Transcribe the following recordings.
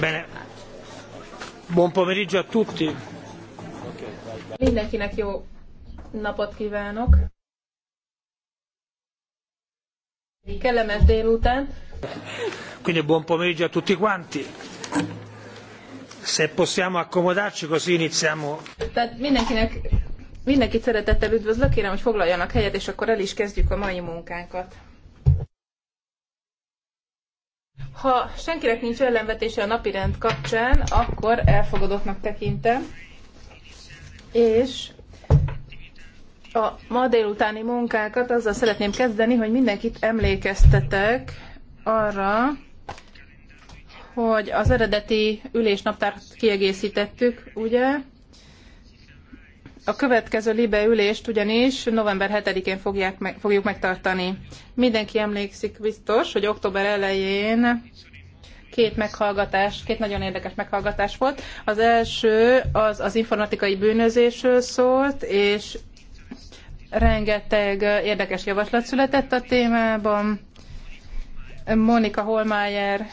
Bene. Buon pomeriggio a tutti. Mindenkinek jó napot kívánok. Kellemes délután. Quindi buon pomeriggio a tutti quanti. Se possiamo accomodarci così iniziamo. Tehát mindenkinek, mindenkit szeretettel üdvözlök, kérem, hogy foglaljanak helyet, és akkor el is kezdjük a mai munkánkat. Ha senkinek nincs ellenvetése a napirend kapcsán, akkor elfogadottnak tekintem. És a ma délutáni munkákat azzal szeretném kezdeni, hogy mindenkit emlékeztetek arra, hogy az eredeti ülésnaptárt kiegészítettük, ugye? A következő libe ülést ugyanis november 7-én fogják meg, fogjuk megtartani. Mindenki emlékszik biztos, hogy október elején két meghallgatás, két nagyon érdekes meghallgatás volt. Az első az az informatikai bűnözésről szólt, és rengeteg érdekes javaslat született a témában. Monika Holmájer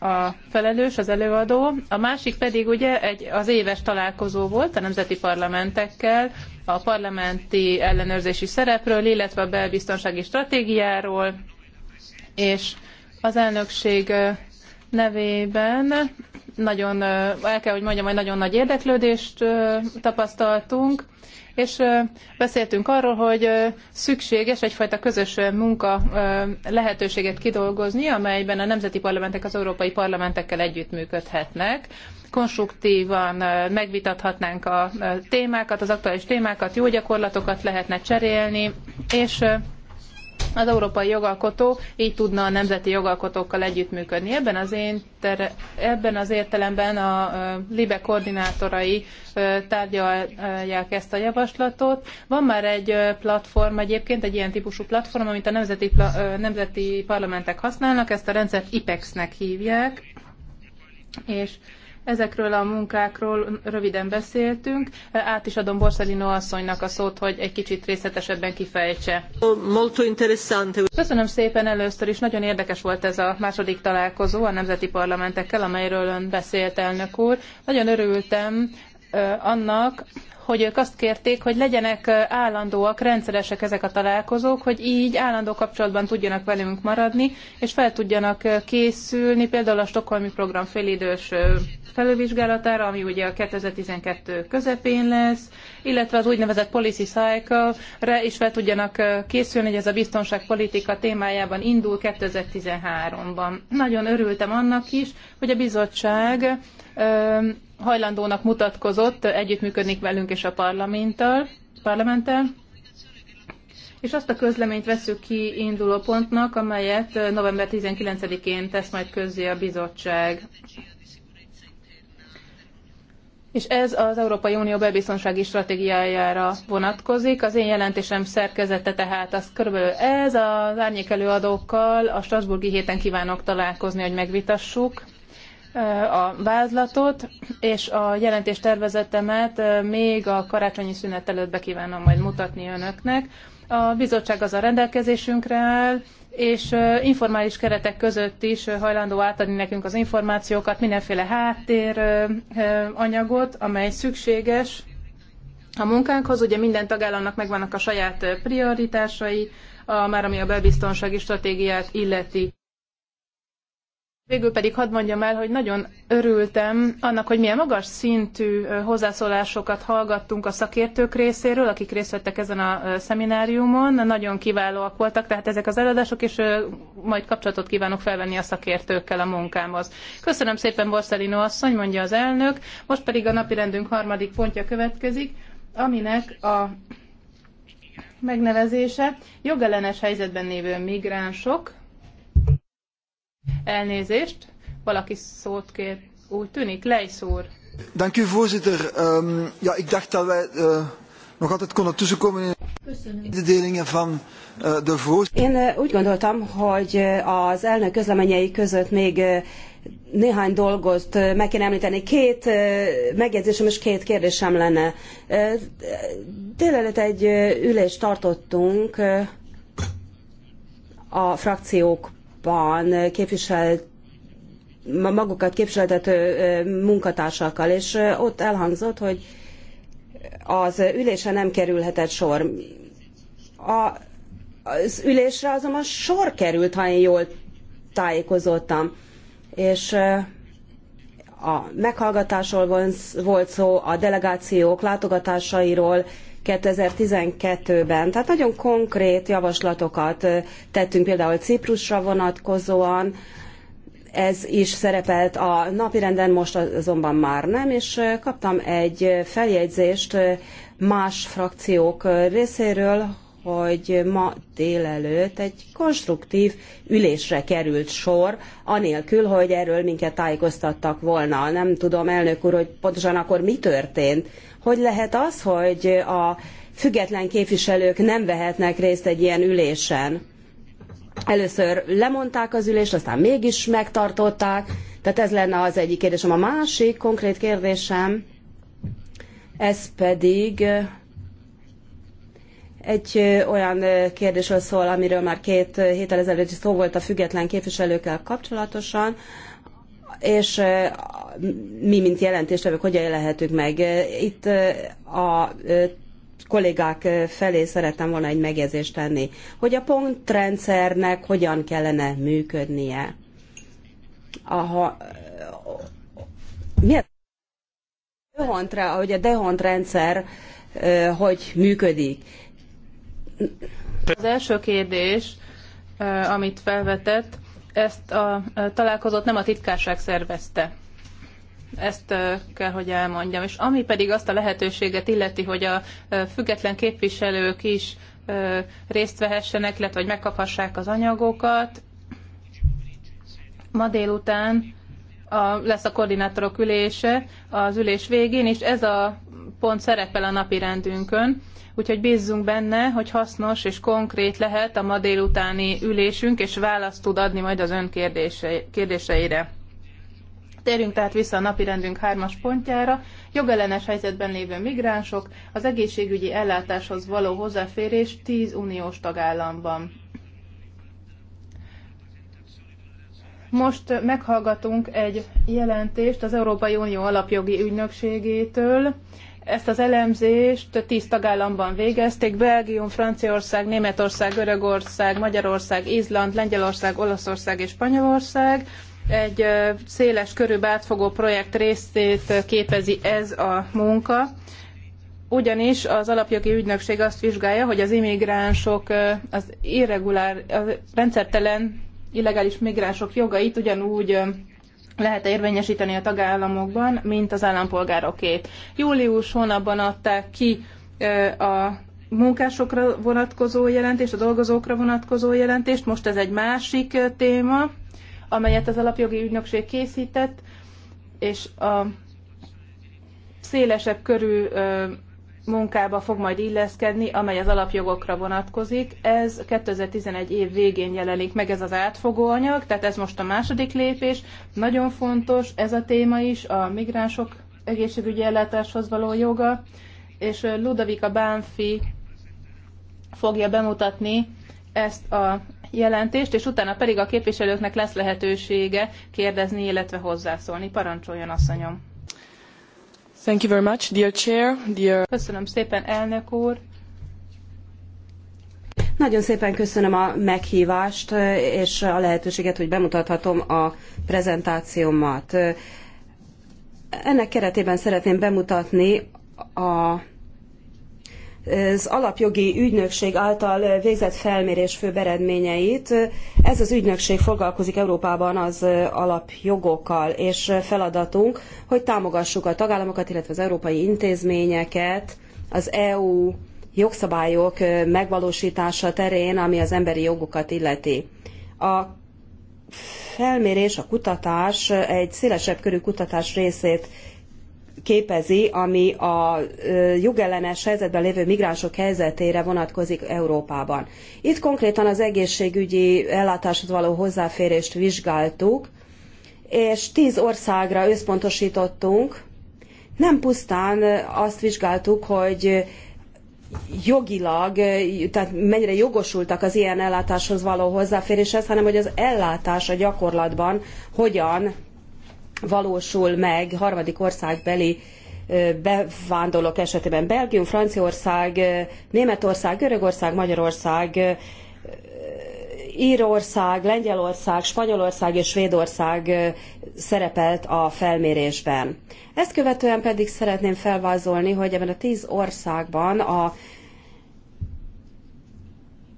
a felelős, az előadó, a másik pedig ugye egy, az éves találkozó volt a nemzeti parlamentekkel, a parlamenti ellenőrzési szerepről, illetve a belbiztonsági stratégiáról, és az elnökség nevében nagyon, el kell, hogy mondjam, hogy nagyon nagy érdeklődést tapasztaltunk, és beszéltünk arról, hogy szükséges egyfajta közös munka lehetőséget kidolgozni, amelyben a nemzeti parlamentek az európai parlamentekkel együttműködhetnek, konstruktívan megvitathatnánk a témákat, az aktuális témákat, jó gyakorlatokat lehetne cserélni, és az európai jogalkotó így tudna a nemzeti jogalkotókkal együttműködni. Ebben az, én ter- ebben az értelemben a LIBE koordinátorai tárgyalják ezt a javaslatot. Van már egy platform egyébként, egy ilyen típusú platform, amit a nemzeti, pla- nemzeti parlamentek használnak, ezt a rendszert IPEX-nek hívják, és Ezekről a munkákról röviden beszéltünk. Át is adom Borszalino asszonynak a szót, hogy egy kicsit részletesebben kifejtse. Köszönöm szépen először is. Nagyon érdekes volt ez a második találkozó a nemzeti parlamentekkel, amelyről ön beszélt, elnök úr. Nagyon örültem annak, hogy ők azt kérték, hogy legyenek állandóak, rendszeresek ezek a találkozók, hogy így állandó kapcsolatban tudjanak velünk maradni, és fel tudjanak készülni például a Stockholmi Program félidős felülvizsgálatára, ami ugye a 2012 közepén lesz, illetve az úgynevezett policy cycle-re is fel tudjanak készülni, hogy ez a biztonságpolitika témájában indul 2013-ban. Nagyon örültem annak is, hogy a bizottság hajlandónak mutatkozott együttműködni velünk és a parlamenttel, parlamenttel, és azt a közleményt veszük ki induló pontnak, amelyet november 19-én tesz majd közzé a bizottság. És ez az Európai Unió belbiztonsági stratégiájára vonatkozik. Az én jelentésem szerkezete tehát az körülbelül ez, az árnyékelőadókkal a Strasburgi héten kívánok találkozni, hogy megvitassuk a vázlatot, és a jelentés tervezetemet még a karácsonyi szünet előtt be kívánom majd mutatni önöknek. A bizottság az a rendelkezésünkre áll, és informális keretek között is hajlandó átadni nekünk az információkat, mindenféle háttér anyagot, amely szükséges a munkánkhoz. Ugye minden tagállamnak megvannak a saját prioritásai, a, már ami a belbiztonsági stratégiát illeti. Végül pedig hadd mondjam el, hogy nagyon örültem annak, hogy milyen magas szintű hozzászólásokat hallgattunk a szakértők részéről, akik részt vettek ezen a szemináriumon. Nagyon kiválóak voltak, tehát ezek az előadások, és majd kapcsolatot kívánok felvenni a szakértőkkel a munkámhoz. Köszönöm szépen, Borszelino asszony, mondja az elnök. Most pedig a napirendünk harmadik pontja következik, aminek a megnevezése jogellenes helyzetben lévő migránsok, Elnézést, valaki szót kér. Úgy tűnik, Lejsz úr. Dank u, voorzitter. Um, ja, ik dacht dat wij uh, nog altijd konden tussenkomen in de van uh, de voorzitter. Én uh, úgy gondoltam, hogy az elnök közleményei között még uh, néhány dolgot meg kéne említeni. Két megjegyzésem és két kérdésem lenne. Délelőtt egy ülést tartottunk a frakciók korábban képviselt magukat képviseltető munkatársakkal, és ott elhangzott, hogy az ülése nem kerülhetett sor. A, az ülésre azonban sor került, ha én jól tájékozottam. És a meghallgatásról volt szó, a delegációk látogatásairól, 2012-ben. Tehát nagyon konkrét javaslatokat tettünk például Ciprusra vonatkozóan, ez is szerepelt a napirenden, most azonban már nem, és kaptam egy feljegyzést más frakciók részéről, hogy ma délelőtt egy konstruktív ülésre került sor, anélkül, hogy erről minket tájékoztattak volna. Nem tudom, elnök úr, hogy pontosan akkor mi történt, hogy lehet az, hogy a független képviselők nem vehetnek részt egy ilyen ülésen? Először lemondták az ülést, aztán mégis megtartották. Tehát ez lenne az egyik kérdésem. A másik konkrét kérdésem, ez pedig egy olyan kérdésről szól, amiről már két héttel ezelőtt is szó volt a független képviselőkkel kapcsolatosan és mi, mint jelentéstevők, hogyan lehetünk meg. Itt a kollégák felé szerettem volna egy megjegyzést tenni, hogy a pontrendszernek hogyan kellene működnie. Aha, mi a dehontra, hogy a dehont rendszer hogy működik? Az első kérdés, amit felvetett, ezt a találkozót nem a titkárság szervezte. Ezt kell, hogy elmondjam. És ami pedig azt a lehetőséget illeti, hogy a független képviselők is részt vehessenek, illetve hogy megkaphassák az anyagokat, ma délután a, lesz a koordinátorok ülése az ülés végén, és ez a pont szerepel a napi rendünkön úgyhogy bízzunk benne, hogy hasznos és konkrét lehet a ma délutáni ülésünk, és választ tud adni majd az ön kérdése, kérdéseire. Térjünk tehát vissza a napirendünk hármas pontjára. Jogellenes helyzetben lévő migránsok, az egészségügyi ellátáshoz való hozzáférés 10 uniós tagállamban. Most meghallgatunk egy jelentést az Európai Unió alapjogi ügynökségétől. Ezt az elemzést tíz tagállamban végezték, Belgium, Franciaország, Németország, Görögország, Magyarország, Izland, Lengyelország, Olaszország és Spanyolország. Egy széles körű átfogó projekt részét képezi ez a munka ugyanis az alapjogi ügynökség azt vizsgálja, hogy az immigránsok, az irregulár, a rendszertelen illegális migránsok jogait ugyanúgy lehet érvényesíteni a tagállamokban, mint az állampolgárokét. Július hónapban adták ki a munkásokra vonatkozó jelentést, a dolgozókra vonatkozó jelentést, most ez egy másik téma, amelyet az alapjogi ügynökség készített, és a szélesebb körű munkába fog majd illeszkedni, amely az alapjogokra vonatkozik. Ez 2011 év végén jelenik meg ez az átfogó anyag, tehát ez most a második lépés. Nagyon fontos ez a téma is, a migránsok egészségügyi ellátáshoz való joga, és Ludovika Bánfi fogja bemutatni ezt a jelentést, és utána pedig a képviselőknek lesz lehetősége kérdezni, illetve hozzászólni. Parancsoljon, asszonyom! Köszönöm szépen, elnök úr. Nagyon szépen köszönöm a meghívást és a lehetőséget, hogy bemutathatom a prezentációmat. Ennek keretében szeretném bemutatni a az alapjogi ügynökség által végzett felmérés főbb eredményeit. Ez az ügynökség foglalkozik Európában az alapjogokkal, és feladatunk, hogy támogassuk a tagállamokat, illetve az európai intézményeket az EU jogszabályok megvalósítása terén, ami az emberi jogokat illeti. A felmérés, a kutatás egy szélesebb körű kutatás részét képezi, ami a jogellenes helyzetben lévő migránsok helyzetére vonatkozik Európában. Itt konkrétan az egészségügyi ellátáshoz való hozzáférést vizsgáltuk, és tíz országra összpontosítottunk. Nem pusztán azt vizsgáltuk, hogy jogilag, tehát mennyire jogosultak az ilyen ellátáshoz való hozzáféréshez, hanem hogy az ellátás a gyakorlatban hogyan valósul meg harmadik országbeli bevándorlók esetében. Belgium, Franciaország, Németország, Görögország, Magyarország, Írország, Lengyelország, Spanyolország és Svédország szerepelt a felmérésben. Ezt követően pedig szeretném felvázolni, hogy ebben a tíz országban a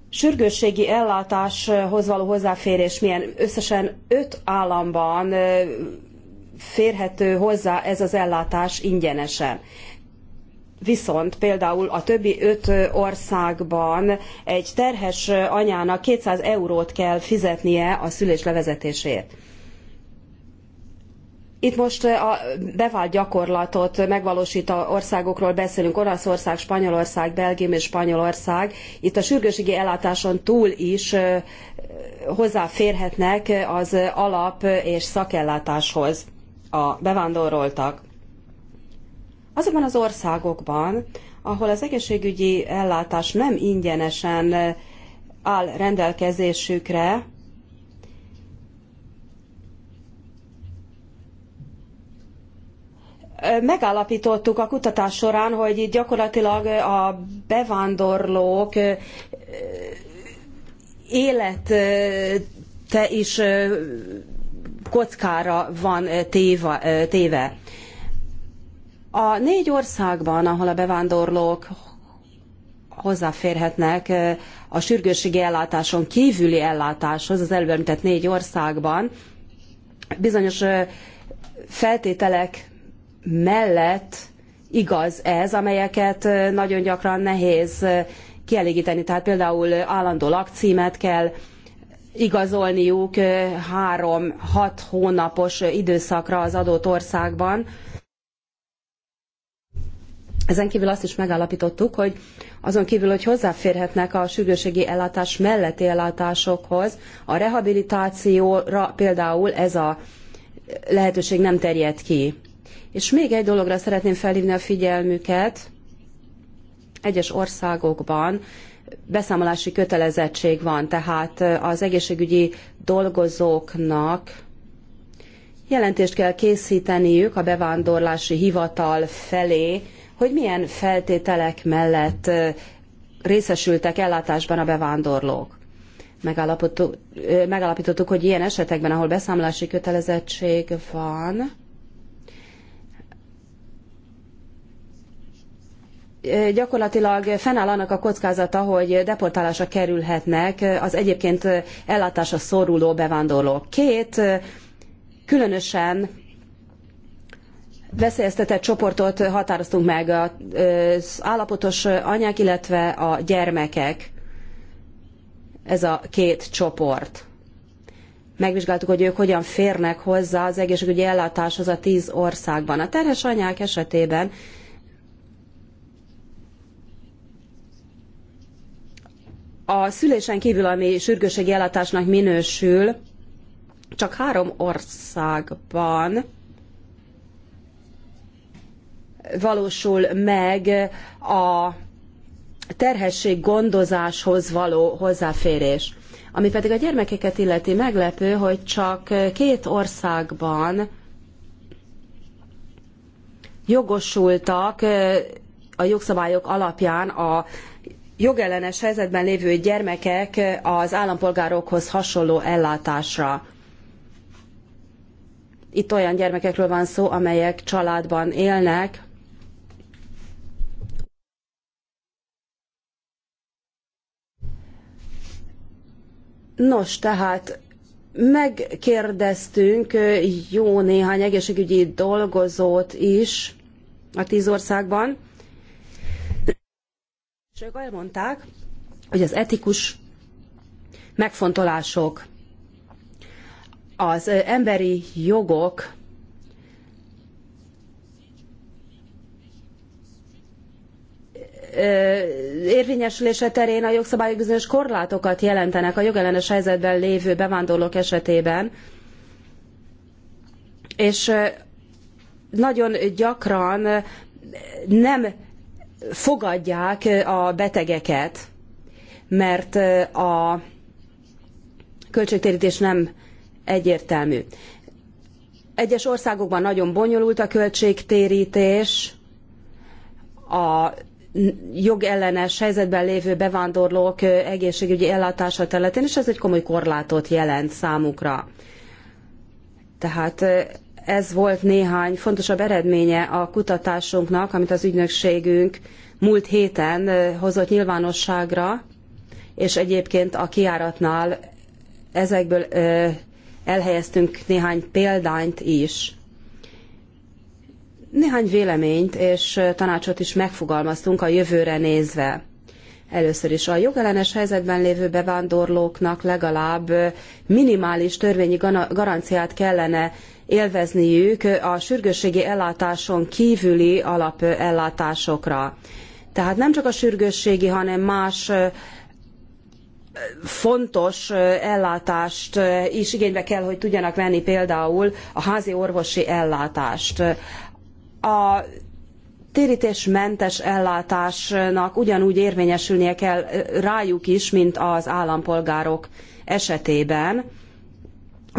sürgősségi ellátáshoz való hozzáférés milyen összesen öt államban férhető hozzá ez az ellátás ingyenesen. Viszont például a többi öt országban egy terhes anyának 200 eurót kell fizetnie a szülés levezetésért. Itt most a bevált gyakorlatot a országokról beszélünk, Oroszország, Spanyolország, Belgium és Spanyolország. Itt a sürgősségi ellátáson túl is hozzáférhetnek az alap és szakellátáshoz a bevándoroltak. Azokban az országokban, ahol az egészségügyi ellátás nem ingyenesen eh, áll rendelkezésükre, eh, megállapítottuk a kutatás során, hogy itt gyakorlatilag eh, a bevándorlók élete is kockára van téva, téve. A négy országban, ahol a bevándorlók hozzáférhetnek a sürgősségi ellátáson kívüli ellátáshoz, az előbb említett négy országban, bizonyos feltételek mellett igaz ez, amelyeket nagyon gyakran nehéz kielégíteni. Tehát például állandó lakcímet kell igazolniuk három-hat hónapos időszakra az adott országban. Ezen kívül azt is megállapítottuk, hogy azon kívül, hogy hozzáférhetnek a sürgőségi ellátás melletti ellátásokhoz, a rehabilitációra például ez a lehetőség nem terjed ki. És még egy dologra szeretném felhívni a figyelmüket. Egyes országokban beszámolási kötelezettség van, tehát az egészségügyi dolgozóknak jelentést kell készíteniük a bevándorlási hivatal felé, hogy milyen feltételek mellett részesültek ellátásban a bevándorlók. Megalapítottuk, hogy ilyen esetekben, ahol beszámolási kötelezettség van, gyakorlatilag fennáll annak a kockázata, hogy deportálásra kerülhetnek az egyébként ellátásra szoruló bevándorlók. Két különösen veszélyeztetett csoportot határoztunk meg, az állapotos anyák, illetve a gyermekek. Ez a két csoport. Megvizsgáltuk, hogy ők hogyan férnek hozzá az egészségügyi ellátáshoz a tíz országban. A terhes anyák esetében A szülésen kívül, ami sürgősségi ellátásnak minősül, csak három országban valósul meg a terhesség gondozáshoz való hozzáférés. Ami pedig a gyermekeket illeti meglepő, hogy csak két országban jogosultak a jogszabályok alapján a jogellenes helyzetben lévő gyermekek az állampolgárokhoz hasonló ellátásra. Itt olyan gyermekekről van szó, amelyek családban élnek, Nos, tehát megkérdeztünk jó néhány egészségügyi dolgozót is a tíz országban, és ők elmondták, hogy az etikus megfontolások, az emberi jogok érvényesülése terén a jogszabályok bizonyos korlátokat jelentenek a jogellenes helyzetben lévő bevándorlók esetében, és nagyon gyakran nem fogadják a betegeket, mert a költségtérítés nem egyértelmű. Egyes országokban nagyon bonyolult a költségtérítés, a jogellenes helyzetben lévő bevándorlók egészségügyi ellátása területén, és ez egy komoly korlátot jelent számukra. Tehát ez volt néhány fontosabb eredménye a kutatásunknak, amit az ügynökségünk múlt héten hozott nyilvánosságra, és egyébként a kiáratnál ezekből elhelyeztünk néhány példányt is. Néhány véleményt és tanácsot is megfogalmaztunk a jövőre nézve. Először is a jogellenes helyzetben lévő bevándorlóknak legalább minimális törvényi garanciát kellene élvezniük a sürgősségi ellátáson kívüli alapellátásokra. Tehát nem csak a sürgősségi, hanem más fontos ellátást is igénybe kell, hogy tudjanak venni például a házi orvosi ellátást. A térítésmentes ellátásnak ugyanúgy érvényesülnie kell rájuk is, mint az állampolgárok esetében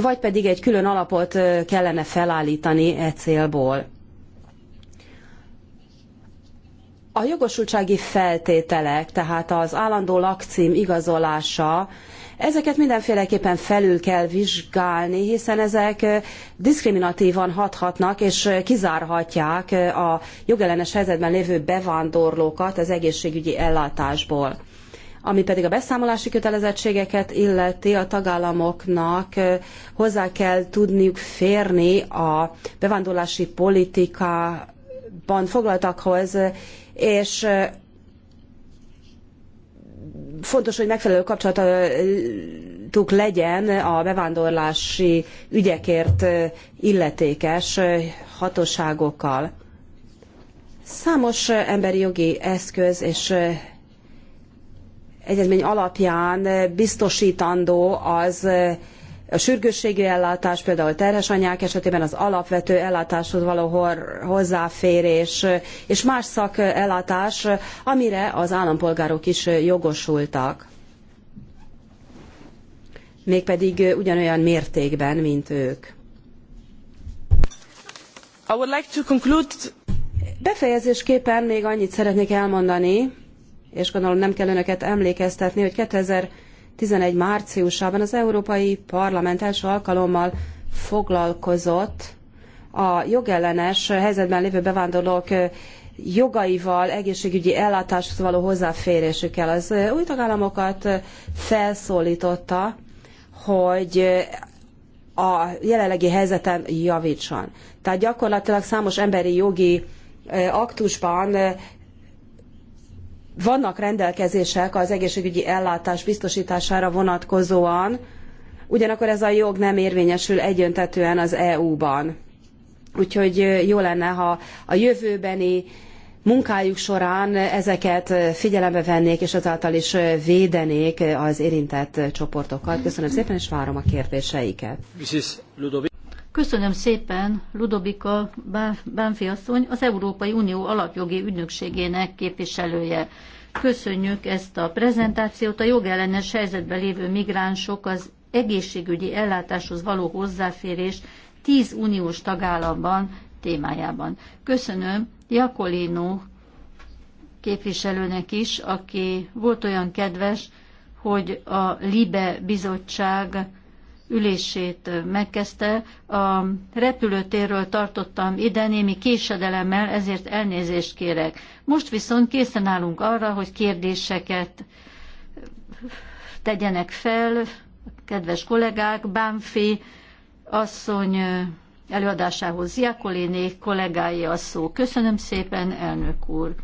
vagy pedig egy külön alapot kellene felállítani e célból. A jogosultsági feltételek, tehát az állandó lakcím igazolása, ezeket mindenféleképpen felül kell vizsgálni, hiszen ezek diszkriminatívan hathatnak és kizárhatják a jogellenes helyzetben lévő bevándorlókat az egészségügyi ellátásból. Ami pedig a beszámolási kötelezettségeket illeti, a tagállamoknak hozzá kell tudniuk férni a bevándorlási politikában foglaltakhoz, és fontos, hogy megfelelő kapcsolatuk legyen a bevándorlási ügyekért illetékes hatóságokkal. Számos emberi jogi eszköz és egyezmény alapján biztosítandó az a sürgősségi ellátás, például terhes anyák esetében az alapvető ellátáshoz való hozzáférés, és más szakellátás, amire az állampolgárok is jogosultak. Mégpedig ugyanolyan mértékben, mint ők. I would like to conclude... Befejezésképpen még annyit szeretnék elmondani, és gondolom nem kell önöket emlékeztetni, hogy 2011 márciusában az Európai Parlament első alkalommal foglalkozott a jogellenes helyzetben lévő bevándorlók jogaival, egészségügyi ellátáshoz való hozzáférésükkel. Az új tagállamokat felszólította, hogy a jelenlegi helyzeten javítson. Tehát gyakorlatilag számos emberi jogi aktusban vannak rendelkezések az egészségügyi ellátás biztosítására vonatkozóan, ugyanakkor ez a jog nem érvényesül egyöntetően az EU-ban. Úgyhogy jó lenne, ha a jövőbeni munkájuk során ezeket figyelembe vennék, és ezáltal is védenék az érintett csoportokat. Köszönöm szépen, és várom a kérdéseiket. Köszönöm szépen Ludobika Bánfi asszony, az Európai Unió alapjogi ügynökségének képviselője. Köszönjük ezt a prezentációt. A jogellenes helyzetben lévő migránsok az egészségügyi ellátáshoz való hozzáférés 10 uniós tagállamban témájában. Köszönöm Jakolino képviselőnek is, aki volt olyan kedves, hogy a LIBE bizottság ülését megkezdte. A repülőtérről tartottam ide némi késedelemmel, ezért elnézést kérek. Most viszont készen állunk arra, hogy kérdéseket tegyenek fel, kedves kollégák, Bánfi asszony előadásához Jakoléné kollégái a szó. Köszönöm szépen, elnök úr!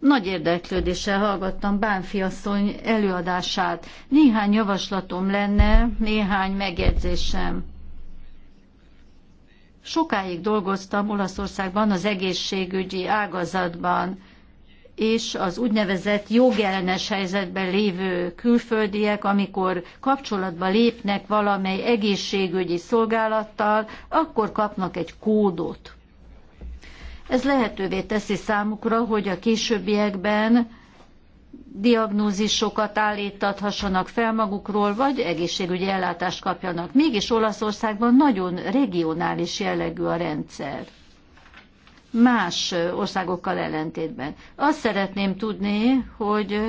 Nagy érdeklődéssel hallgattam Bánfi asszony előadását. Néhány javaslatom lenne, néhány megjegyzésem. Sokáig dolgoztam Olaszországban az egészségügyi ágazatban, és az úgynevezett jogellenes helyzetben lévő külföldiek, amikor kapcsolatba lépnek valamely egészségügyi szolgálattal, akkor kapnak egy kódot. Ez lehetővé teszi számukra, hogy a későbbiekben diagnózisokat állítathassanak fel magukról, vagy egészségügyi ellátást kapjanak. Mégis Olaszországban nagyon regionális jellegű a rendszer. Más országokkal ellentétben. Azt szeretném tudni, hogy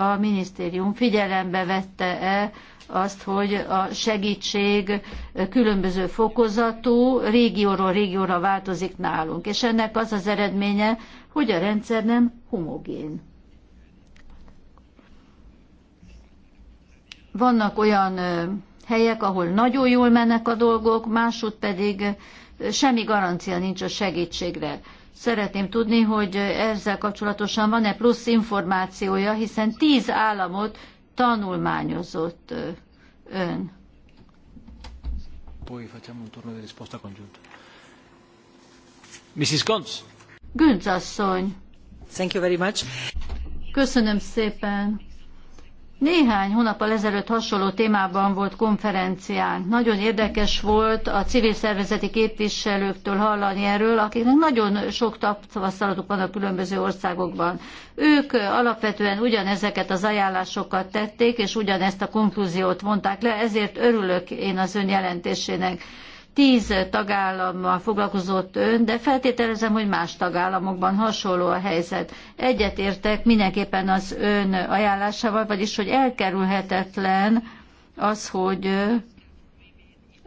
a minisztérium figyelembe vette-e azt, hogy a segítség különböző fokozatú, régióról régióra változik nálunk. És ennek az az eredménye, hogy a rendszer nem homogén. Vannak olyan helyek, ahol nagyon jól mennek a dolgok, másút pedig semmi garancia nincs a segítségre. Szeretném tudni, hogy ezzel kapcsolatosan van-e plusz információja, hiszen tíz államot tanulmányozott ön. Poi facciamo un turno di risposta congiunto. Mrs. Gönc. Gönc asszony. Thank you very much. Köszönöm szépen. Néhány hónappal ezelőtt hasonló témában volt konferencián. Nagyon érdekes volt a civil szervezeti képviselőktől hallani erről, akiknek nagyon sok tapasztalatuk van a különböző országokban. Ők alapvetően ugyanezeket az ajánlásokat tették, és ugyanezt a konklúziót vonták le, ezért örülök én az ön jelentésének tíz tagállammal foglalkozott ön, de feltételezem, hogy más tagállamokban hasonló a helyzet. Egyetértek mindenképpen az ön ajánlásával, vagyis hogy elkerülhetetlen az, hogy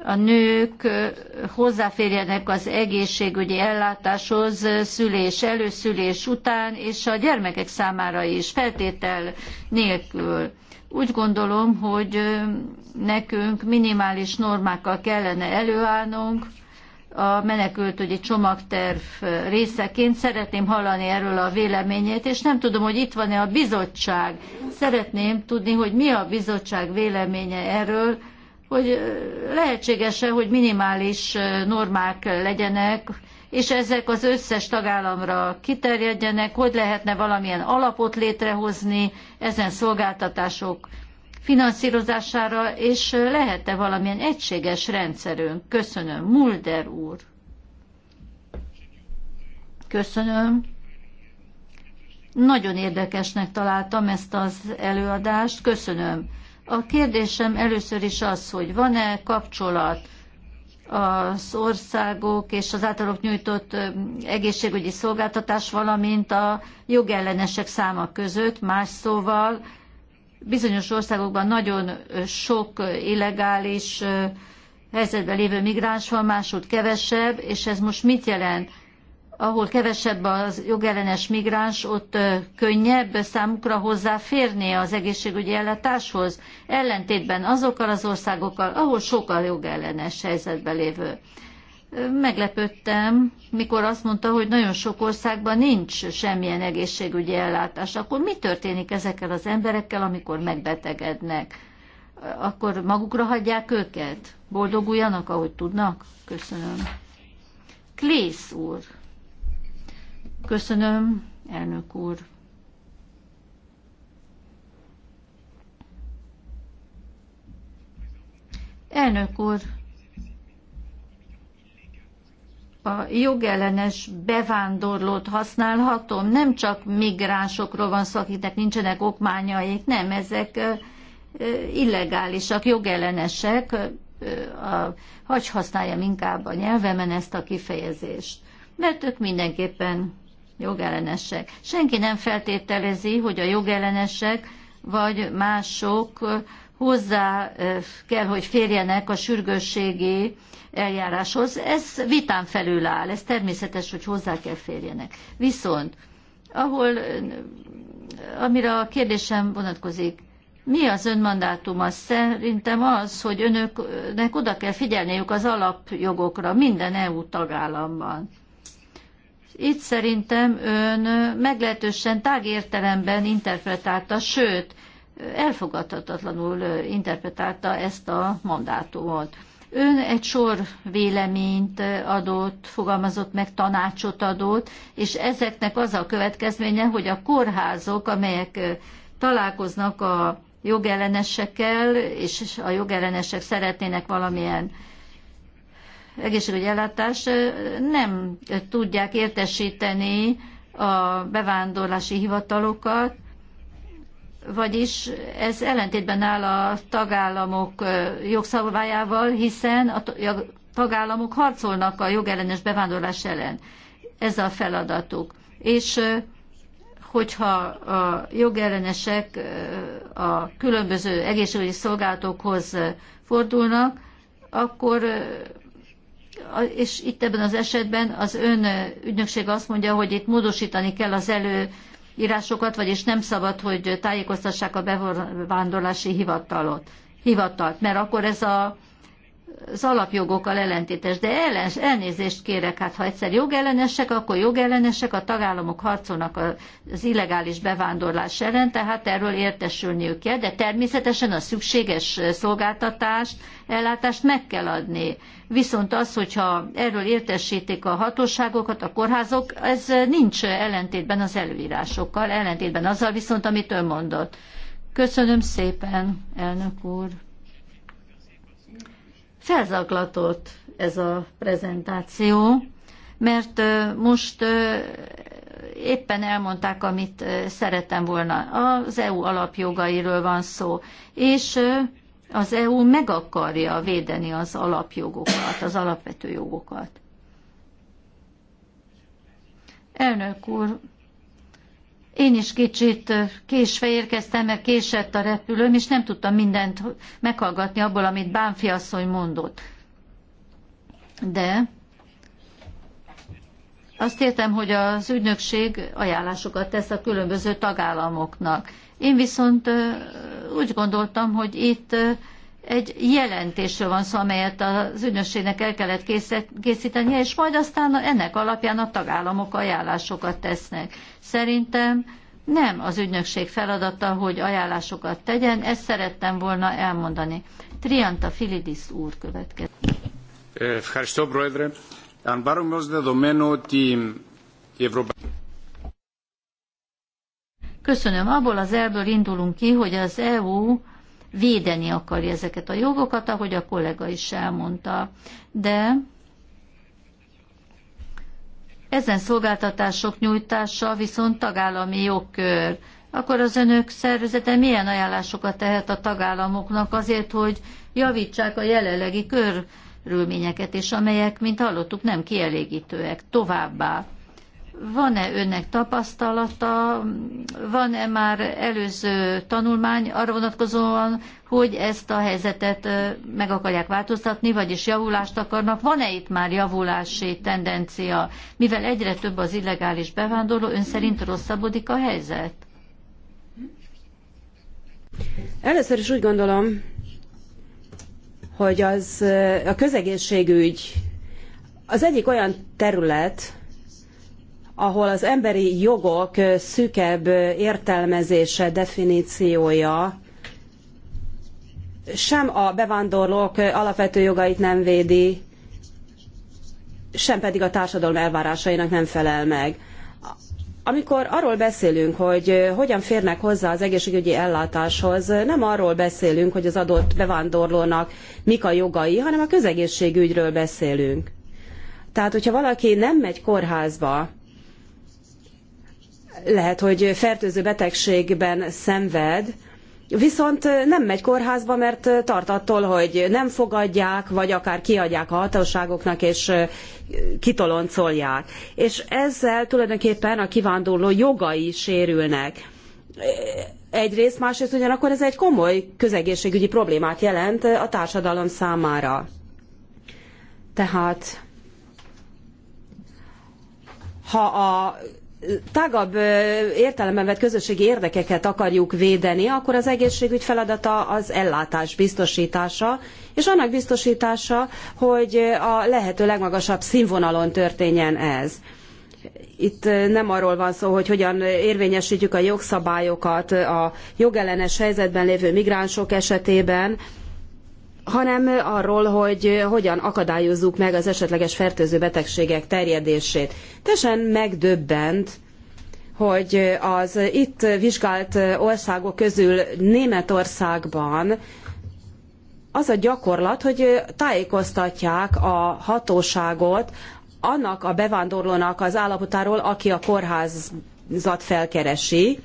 a nők hozzáférjenek az egészségügyi ellátáshoz szülés, előszülés után, és a gyermekek számára is feltétel nélkül. Úgy gondolom, hogy nekünk minimális normákkal kellene előállnunk a menekültügyi csomagterv részeként. Szeretném hallani erről a véleményét, és nem tudom, hogy itt van-e a bizottság. Szeretném tudni, hogy mi a bizottság véleménye erről, hogy lehetséges-e, hogy minimális normák legyenek, és ezek az összes tagállamra kiterjedjenek, hogy lehetne valamilyen alapot létrehozni ezen szolgáltatások finanszírozására, és lehet-e valamilyen egységes rendszerünk? Köszönöm. Mulder úr. Köszönöm. Nagyon érdekesnek találtam ezt az előadást. Köszönöm. A kérdésem először is az, hogy van-e kapcsolat az országok és az általuk nyújtott egészségügyi szolgáltatás, valamint a jogellenesek száma között, más szóval bizonyos országokban nagyon sok illegális helyzetben lévő migráns van, máshogy kevesebb, és ez most mit jelent? Ahol kevesebb az jogellenes migráns, ott könnyebb számukra hozzáférni az egészségügyi ellátáshoz, ellentétben azokkal az országokkal, ahol sokkal jogellenes helyzetben lévő meglepődtem, mikor azt mondta, hogy nagyon sok országban nincs semmilyen egészségügyi ellátás. Akkor mi történik ezekkel az emberekkel, amikor megbetegednek? Akkor magukra hagyják őket? Boldoguljanak, ahogy tudnak? Köszönöm. Klész úr. Köszönöm, elnök úr. Elnök úr, a jogellenes bevándorlót használhatom, nem csak migránsokról van szó, akiknek nincsenek okmányaik, nem, ezek illegálisak, jogellenesek, hagy használjam inkább a nyelvemen ezt a kifejezést, mert ők mindenképpen jogellenesek. Senki nem feltételezi, hogy a jogellenesek vagy mások hozzá kell, hogy férjenek a sürgősségi eljáráshoz. Ez vitán felül áll, ez természetes, hogy hozzá kell férjenek. Viszont, ahol, amire a kérdésem vonatkozik, mi az önmandátum? mandátuma? Szerintem az, hogy önöknek oda kell figyelniük az alapjogokra minden EU tagállamban. Itt szerintem ön meglehetősen tág értelemben interpretálta, sőt, elfogadhatatlanul interpretálta ezt a mandátumot. Ön egy sor véleményt adott, fogalmazott meg, tanácsot adott, és ezeknek az a következménye, hogy a kórházok, amelyek találkoznak a jogellenesekkel, és a jogellenesek szeretnének valamilyen egészségügyi ellátást, nem tudják értesíteni a bevándorlási hivatalokat, vagyis ez ellentétben áll a tagállamok jogszabályával, hiszen a tagállamok harcolnak a jogellenes bevándorlás ellen. Ez a feladatuk. És hogyha a jogellenesek a különböző egészségügyi szolgálatokhoz fordulnak, akkor és itt ebben az esetben az ön ügynökség azt mondja, hogy itt módosítani kell az elő írásokat, vagyis nem szabad, hogy tájékoztassák a bevándorlási hivatalot, hivatalt, mert akkor ez a az alapjogokkal ellentétes, de ellens, elnézést kérek, hát ha egyszer jogellenesek, akkor jogellenesek, a tagállamok harcolnak az illegális bevándorlás ellen, tehát erről értesülniük kell, de természetesen a szükséges szolgáltatást, ellátást meg kell adni. Viszont az, hogyha erről értesítik a hatóságokat, a kórházok, ez nincs ellentétben az előírásokkal, ellentétben azzal viszont, amit ön mondott. Köszönöm szépen, elnök úr felzaklatott ez a prezentáció, mert most éppen elmondták, amit szerettem volna. Az EU alapjogairól van szó, és az EU meg akarja védeni az alapjogokat, az alapvető jogokat. Elnök úr, én is kicsit késve érkeztem, mert késett a repülőm, és nem tudtam mindent meghallgatni abból, amit Bánfi asszony mondott. De azt értem, hogy az ügynökség ajánlásokat tesz a különböző tagállamoknak. Én viszont úgy gondoltam, hogy itt egy jelentésről van szó, amelyet az ügynökségnek el kellett készítenie, és majd aztán ennek alapján a tagállamok ajánlásokat tesznek. Szerintem nem az ügynökség feladata, hogy ajánlásokat tegyen, ezt szerettem volna elmondani. Trianta Filidis úr következik. Köszönöm. Abból az elből indulunk ki, hogy az EU védeni akarja ezeket a jogokat, ahogy a kollega is elmondta. De ezen szolgáltatások nyújtása viszont tagállami jogkör. Akkor az önök szervezete milyen ajánlásokat tehet a tagállamoknak azért, hogy javítsák a jelenlegi körülményeket, és amelyek, mint hallottuk, nem kielégítőek. Továbbá van-e önnek tapasztalata, van-e már előző tanulmány arra vonatkozóan, hogy ezt a helyzetet meg akarják változtatni, vagyis javulást akarnak? Van-e itt már javulási tendencia, mivel egyre több az illegális bevándorló, ön szerint rosszabbodik a helyzet? Először is úgy gondolom, hogy az a közegészségügy az egyik olyan terület, ahol az emberi jogok szükebb értelmezése, definíciója sem a bevándorlók alapvető jogait nem védi, sem pedig a társadalom elvárásainak nem felel meg. Amikor arról beszélünk, hogy hogyan férnek hozzá az egészségügyi ellátáshoz, nem arról beszélünk, hogy az adott bevándorlónak mik a jogai, hanem a közegészségügyről beszélünk. Tehát, hogyha valaki nem megy kórházba, lehet, hogy fertőző betegségben szenved, viszont nem megy kórházba, mert tart attól, hogy nem fogadják, vagy akár kiadják a hatóságoknak, és kitoloncolják. És ezzel tulajdonképpen a kivándorló jogai sérülnek. Egyrészt, másrészt ugyanakkor ez egy komoly közegészségügyi problémát jelent a társadalom számára. Tehát ha a tágabb értelemben vett közösségi érdekeket akarjuk védeni, akkor az egészségügy feladata az ellátás biztosítása, és annak biztosítása, hogy a lehető legmagasabb színvonalon történjen ez. Itt nem arról van szó, hogy hogyan érvényesítjük a jogszabályokat a jogellenes helyzetben lévő migránsok esetében, hanem arról, hogy hogyan akadályozzuk meg az esetleges fertőző betegségek terjedését. Tesen megdöbbent, hogy az itt vizsgált országok közül Németországban az a gyakorlat, hogy tájékoztatják a hatóságot annak a bevándorlónak az állapotáról, aki a kórházat felkeresi,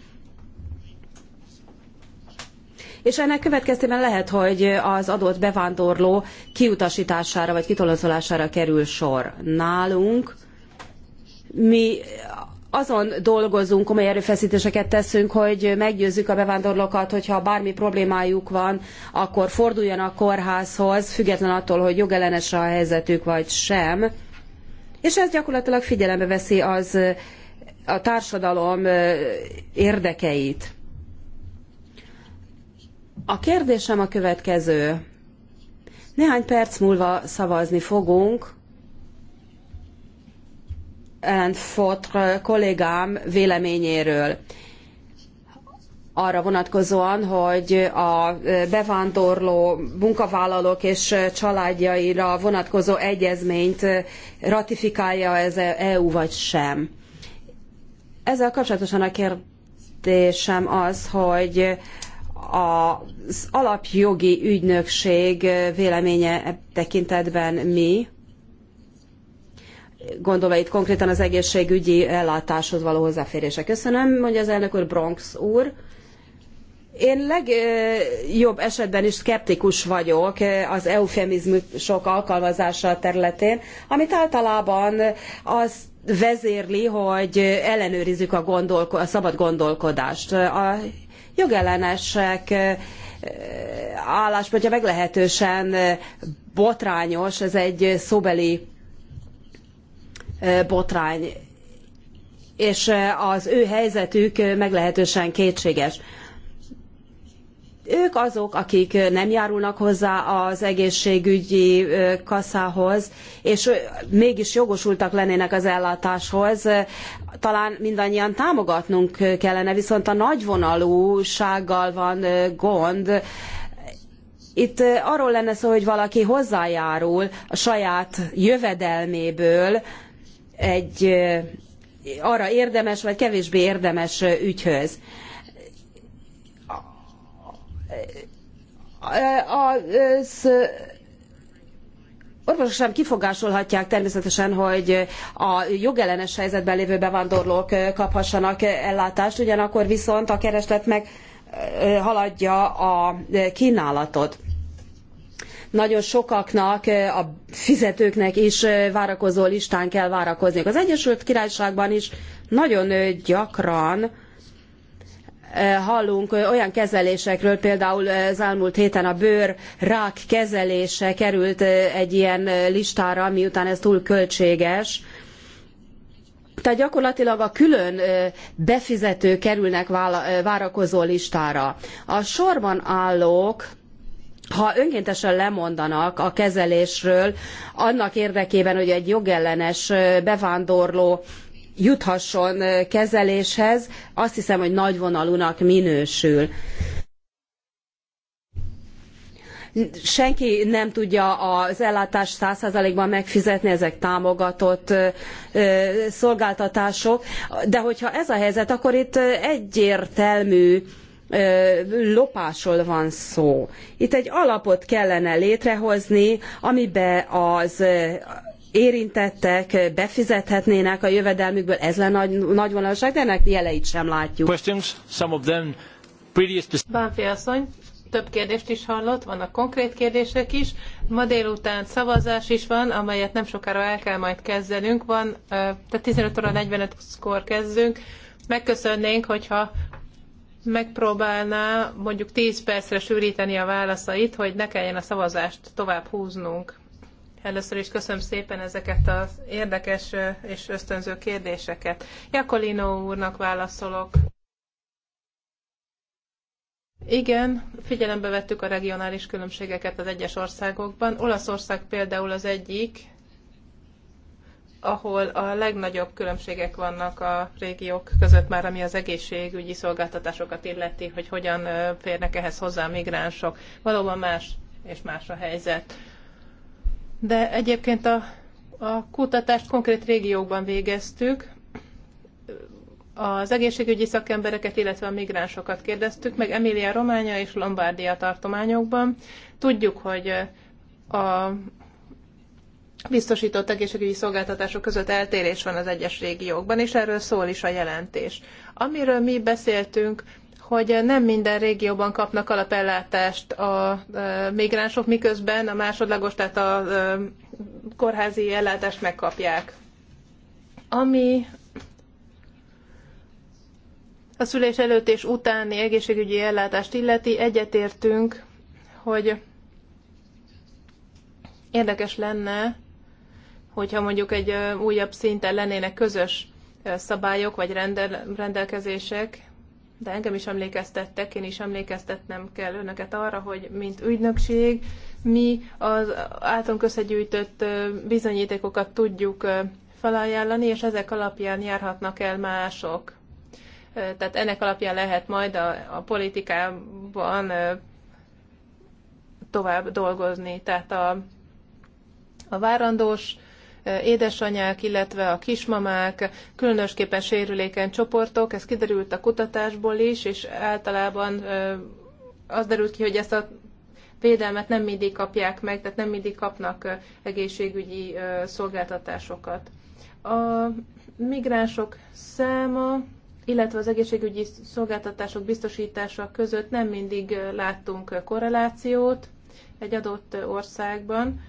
és ennek következtében lehet, hogy az adott bevándorló kiutasítására vagy kitoloncolására kerül sor nálunk. Mi azon dolgozunk, komoly erőfeszítéseket teszünk, hogy meggyőzzük a bevándorlókat, hogyha bármi problémájuk van, akkor forduljanak kórházhoz, független attól, hogy jogellenes a helyzetük vagy sem. És ez gyakorlatilag figyelembe veszi az a társadalom érdekeit. A kérdésem a következő. Néhány perc múlva szavazni fogunk. Ellen Fotre kollégám véleményéről arra vonatkozóan, hogy a bevándorló munkavállalók és családjaira vonatkozó egyezményt ratifikálja ez EU e vagy sem. Ezzel kapcsolatosan a kérdésem az, hogy az alapjogi ügynökség véleménye tekintetben mi? Gondolva itt konkrétan az egészségügyi ellátáshoz való hozzáférése. Köszönöm, mondja az elnök úr, Bronx úr. Én legjobb esetben is szkeptikus vagyok az eufemizmusok alkalmazása területén, amit általában az vezérli, hogy ellenőrizzük a, gondolko- a szabad gondolkodást. A jogellenesek álláspontja meglehetősen botrányos, ez egy szobeli botrány, és az ő helyzetük meglehetősen kétséges ők azok, akik nem járulnak hozzá az egészségügyi kasszához, és mégis jogosultak lennének az ellátáshoz. Talán mindannyian támogatnunk kellene, viszont a nagyvonalúsággal van gond. Itt arról lenne szó, hogy valaki hozzájárul a saját jövedelméből egy arra érdemes vagy kevésbé érdemes ügyhöz az eh, orvosok sem kifogásolhatják természetesen, hogy a jogellenes helyzetben lévő bevándorlók eh, kaphassanak eh, ellátást, ugyanakkor viszont a kereslet meg haladja a kínálatot. Nagyon sokaknak, a fizetőknek is várakozó listán kell várakozniuk. Az Egyesült Királyságban is nagyon gyakran hallunk olyan kezelésekről, például az elmúlt héten a bőr rák kezelése került egy ilyen listára, miután ez túl költséges. Tehát gyakorlatilag a külön befizetők kerülnek várakozó listára. A sorban állók ha önkéntesen lemondanak a kezelésről, annak érdekében, hogy egy jogellenes bevándorló juthasson kezeléshez, azt hiszem, hogy nagyvonalúnak minősül. Senki nem tudja az ellátást 100%-ban megfizetni, ezek támogatott szolgáltatások, de hogyha ez a helyzet, akkor itt egyértelmű lopásról van szó. Itt egy alapot kellene létrehozni, amibe az érintettek befizethetnének a jövedelmükből, ez lenne nagy, nagy de ennek jeleit sem látjuk. Questions, Bánfi asszony, több kérdést is hallott, vannak konkrét kérdések is. Ma délután szavazás is van, amelyet nem sokára el kell majd kezdenünk. Van, tehát 15 óra 45-kor kezdünk. Megköszönnénk, hogyha megpróbálná mondjuk 10 percre sűríteni a válaszait, hogy ne kelljen a szavazást tovább húznunk. Először is köszönöm szépen ezeket az érdekes és ösztönző kérdéseket. Jakolino úrnak válaszolok. Igen, figyelembe vettük a regionális különbségeket az egyes országokban. Olaszország például az egyik, ahol a legnagyobb különbségek vannak a régiók között már, ami az egészségügyi szolgáltatásokat illeti, hogy hogyan férnek ehhez hozzá a migránsok. Valóban más és más a helyzet. De egyébként a, a kutatást konkrét régiókban végeztük, az egészségügyi szakembereket, illetve a migránsokat kérdeztük, meg Emília Románia és Lombardia tartományokban. Tudjuk, hogy a biztosított egészségügyi szolgáltatások között eltérés van az egyes régiókban, és erről szól is a jelentés. Amiről mi beszéltünk, hogy nem minden régióban kapnak alapellátást a e, migránsok, miközben a másodlagos, tehát a e, kórházi ellátást megkapják. Ami a szülés előtt és utáni egészségügyi ellátást illeti, egyetértünk, hogy érdekes lenne, hogyha mondjuk egy e, újabb szinten lennének közös szabályok vagy rendelkezések, de engem is emlékeztettek, én is emlékeztetnem kell önöket arra, hogy mint ügynökség mi az általunk összegyűjtött bizonyítékokat tudjuk felajánlani, és ezek alapján járhatnak el mások. Tehát ennek alapján lehet majd a, a politikában tovább dolgozni. Tehát a, a várandós édesanyák, illetve a kismamák, különösképpen sérülékeny csoportok, ez kiderült a kutatásból is, és általában az derült ki, hogy ezt a védelmet nem mindig kapják meg, tehát nem mindig kapnak egészségügyi szolgáltatásokat. A migránsok száma, illetve az egészségügyi szolgáltatások biztosítása között nem mindig láttunk korrelációt egy adott országban.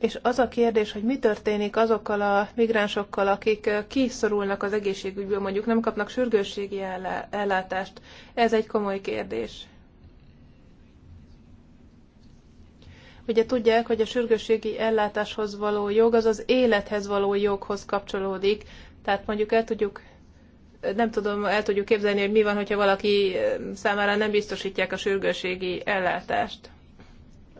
És az a kérdés, hogy mi történik azokkal a migránsokkal, akik kiszorulnak az egészségügyből, mondjuk nem kapnak sürgősségi ellátást, ez egy komoly kérdés. Ugye tudják, hogy a sürgősségi ellátáshoz való jog az az élethez való joghoz kapcsolódik, tehát mondjuk el tudjuk nem tudom, el tudjuk képzelni, hogy mi van, hogyha valaki számára nem biztosítják a sürgősségi ellátást.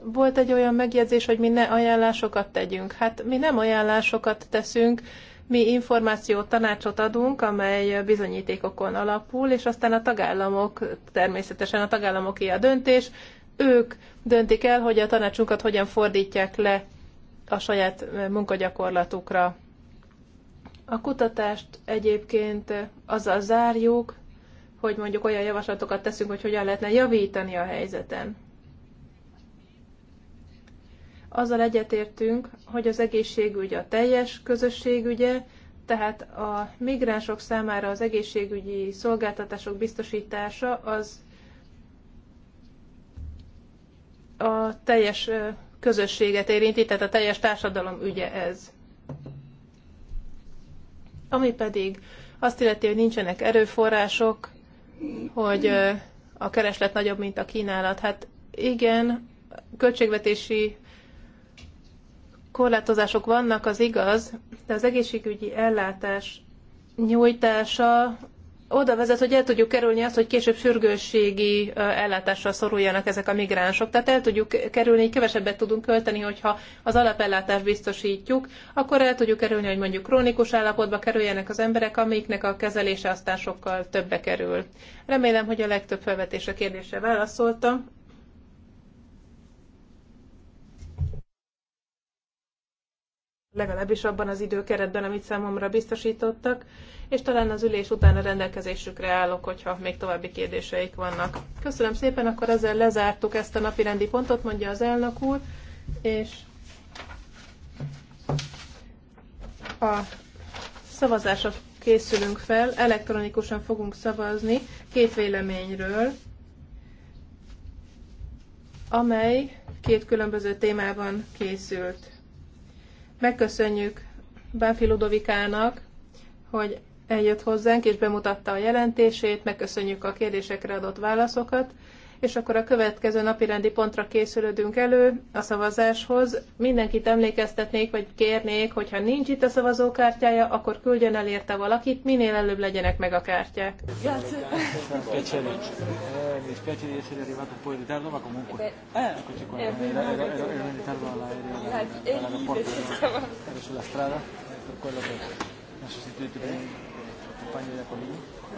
Volt egy olyan megjegyzés, hogy mi ne ajánlásokat tegyünk. Hát mi nem ajánlásokat teszünk, mi információt, tanácsot adunk, amely bizonyítékokon alapul, és aztán a tagállamok, természetesen a tagállamoké a döntés, ők döntik el, hogy a tanácsunkat hogyan fordítják le a saját munkagyakorlatukra. A kutatást egyébként azzal zárjuk, hogy mondjuk olyan javaslatokat teszünk, hogy hogyan lehetne javítani a helyzeten. Azzal egyetértünk, hogy az egészségügy a teljes közösségügye, tehát a migránsok számára az egészségügyi szolgáltatások biztosítása az a teljes közösséget érinti, tehát a teljes társadalom ügye ez. Ami pedig azt illeti, hogy nincsenek erőforrások, hogy a kereslet nagyobb, mint a kínálat. Hát igen, költségvetési korlátozások vannak, az igaz, de az egészségügyi ellátás nyújtása oda vezet, hogy el tudjuk kerülni azt, hogy később sürgősségi ellátásra szoruljanak ezek a migránsok. Tehát el tudjuk kerülni, hogy kevesebbet tudunk költeni, hogyha az alapellátást biztosítjuk, akkor el tudjuk kerülni, hogy mondjuk krónikus állapotba kerüljenek az emberek, amiknek a kezelése aztán sokkal többe kerül. Remélem, hogy a legtöbb felvetésre kérdésre válaszoltam. legalábbis abban az időkeretben, amit számomra biztosítottak, és talán az ülés után a rendelkezésükre állok, hogyha még további kérdéseik vannak. Köszönöm szépen, akkor ezzel lezártuk ezt a napi rendi pontot, mondja az elnök úr, és a szavazásra készülünk fel, elektronikusan fogunk szavazni két véleményről, amely két különböző témában készült. Megköszönjük Bánfi Ludovikának, hogy eljött hozzánk és bemutatta a jelentését, megköszönjük a kérdésekre adott válaszokat, és akkor a következő napi rendi pontra készülődünk elő a szavazáshoz. Mindenkit emlékeztetnék, vagy kérnék, hogyha nincs itt a szavazókártyája, akkor küldjön el érte valakit, minél előbb legyenek meg a kártyák. Köszönöm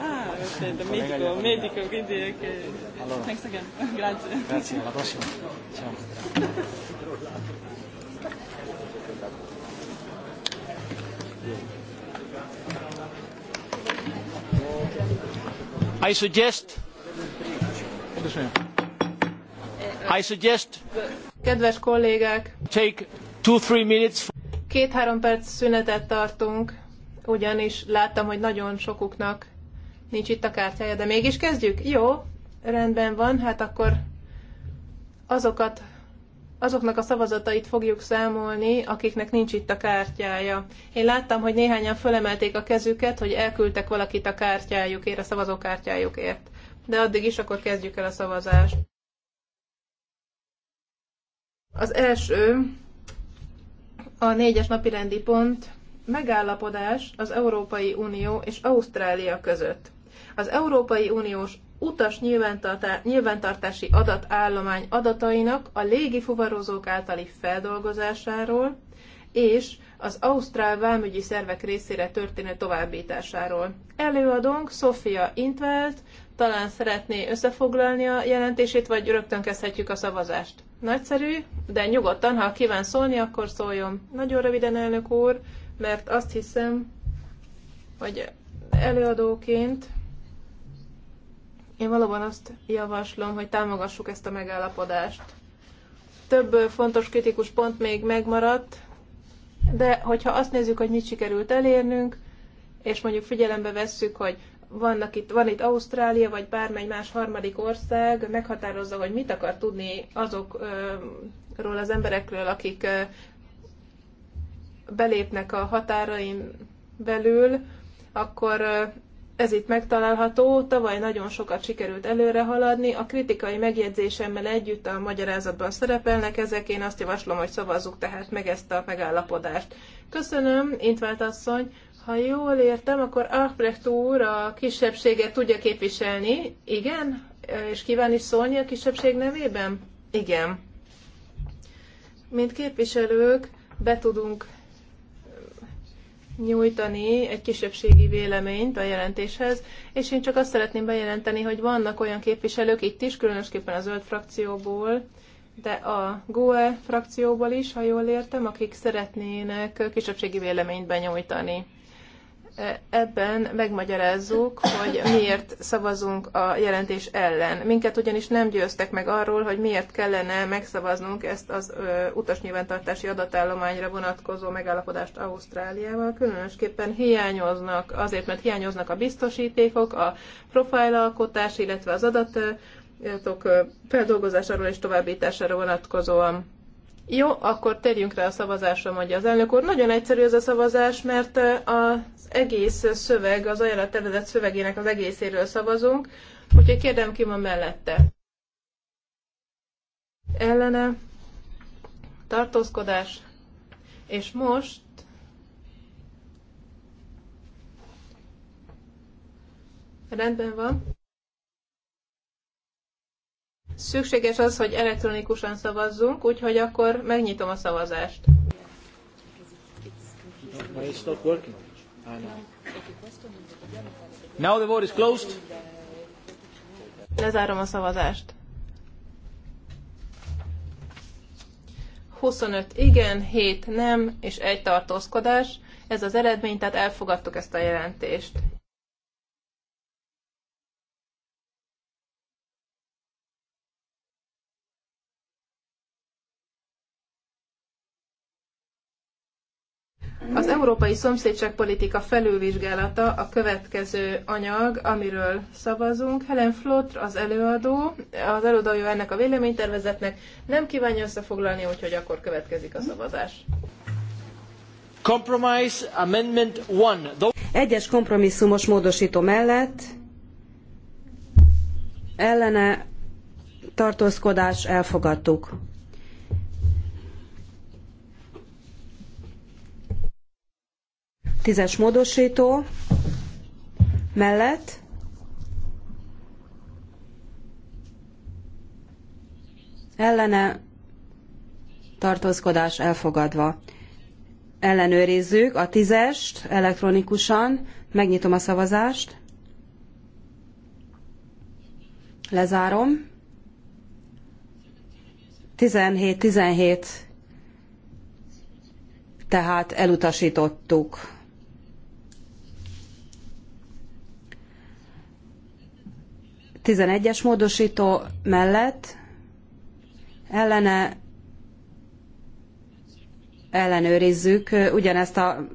Ah, ok, da medico, medico, quindi ok. Allora. Thanks again. Grazie. Grazie, alla prossima. Ciao. I suggest I suggest Kedves kollégák, take two, three minutes. Két-három perc szünetet tartunk, ugyanis láttam, hogy nagyon sokuknak Nincs itt a kártyája, de mégis kezdjük? Jó, rendben van, hát akkor azokat, azoknak a szavazatait fogjuk számolni, akiknek nincs itt a kártyája. Én láttam, hogy néhányan fölemelték a kezüket, hogy elküldtek valakit a kártyájukért, a szavazókártyájukért. De addig is akkor kezdjük el a szavazást. Az első, a négyes napi rendi pont, megállapodás az Európai Unió és Ausztrália között. Az Európai Uniós utas nyilvántartási adatállomány adatainak a légi fuvarozók általi feldolgozásáról és az Ausztrál vámügyi szervek részére történő továbbításáról. Előadónk Sofia Intveld, talán szeretné összefoglalni a jelentését, vagy rögtön kezdhetjük a szavazást. Nagyszerű, de nyugodtan, ha kíván szólni, akkor szóljon. Nagyon röviden, elnök úr, mert azt hiszem, hogy előadóként én valóban azt javaslom, hogy támogassuk ezt a megállapodást. Több fontos kritikus pont még megmaradt, de hogyha azt nézzük, hogy mit sikerült elérnünk, és mondjuk figyelembe vesszük, hogy vannak itt, van itt Ausztrália, vagy bármely más harmadik ország, meghatározza, hogy mit akar tudni azokról az emberekről, akik belépnek a határain belül, akkor ez itt megtalálható, tavaly nagyon sokat sikerült előre haladni, a kritikai megjegyzésemmel együtt a magyarázatban szerepelnek ezek, én azt javaslom, hogy szavazzuk tehát meg ezt a megállapodást. Köszönöm, Intvált asszony, ha jól értem, akkor Albrecht úr a kisebbséget tudja képviselni, igen? És kíván is szólni a kisebbség nevében? Igen. Mint képviselők be tudunk nyújtani egy kisebbségi véleményt a jelentéshez, és én csak azt szeretném bejelenteni, hogy vannak olyan képviselők itt is, különösképpen a zöld frakcióból, de a GOE frakcióból is, ha jól értem, akik szeretnének kisebbségi véleményt benyújtani. Ebben megmagyarázzuk, hogy miért szavazunk a jelentés ellen. Minket ugyanis nem győztek meg arról, hogy miért kellene megszavaznunk ezt az utasnyilvántartási adatállományra vonatkozó megállapodást Ausztráliával. Különösképpen hiányoznak, azért, mert hiányoznak a biztosítékok, a profilalkotás, illetve az adatok feldolgozásáról és továbbítására vonatkozóan. Jó, akkor térjünk rá a szavazásra, mondja az elnök úr. Nagyon egyszerű ez a szavazás, mert a egész szöveg, az ajánlat tervezett szövegének az egészéről szavazunk, úgyhogy kérdem ki van mellette. Ellene, tartózkodás, és most rendben van. Szükséges az, hogy elektronikusan szavazzunk, úgyhogy akkor megnyitom a szavazást. No, Now the vote is closed. Lezárom a szavazást. 25 igen, 7 nem, és egy tartózkodás. Ez az eredmény, tehát elfogadtuk ezt a jelentést. Az európai szomszédságpolitika felülvizsgálata a következő anyag, amiről szavazunk. Helen Flott az előadó, az előadója ennek a véleménytervezetnek nem kívánja összefoglalni, úgyhogy akkor következik a szavazás. Compromise Amendment 1. Egyes kompromisszumos módosító mellett ellene tartózkodás elfogadtuk. Tízes módosító mellett ellene tartózkodás elfogadva. Ellenőrizzük a tízest elektronikusan, megnyitom a szavazást, lezárom. 17-17, tehát elutasítottuk. 11-es módosító mellett ellene ellenőrizzük, ugyanezt a,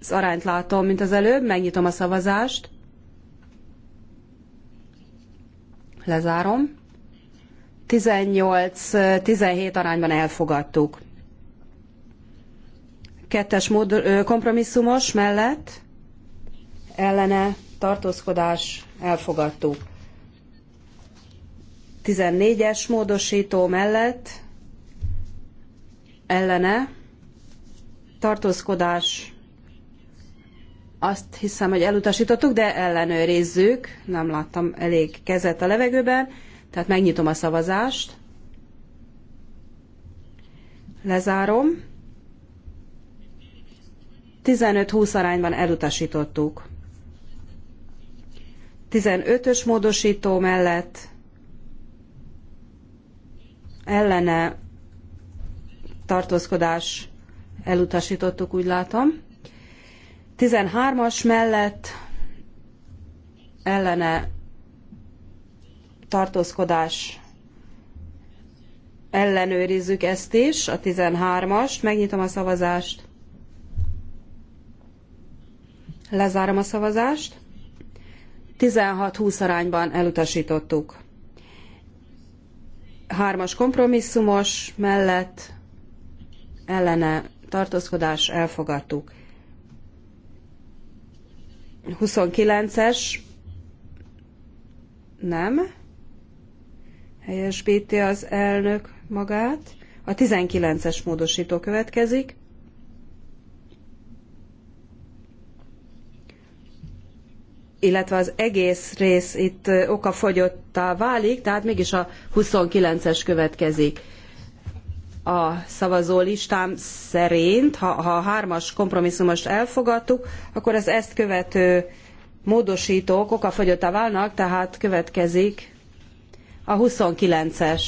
az arányt látom, mint az előbb, megnyitom a szavazást, lezárom, 18-17 arányban elfogadtuk. Kettes mód, kompromisszumos mellett ellene tartózkodás elfogadtuk. 14-es módosító mellett ellene tartózkodás azt hiszem, hogy elutasítottuk, de ellenőrizzük. Nem láttam elég kezet a levegőben, tehát megnyitom a szavazást. Lezárom. 15-20 arányban elutasítottuk. 15-ös módosító mellett ellene tartózkodás elutasítottuk, úgy látom. 13-as mellett ellene tartózkodás ellenőrizzük ezt is, a 13-ast, megnyitom a szavazást, lezárom a szavazást, 16-20 arányban elutasítottuk. Hármas kompromisszumos mellett ellene tartózkodás elfogadtuk. 29-es nem helyesbíti az elnök magát. A 19-es módosító következik. illetve az egész rész itt okafogyottá válik, tehát mégis a 29-es következik. A szavazó listám szerint, ha, ha a hármas kompromisszumost elfogadtuk, akkor az ezt követő módosítók okafogyottá válnak, tehát következik a 29-es.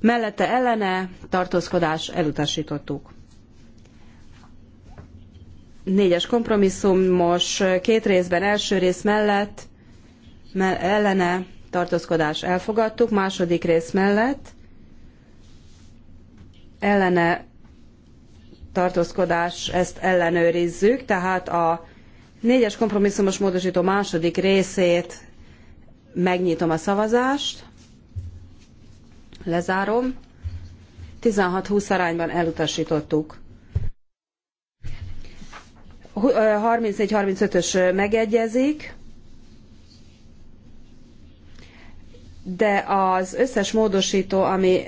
Mellette ellene tartózkodás elutasítottuk. Négyes kompromisszumos két részben első rész mellett ellene tartózkodás elfogadtuk, második rész mellett ellene tartózkodás, ezt ellenőrizzük, tehát a négyes kompromisszumos módosító második részét megnyitom a szavazást, lezárom, 16-20 arányban elutasítottuk. 34-35-ös megegyezik, de az összes módosító, ami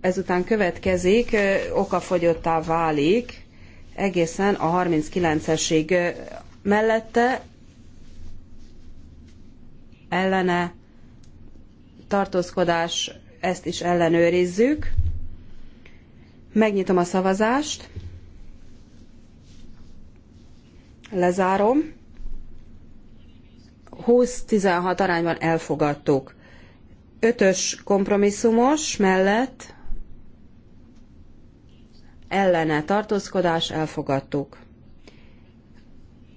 ezután következik, okafogyottá válik egészen a 39-esig mellette ellene tartózkodás, ezt is ellenőrizzük. Megnyitom a szavazást. Lezárom. 20-16 arányban elfogadtuk. Ötös kompromisszumos mellett ellene tartózkodás elfogadtuk.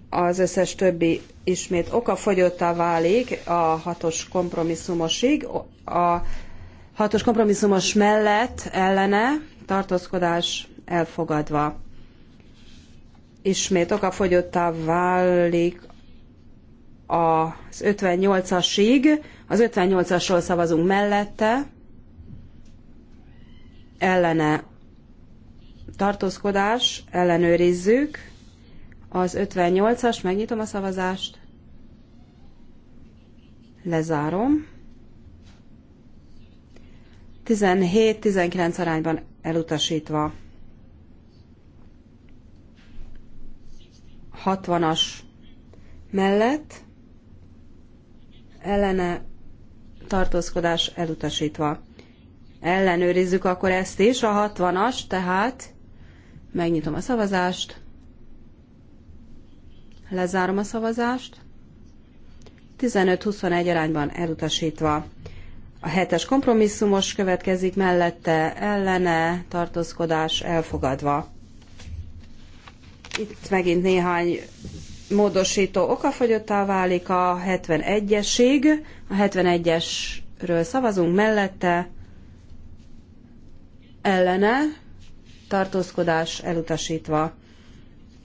Az összes többi ismét okafogyottá válik a hatos kompromisszumosig. A hatos kompromisszumos mellett ellene tartózkodás elfogadva ismét okafogyottá válik az 58-asig. Az 58-asról szavazunk mellette, ellene tartózkodás, ellenőrizzük. Az 58-as, megnyitom a szavazást, lezárom. 17-19 arányban elutasítva. 60-as mellett ellene tartózkodás elutasítva. Ellenőrizzük akkor ezt is, a 60-as, tehát megnyitom a szavazást, lezárom a szavazást, 15-21 arányban elutasítva. A hetes kompromisszumos következik mellette ellene tartózkodás elfogadva. Itt megint néhány módosító okafogyottá válik a 71 eség A 71-esről szavazunk mellette, ellene, tartózkodás elutasítva.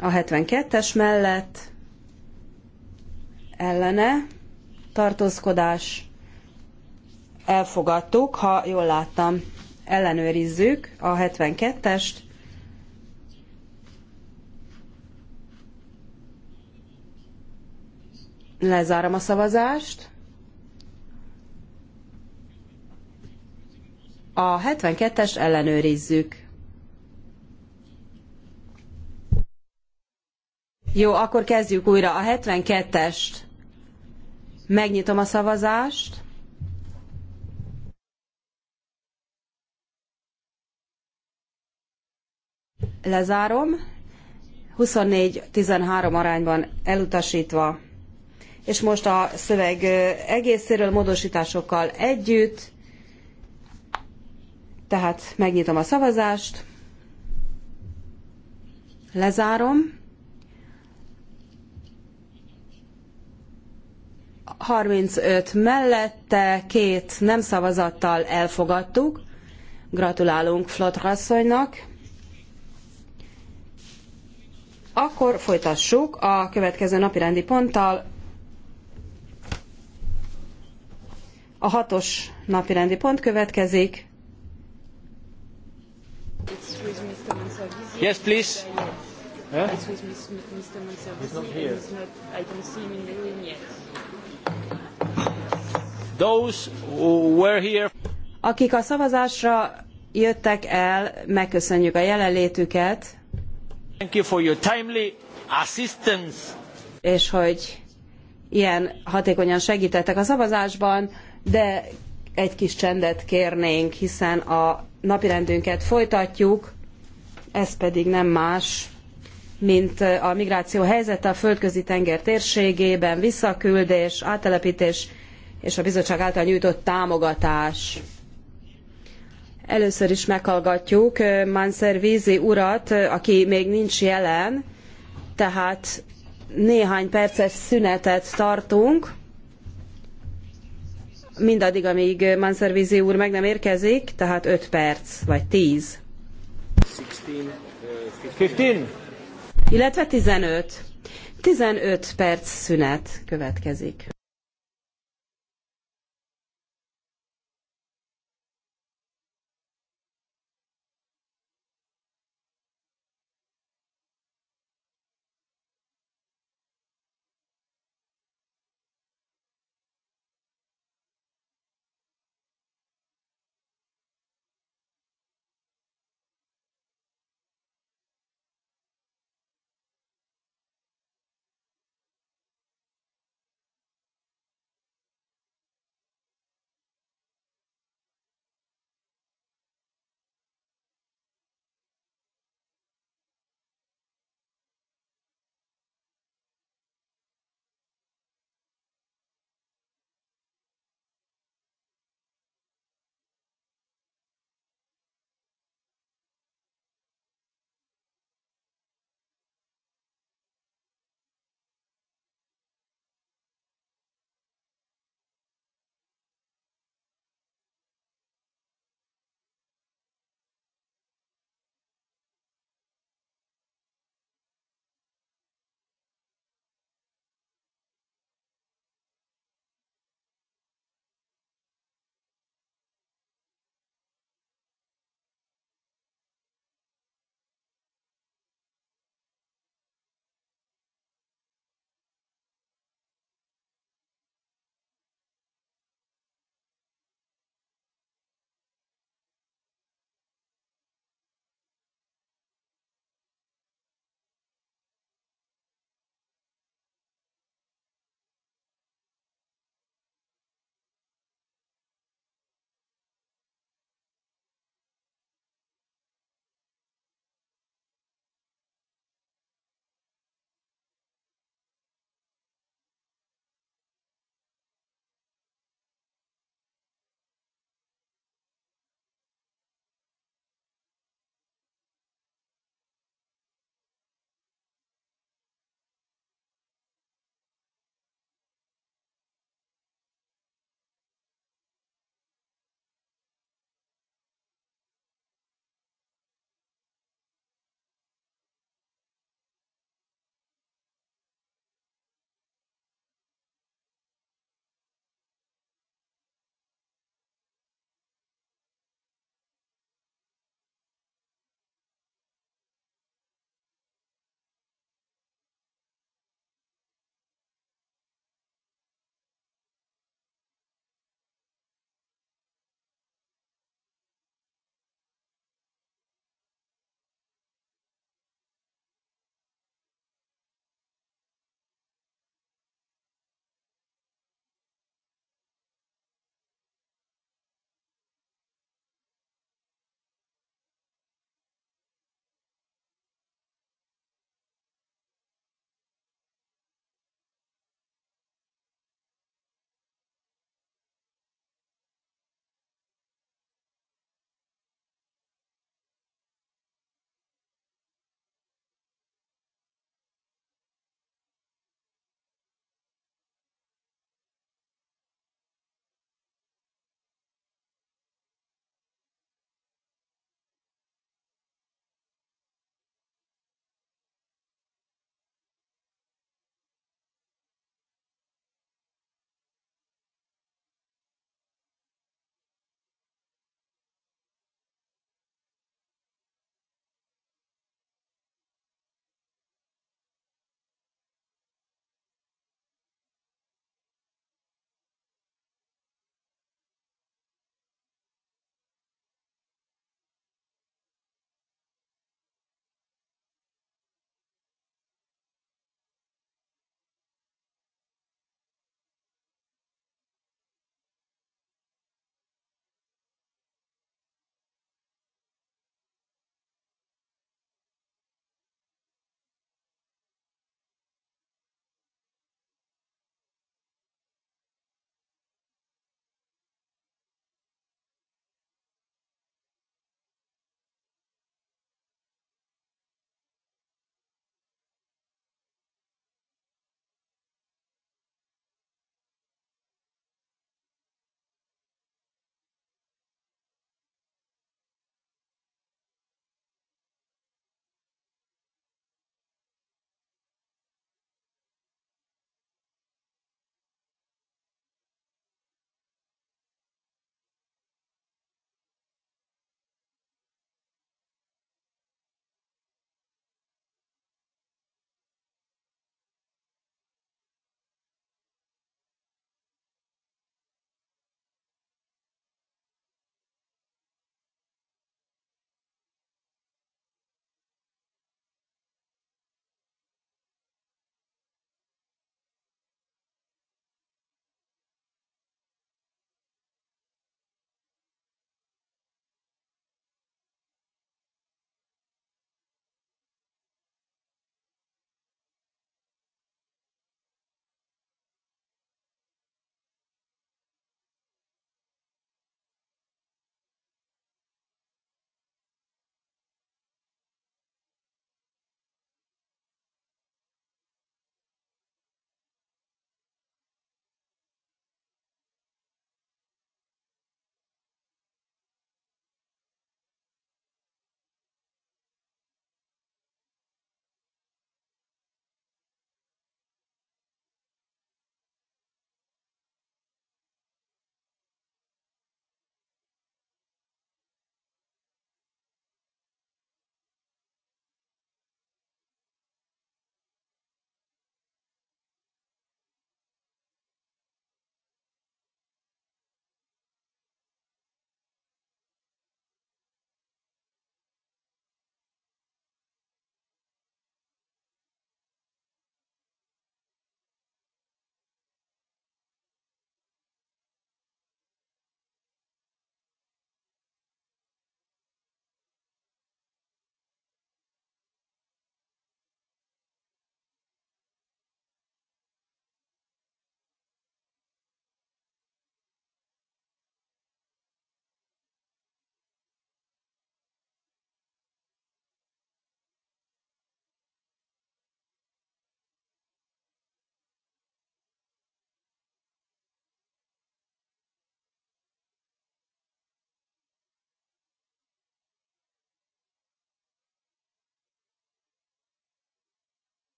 A 72-es mellett, ellene, tartózkodás elfogadtuk, ha jól láttam, ellenőrizzük a 72-est. Lezárom a szavazást. A 72 es ellenőrizzük. Jó, akkor kezdjük újra a 72-est. Megnyitom a szavazást. Lezárom. 24-13 arányban elutasítva és most a szöveg egészéről módosításokkal együtt, tehát megnyitom a szavazást, lezárom, 35 mellette, két nem szavazattal elfogadtuk. Gratulálunk Flotrasszonynak. Akkor folytassuk a következő napi rendi ponttal, A hatos napi rendi pont következik. Yes, please. Those who were here. Akik a szavazásra jöttek el, megköszönjük a jelenlétüket. Thank you for your timely assistance. És hogy ilyen hatékonyan segítettek a szavazásban de egy kis csendet kérnénk, hiszen a napirendünket folytatjuk, ez pedig nem más, mint a migráció helyzete a földközi tenger térségében, visszaküldés, áttelepítés és a bizottság által nyújtott támogatás. Először is meghallgatjuk Manser Vízi urat, aki még nincs jelen, tehát néhány perces szünetet tartunk, mindaddig, amíg Manservizi úr meg nem érkezik, tehát 5 perc, vagy 10. 15. Illetve 15. 15 perc szünet következik.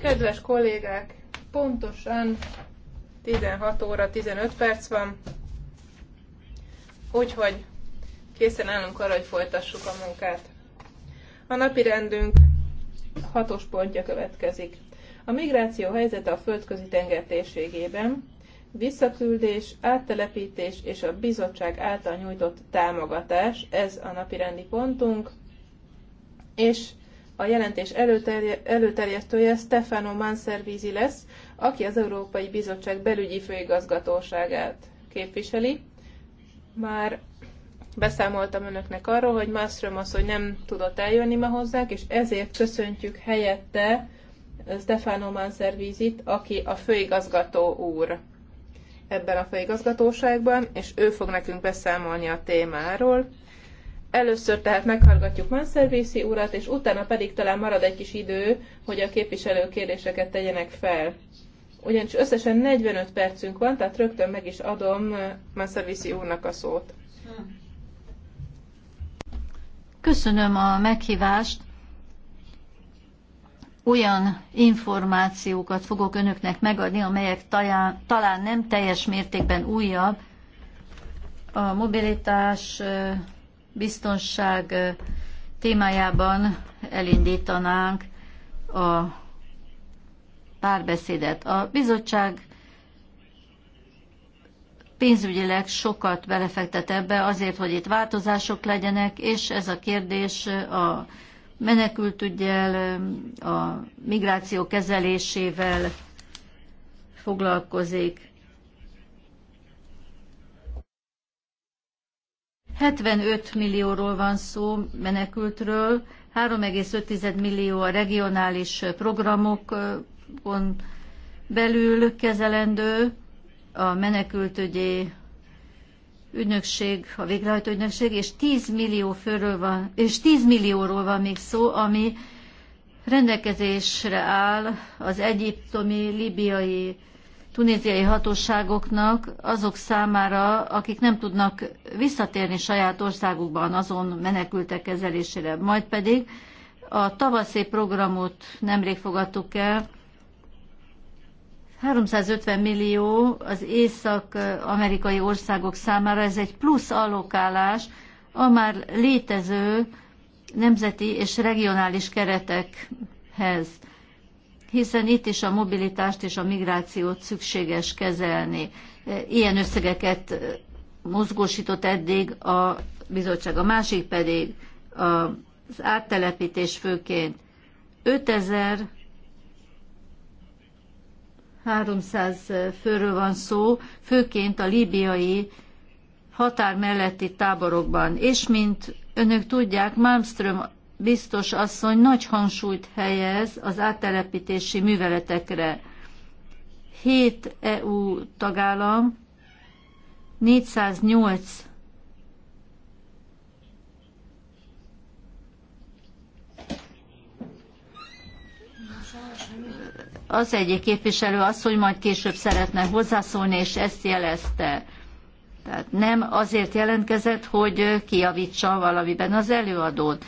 Kedves kollégák, pontosan 16 óra 15 perc van, úgyhogy készen állunk arra, hogy folytassuk a munkát. A napi rendünk hatos pontja következik. A migráció helyzete a földközi tenger térségében, visszaküldés, áttelepítés és a bizottság által nyújtott támogatás, ez a napirendi pontunk és a jelentés előterje, előterjesztője Stefano Manservizi lesz, aki az Európai Bizottság belügyi főigazgatóságát képviseli. Már beszámoltam önöknek arról, hogy Mászröm az, hogy nem tudott eljönni ma hozzánk, és ezért köszöntjük helyette Stefano Manservizit, aki a főigazgató úr ebben a főigazgatóságban, és ő fog nekünk beszámolni a témáról. Először tehát meghallgatjuk Manservisi urat, és utána pedig talán marad egy kis idő, hogy a képviselő kérdéseket tegyenek fel. Ugyanis összesen 45 percünk van, tehát rögtön meg is adom Manservisi úrnak a szót. Köszönöm a meghívást. Olyan információkat fogok önöknek megadni, amelyek talán, talán nem teljes mértékben újabb. A mobilitás biztonság témájában elindítanánk a párbeszédet. A bizottság pénzügyileg sokat belefektet ebbe azért, hogy itt változások legyenek, és ez a kérdés a menekültügyel, a migráció kezelésével foglalkozik. 75 millióról van szó menekültről, 3,5 millió a regionális programokon belül kezelendő, a menekültügyi ügynökség, a végrehajtó ügynökség, és 10 millió főről van, és 10 millióról van még szó, ami rendelkezésre áll az egyiptomi, libiai tunéziai hatóságoknak azok számára, akik nem tudnak visszatérni saját országukban azon menekültek kezelésére. Majd pedig a tavaszi programot nemrég fogadtuk el, 350 millió az észak-amerikai országok számára, ez egy plusz allokálás a már létező nemzeti és regionális keretekhez hiszen itt is a mobilitást és a migrációt szükséges kezelni. E, ilyen összegeket e, mozgósított eddig a bizottság. A másik pedig az áttelepítés főként 5000 300 főről van szó, főként a líbiai határ melletti táborokban. És mint önök tudják, Malmström biztos asszony nagy hangsúlyt helyez az áttelepítési műveletekre. Hét EU tagállam, 408 az egyik képviselő azt, hogy majd később szeretne hozzászólni, és ezt jelezte. Tehát nem azért jelentkezett, hogy kiavítsa valamiben az előadót.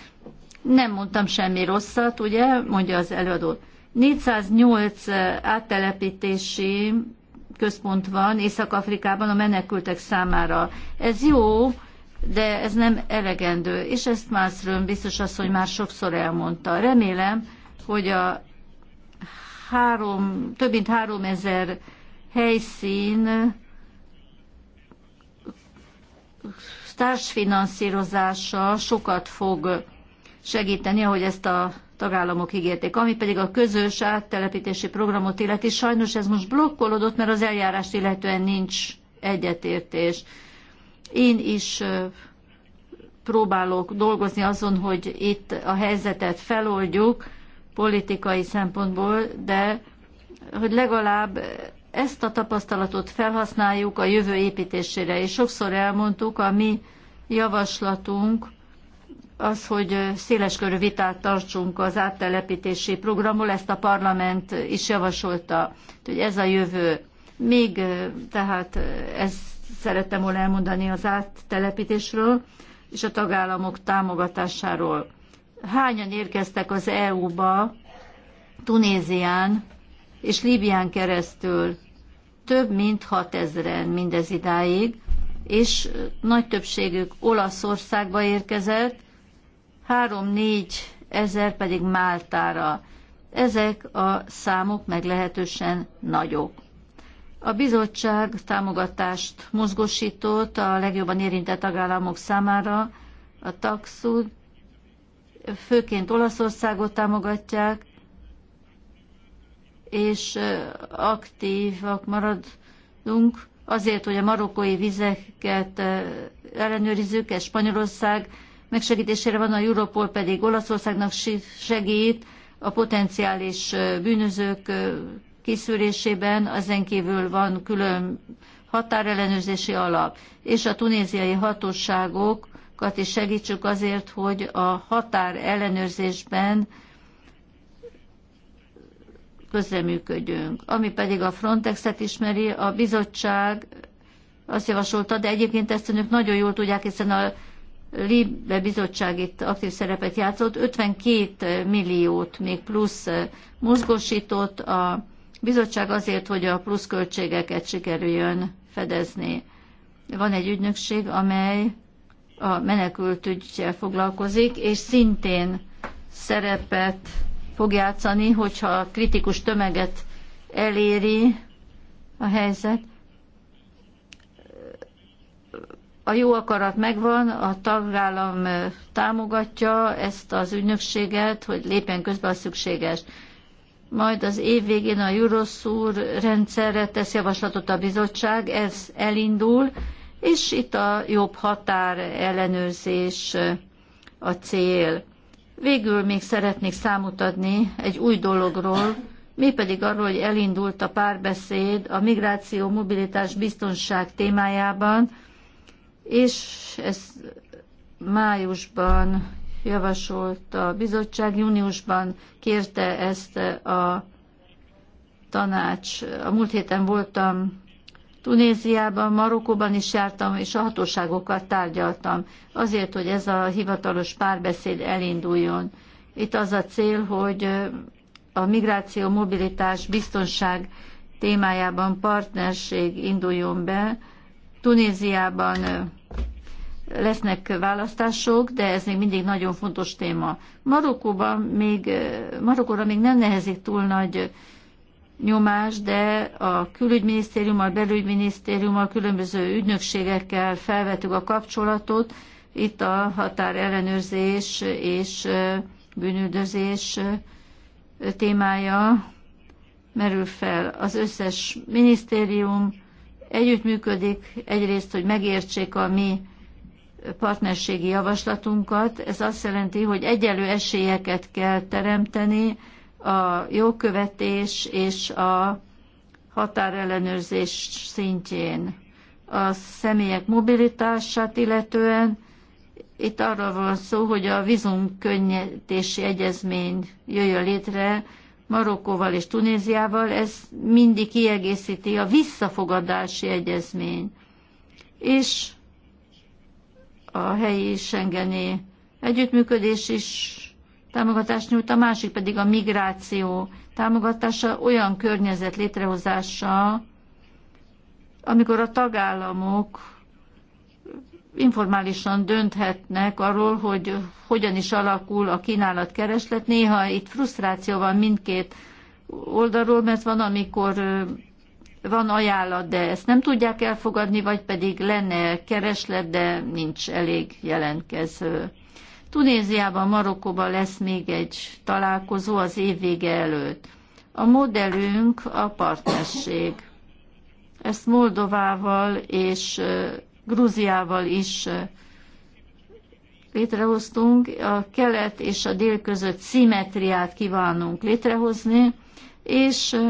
Nem mondtam semmi rosszat, ugye, mondja az előadó. 408 áttelepítési központ van Észak-Afrikában a menekültek számára. Ez jó, de ez nem elegendő, és ezt Mászrőn biztos az, hogy már sokszor elmondta. Remélem, hogy a három, több mint három ezer helyszín társfinanszírozása sokat fog segíteni, ahogy ezt a tagállamok ígérték. Ami pedig a közös áttelepítési programot illeti, sajnos ez most blokkolódott, mert az eljárást illetően nincs egyetértés. Én is próbálok dolgozni azon, hogy itt a helyzetet feloldjuk politikai szempontból, de hogy legalább ezt a tapasztalatot felhasználjuk a jövő építésére. És sokszor elmondtuk, a mi javaslatunk az, hogy széleskörű vitát tartsunk az áttelepítési programról, ezt a parlament is javasolta, hogy ez a jövő. Még tehát ezt szerettem volna elmondani az áttelepítésről és a tagállamok támogatásáról. Hányan érkeztek az EU-ba Tunézián és Líbián keresztül? Több mint 6 ezeren mindez idáig, és nagy többségük Olaszországba érkezett, 3-4 ezer pedig Máltára. Ezek a számok meglehetősen nagyok. A bizottság támogatást mozgosított a legjobban érintett tagállamok számára, a taxud, főként Olaszországot támogatják, és aktívak maradunk azért, hogy a marokkói vizeket ellenőrizzük, ez Spanyolország megsegítésére van, a Europol pedig Olaszországnak segít a potenciális bűnözők kiszűrésében, ezen kívül van külön határellenőrzési alap, és a tunéziai hatóságokat is segítsük azért, hogy a határellenőrzésben közreműködjünk. Ami pedig a Frontexet ismeri, a bizottság azt javasolta, de egyébként ezt önök nagyon jól tudják, hiszen a Libe bizottság itt aktív szerepet játszott, 52 milliót még plusz mozgósított a bizottság azért, hogy a pluszköltségeket sikerüljön fedezni. Van egy ügynökség, amely a menekült ügyjel foglalkozik, és szintén szerepet fog játszani, hogyha kritikus tömeget eléri a helyzet, a jó akarat megvan, a tagállam támogatja ezt az ügynökséget, hogy lépjen közbe a szükséges. Majd az év végén a Euroszúr rendszerre tesz javaslatot a bizottság, ez elindul, és itt a jobb határ ellenőrzés a cél. Végül még szeretnék számot adni egy új dologról, Mi pedig arról, hogy elindult a párbeszéd a migráció, mobilitás, biztonság témájában, és ezt májusban javasolt a bizottság, júniusban kérte ezt a tanács. A múlt héten voltam Tunéziában, Marokkóban is jártam, és a hatóságokkal tárgyaltam, azért, hogy ez a hivatalos párbeszéd elinduljon. Itt az a cél, hogy a migráció, mobilitás, biztonság témájában partnerség induljon be, Tunéziában lesznek választások, de ez még mindig nagyon fontos téma. Marokkóban még, Marokkóra még nem nehezik túl nagy nyomás, de a külügyminisztériummal, belügyminisztériummal, különböző ügynökségekkel felvettük a kapcsolatot. Itt a határellenőrzés és bűnüldözés témája merül fel. Az összes minisztérium Együttműködik egyrészt, hogy megértsék a mi partnerségi javaslatunkat. Ez azt jelenti, hogy egyelő esélyeket kell teremteni a jókövetés és a határellenőrzés szintjén. A személyek mobilitását illetően itt arra van szó, hogy a vízumkönnyítési egyezmény jöjjön létre Marokkóval és Tunéziával, ez mindig kiegészíti a visszafogadási egyezmény. És a helyi Schengeni együttműködés is támogatást nyújt, a másik pedig a migráció támogatása olyan környezet létrehozása, amikor a tagállamok informálisan dönthetnek arról, hogy hogyan is alakul a kínálat-kereslet. Néha itt frusztráció van mindkét oldalról, mert van, amikor van ajánlat, de ezt nem tudják elfogadni, vagy pedig lenne kereslet, de nincs elég jelentkező. Tunéziában, Marokkóban lesz még egy találkozó az év vége előtt. A modellünk a partnerség. Ezt Moldovával és Grúziával is létrehoztunk. A kelet és a dél között szimetriát kívánunk létrehozni, és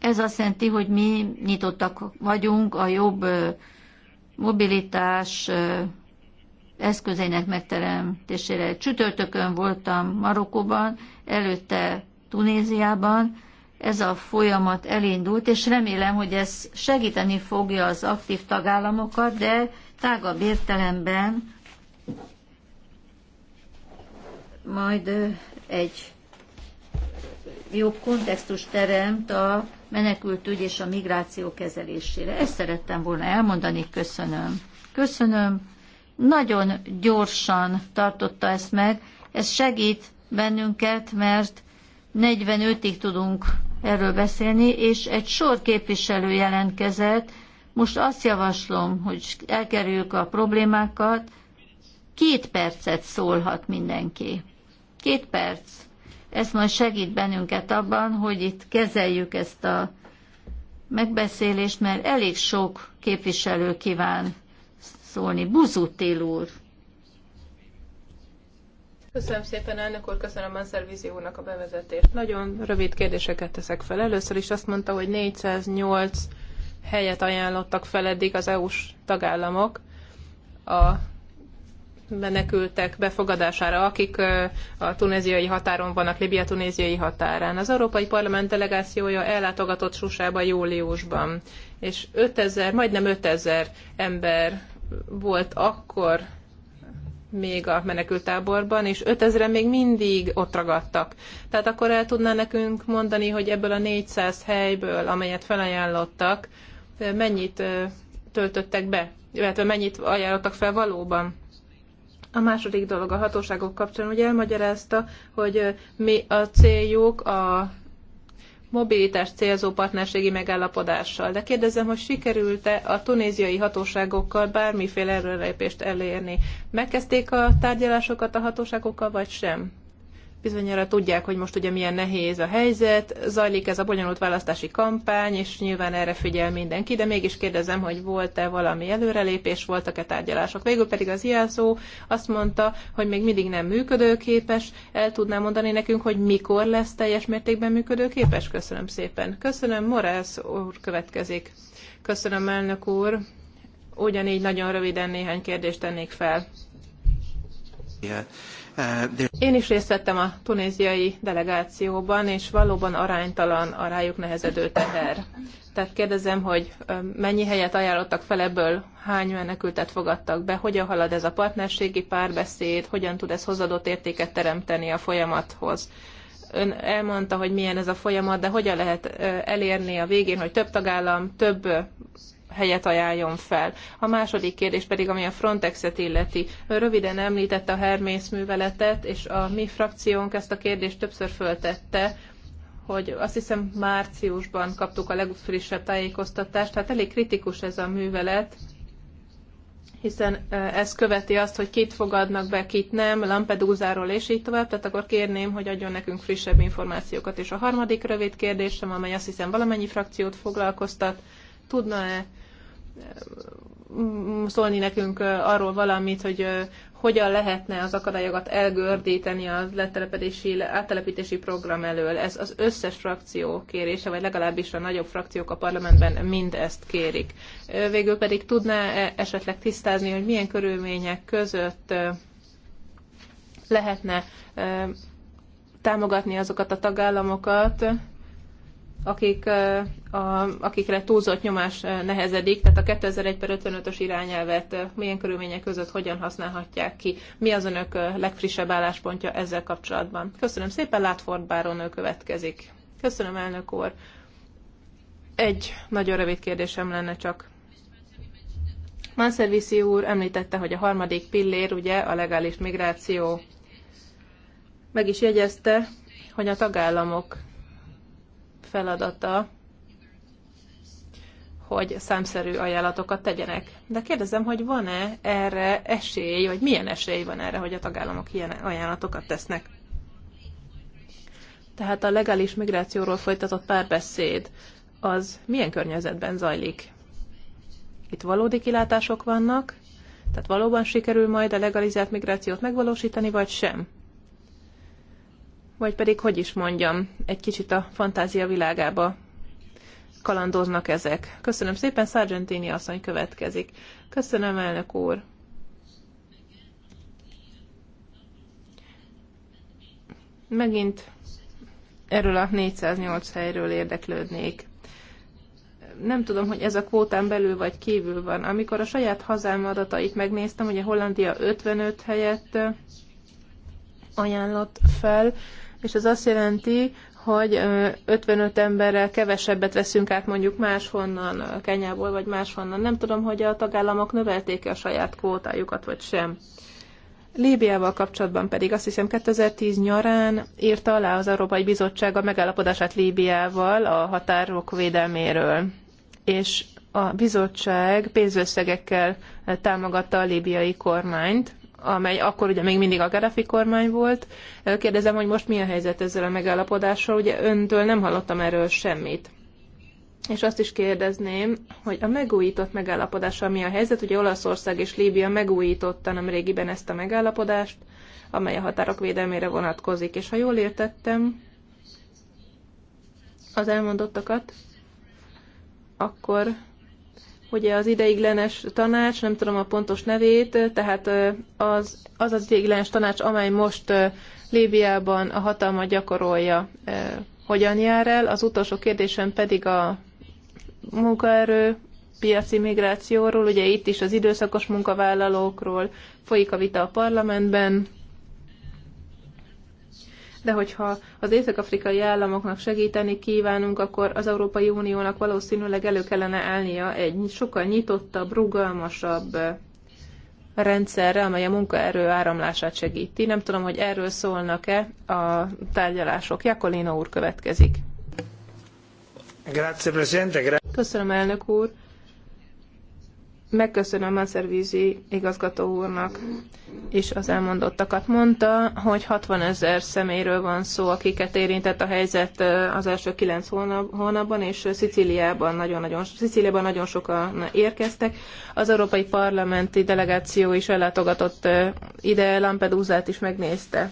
ez azt jelenti, hogy mi nyitottak vagyunk a jobb mobilitás eszközeinek megteremtésére. Csütörtökön voltam Marokkóban, előtte Tunéziában, ez a folyamat elindult, és remélem, hogy ez segíteni fogja az aktív tagállamokat, de tágabb értelemben majd egy jobb kontextus teremt a menekültügy és a migráció kezelésére. Ezt szerettem volna elmondani, köszönöm. Köszönöm. Nagyon gyorsan tartotta ezt meg. Ez segít bennünket, mert 45-ig tudunk erről beszélni, és egy sor képviselő jelentkezett. Most azt javaslom, hogy elkerüljük a problémákat, két percet szólhat mindenki. Két perc. Ez majd segít bennünket abban, hogy itt kezeljük ezt a megbeszélést, mert elég sok képviselő kíván szólni. Buzutil úr. Köszönöm szépen, elnök úr, köszönöm a szervíziónak a bevezetést. Nagyon rövid kérdéseket teszek fel. Először is azt mondta, hogy 408 helyet ajánlottak fel eddig az EU-s tagállamok a menekültek befogadására, akik a tunéziai határon vannak, Libia tunéziai határán. Az Európai Parlament delegációja ellátogatott Susába júliusban, és 5000, majdnem 5000 ember volt akkor még a menekültáborban, és 5000 még mindig ott ragadtak. Tehát akkor el tudná nekünk mondani, hogy ebből a 400 helyből, amelyet felajánlottak, mennyit töltöttek be, illetve mennyit ajánlottak fel valóban? A második dolog a hatóságok kapcsán ugye elmagyarázta, hogy mi a céljuk a mobilitást célzó partnerségi megállapodással. De kérdezem, hogy sikerült-e a tunéziai hatóságokkal bármiféle előrelépést elérni? Megkezdték a tárgyalásokat a hatóságokkal, vagy sem? bizonyára tudják, hogy most ugye milyen nehéz a helyzet, zajlik ez a bonyolult választási kampány, és nyilván erre figyel mindenki, de mégis kérdezem, hogy volt-e valami előrelépés, voltak-e tárgyalások. Végül pedig az IASZO azt mondta, hogy még mindig nem működőképes, el tudná mondani nekünk, hogy mikor lesz teljes mértékben működőképes? Köszönöm szépen. Köszönöm, Morász úr következik. Köszönöm, elnök úr. Ugyanígy nagyon röviden néhány kérdést tennék fel. Yeah. Én is részt vettem a tunéziai delegációban, és valóban aránytalan a rájuk nehezedő teher. Tehát kérdezem, hogy mennyi helyet ajánlottak fel ebből, hány menekültet fogadtak be, hogyan halad ez a partnerségi párbeszéd, hogyan tud ez hozadott értéket teremteni a folyamathoz. Ön elmondta, hogy milyen ez a folyamat, de hogyan lehet elérni a végén, hogy több tagállam, több helyet ajánljon fel. A második kérdés pedig, ami a Frontexet illeti. Ön röviden említette a Hermész műveletet, és a mi frakciónk ezt a kérdést többször föltette, hogy azt hiszem márciusban kaptuk a legfrissebb tájékoztatást, tehát elég kritikus ez a művelet, hiszen ez követi azt, hogy kit fogadnak be, kit nem, Lampedusáról és így tovább, tehát akkor kérném, hogy adjon nekünk frissebb információkat. És a harmadik rövid kérdésem, amely azt hiszem valamennyi frakciót foglalkoztat, tudna-e szólni nekünk arról valamit, hogy hogyan lehetne az akadályokat elgördíteni az letelepedési, áttelepítési program elől. Ez az összes frakció kérése, vagy legalábbis a nagyobb frakciók a parlamentben mind ezt kérik. Végül pedig tudná -e esetleg tisztázni, hogy milyen körülmények között lehetne támogatni azokat a tagállamokat, akik a, akikre túlzott nyomás eh, nehezedik, tehát a 2001 per 55-ös irányelvet eh, milyen körülmények között hogyan használhatják ki, mi az önök eh, legfrissebb álláspontja ezzel kapcsolatban. Köszönöm szépen, Látford Báron következik. Köszönöm, elnök úr. Egy nagyon rövid kérdésem lenne csak. Manservisi úr említette, hogy a harmadik pillér ugye a legális migráció. Meg is jegyezte, hogy a tagállamok feladata hogy számszerű ajánlatokat tegyenek. De kérdezem, hogy van-e erre esély, vagy milyen esély van erre, hogy a tagállamok ilyen ajánlatokat tesznek? Tehát a legális migrációról folytatott párbeszéd az milyen környezetben zajlik? Itt valódi kilátások vannak, tehát valóban sikerül majd a legalizált migrációt megvalósítani, vagy sem? Vagy pedig, hogy is mondjam, egy kicsit a fantázia világába kalandoznak ezek. Köszönöm szépen, Sargentini asszony következik. Köszönöm, elnök úr. Megint erről a 408 helyről érdeklődnék. Nem tudom, hogy ez a kvótán belül vagy kívül van. Amikor a saját hazám adatait megnéztem, ugye Hollandia 55 helyett ajánlott fel, és ez azt jelenti, hogy 55 emberrel kevesebbet veszünk át mondjuk máshonnan, Kenyából vagy máshonnan. Nem tudom, hogy a tagállamok növelték-e a saját kvótájukat, vagy sem. Líbiával kapcsolatban pedig azt hiszem 2010 nyarán írta alá az Európai Bizottság a megállapodását Líbiával a határok védelméről. És a bizottság pénzösszegekkel támogatta a líbiai kormányt, amely akkor ugye még mindig a Gaddafi kormány volt. Kérdezem, hogy most mi a helyzet ezzel a megállapodással, ugye öntől nem hallottam erről semmit. És azt is kérdezném, hogy a megújított megállapodással mi a helyzet? Ugye Olaszország és Líbia megújította nem régiben ezt a megállapodást, amely a határok védelmére vonatkozik. És ha jól értettem az elmondottakat, akkor ugye az ideiglenes tanács, nem tudom a pontos nevét, tehát az az, az ideiglenes tanács, amely most Líbiában a hatalmat gyakorolja, hogyan jár el. Az utolsó kérdésem pedig a munkaerő piaci migrációról, ugye itt is az időszakos munkavállalókról folyik a vita a parlamentben, de hogyha az észak-afrikai államoknak segíteni kívánunk, akkor az Európai Uniónak valószínűleg elő kellene állnia egy sokkal nyitottabb, rugalmasabb rendszerre, amely a munkaerő áramlását segíti. Nem tudom, hogy erről szólnak-e a tárgyalások. Jakolino úr következik. Grazie, Presidente. Köszönöm, elnök úr. Megköszönöm szervízi igazgató úrnak és az elmondottakat. Mondta, hogy 60 ezer személyről van szó, akiket érintett a helyzet az első kilenc hónap, hónapban, és Szicíliában nagyon-nagyon, Szicíliában nagyon sokan érkeztek. Az Európai Parlamenti Delegáció is ellátogatott ide, Lampedusát is megnézte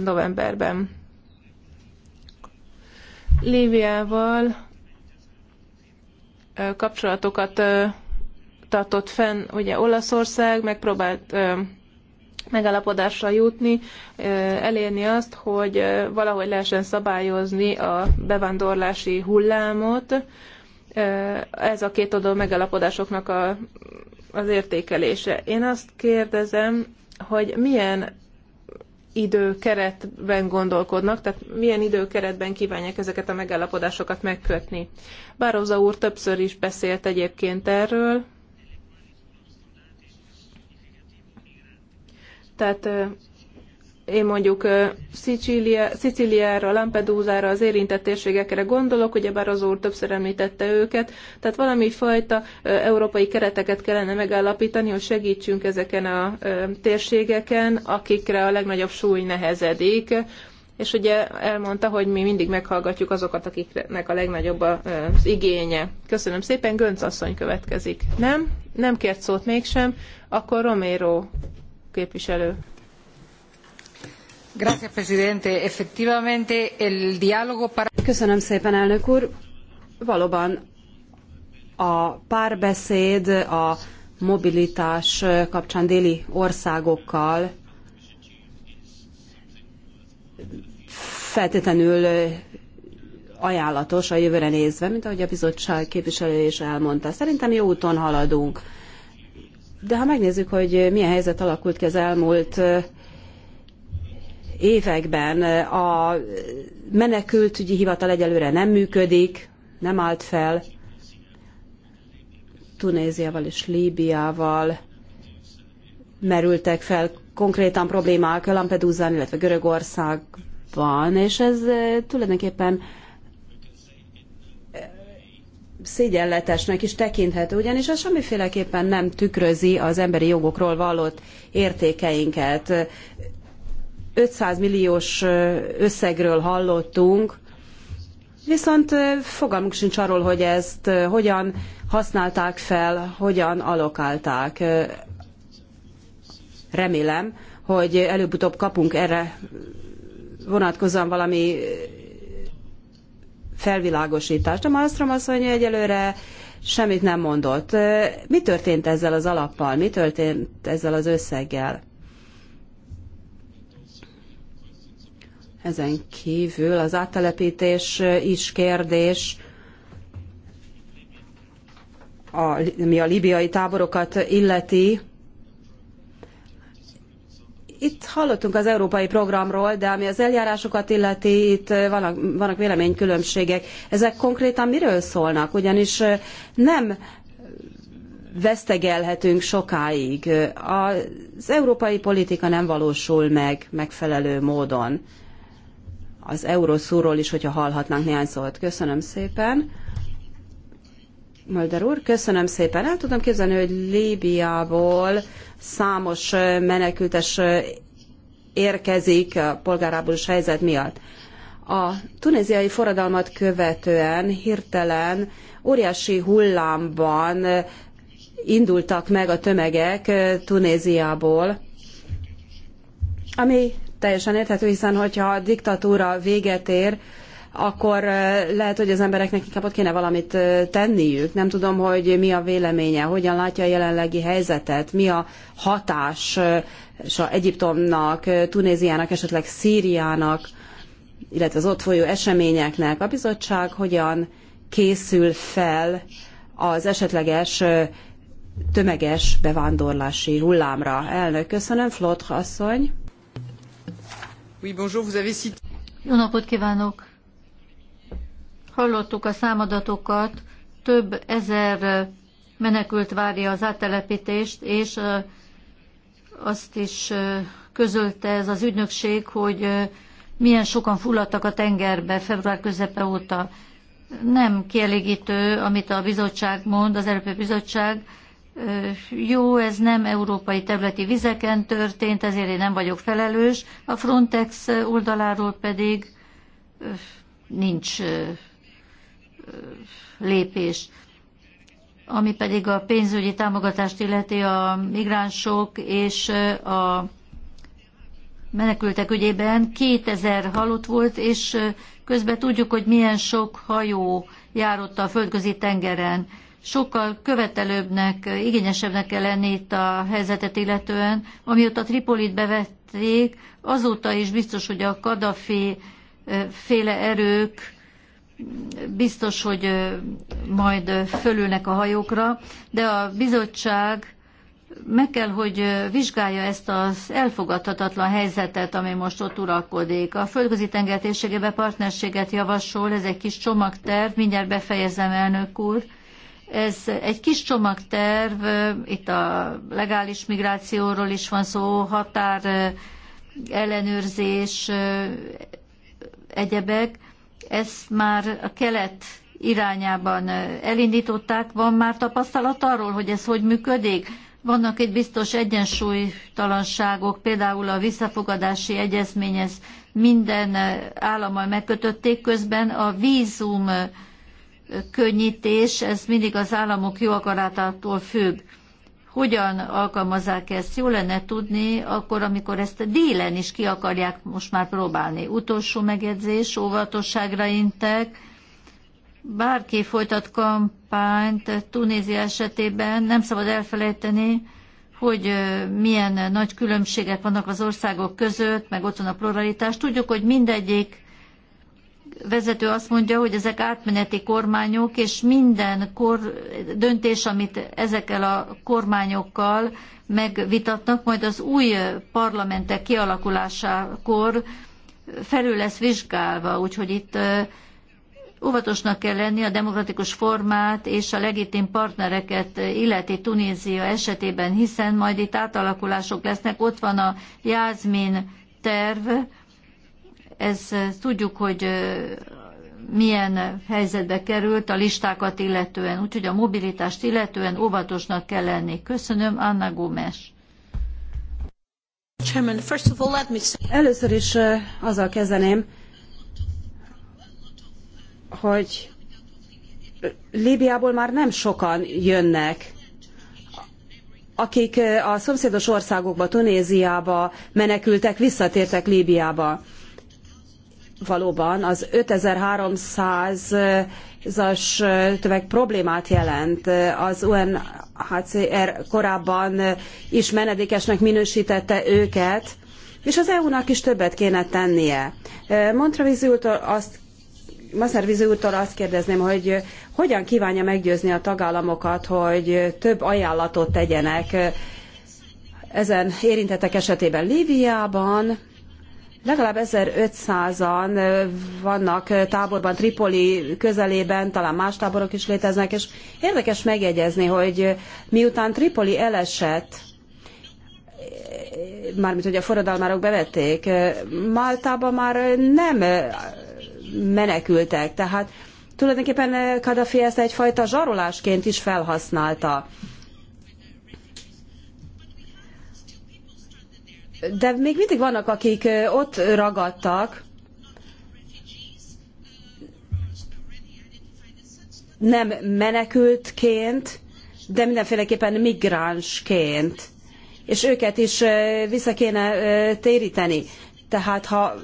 novemberben. Líviával kapcsolatokat tartott fenn ugye Olaszország, megpróbált megállapodásra jutni, elérni azt, hogy valahogy lehessen szabályozni a bevándorlási hullámot. Ez a két oldalú megállapodásoknak a, az értékelése. Én azt kérdezem, hogy milyen időkeretben gondolkodnak, tehát milyen időkeretben kívánják ezeket a megállapodásokat megkötni. Bároza úr többször is beszélt egyébként erről, Tehát én mondjuk Szicília, Szicíliára, Lampedúzára, az érintett térségekre gondolok, ugyebár az úr többször említette őket, tehát valami fajta európai kereteket kellene megállapítani, hogy segítsünk ezeken a térségeken, akikre a legnagyobb súly nehezedik, és ugye elmondta, hogy mi mindig meghallgatjuk azokat, akiknek a legnagyobb az igénye. Köszönöm szépen, Gönc asszony következik. Nem? Nem kért szót mégsem, akkor Romero képviselő. Gracias, presidente. Efectivamente, el diálogo para... Köszönöm szépen, elnök úr. Valóban a párbeszéd a mobilitás kapcsán déli országokkal feltétlenül ajánlatos a jövőre nézve, mint ahogy a bizottság képviselője is elmondta. Szerintem jó úton haladunk. De ha megnézzük, hogy milyen helyzet alakult ki az elmúlt években, a menekültügyi hivatal egyelőre nem működik, nem állt fel, Tunéziával és Líbiával merültek fel konkrétan problémák Lampedusán, illetve Görögországban, és ez tulajdonképpen szégyenletesnek is tekinthető, ugyanis az semmiféleképpen nem tükrözi az emberi jogokról vallott értékeinket. 500 milliós összegről hallottunk, viszont fogalmunk sincs arról, hogy ezt hogyan használták fel, hogyan alokálták. Remélem, hogy előbb-utóbb kapunk erre vonatkozóan valami felvilágosítást. A Malmström asszony egyelőre semmit nem mondott. Mi történt ezzel az alappal? Mi történt ezzel az összeggel? Ezen kívül az áttelepítés is kérdés, a, mi a libiai táborokat illeti. Itt hallottunk az európai programról, de ami az eljárásokat illeti, itt vannak, vannak véleménykülönbségek. Ezek konkrétan miről szólnak? Ugyanis nem vesztegelhetünk sokáig. Az európai politika nem valósul meg megfelelő módon. Az euroszúról is, hogyha hallhatnánk néhány szót. Köszönöm szépen. Mölder úr, köszönöm szépen. El tudom képzelni, hogy Líbiából számos menekültes érkezik a polgárháborús helyzet miatt. A tunéziai forradalmat követően hirtelen óriási hullámban indultak meg a tömegek Tunéziából, ami teljesen érthető, hiszen hogyha a diktatúra véget ér, akkor lehet, hogy az embereknek inkább ott kéne valamit tenniük. Nem tudom, hogy mi a véleménye, hogyan látja a jelenlegi helyzetet, mi a hatás Egyiptomnak, Tunéziának, esetleg Szíriának, illetve az ott folyó eseményeknek. A bizottság hogyan készül fel az esetleges tömeges bevándorlási hullámra. Elnök, köszönöm, Flotre asszony. Oui, bonjour, vous avez cité... Jó napot kívánok! Hallottuk a számadatokat, több ezer menekült várja az áttelepítést, és azt is közölte ez az ügynökség, hogy milyen sokan fulladtak a tengerbe február közepe óta. Nem kielégítő, amit a bizottság mond, az Európai Bizottság. Jó, ez nem európai területi vizeken történt, ezért én nem vagyok felelős. A Frontex oldaláról pedig nincs lépés. Ami pedig a pénzügyi támogatást illeti a migránsok és a menekültek ügyében 2000 halott volt, és közben tudjuk, hogy milyen sok hajó járott a földközi tengeren. Sokkal követelőbbnek, igényesebbnek kell lenni itt a helyzetet illetően. Amióta Tripolit bevették, azóta is biztos, hogy a Kadafi féle erők biztos, hogy majd fölülnek a hajókra, de a bizottság meg kell, hogy vizsgálja ezt az elfogadhatatlan helyzetet, ami most ott uralkodik. A földközi tengertérségebe partnerséget javasol, ez egy kis csomagterv, mindjárt befejezem, elnök úr. Ez egy kis csomagterv, itt a legális migrációról is van szó, határ ellenőrzés, egyebek. Ezt már a kelet irányában elindították. Van már tapasztalat arról, hogy ez hogy működik? Vannak itt biztos egyensúlytalanságok, például a visszafogadási ez minden állammal megkötötték, közben a vízum könnyítés, ez mindig az államok jó akaratától függ hogyan alkalmazzák ezt, jó lenne tudni, akkor, amikor ezt délen is ki akarják most már próbálni. Utolsó megjegyzés, óvatosságra intek, bárki folytat kampányt Tunézia esetében, nem szabad elfelejteni, hogy milyen nagy különbségek vannak az országok között, meg ott van a pluralitás. Tudjuk, hogy mindegyik vezető azt mondja, hogy ezek átmeneti kormányok, és minden kor, döntés, amit ezekkel a kormányokkal megvitatnak, majd az új parlamentek kialakulásakor felül lesz vizsgálva, úgyhogy itt óvatosnak kell lenni a demokratikus formát és a legitim partnereket illeti Tunézia esetében, hiszen majd itt átalakulások lesznek. Ott van a Jászmin terv, ez tudjuk, hogy milyen helyzetbe került a listákat illetően, úgyhogy a mobilitást illetően óvatosnak kell lenni. Köszönöm, Anna Gómez. Először is azzal kezdeném, hogy Líbiából már nem sokan jönnek, akik a szomszédos országokba, Tunéziába menekültek, visszatértek Líbiába valóban az 5300-as tömeg problémát jelent. Az UNHCR korábban is menedékesnek minősítette őket, és az EU-nak is többet kéne tennie. Montravizi úrtól azt Maszervizi úrtól azt kérdezném, hogy hogyan kívánja meggyőzni a tagállamokat, hogy több ajánlatot tegyenek ezen érintettek esetében Líbiában, Legalább 1500-an vannak táborban Tripoli közelében, talán más táborok is léteznek, és érdekes megjegyezni, hogy miután Tripoli elesett, mármint hogy a forradalmárok bevették, Máltában már nem menekültek, tehát tulajdonképpen Kadhafi ezt egyfajta zsarolásként is felhasználta. de még mindig vannak, akik ott ragadtak, nem menekültként, de mindenféleképpen migránsként. És őket is vissza kéne téríteni. Tehát ha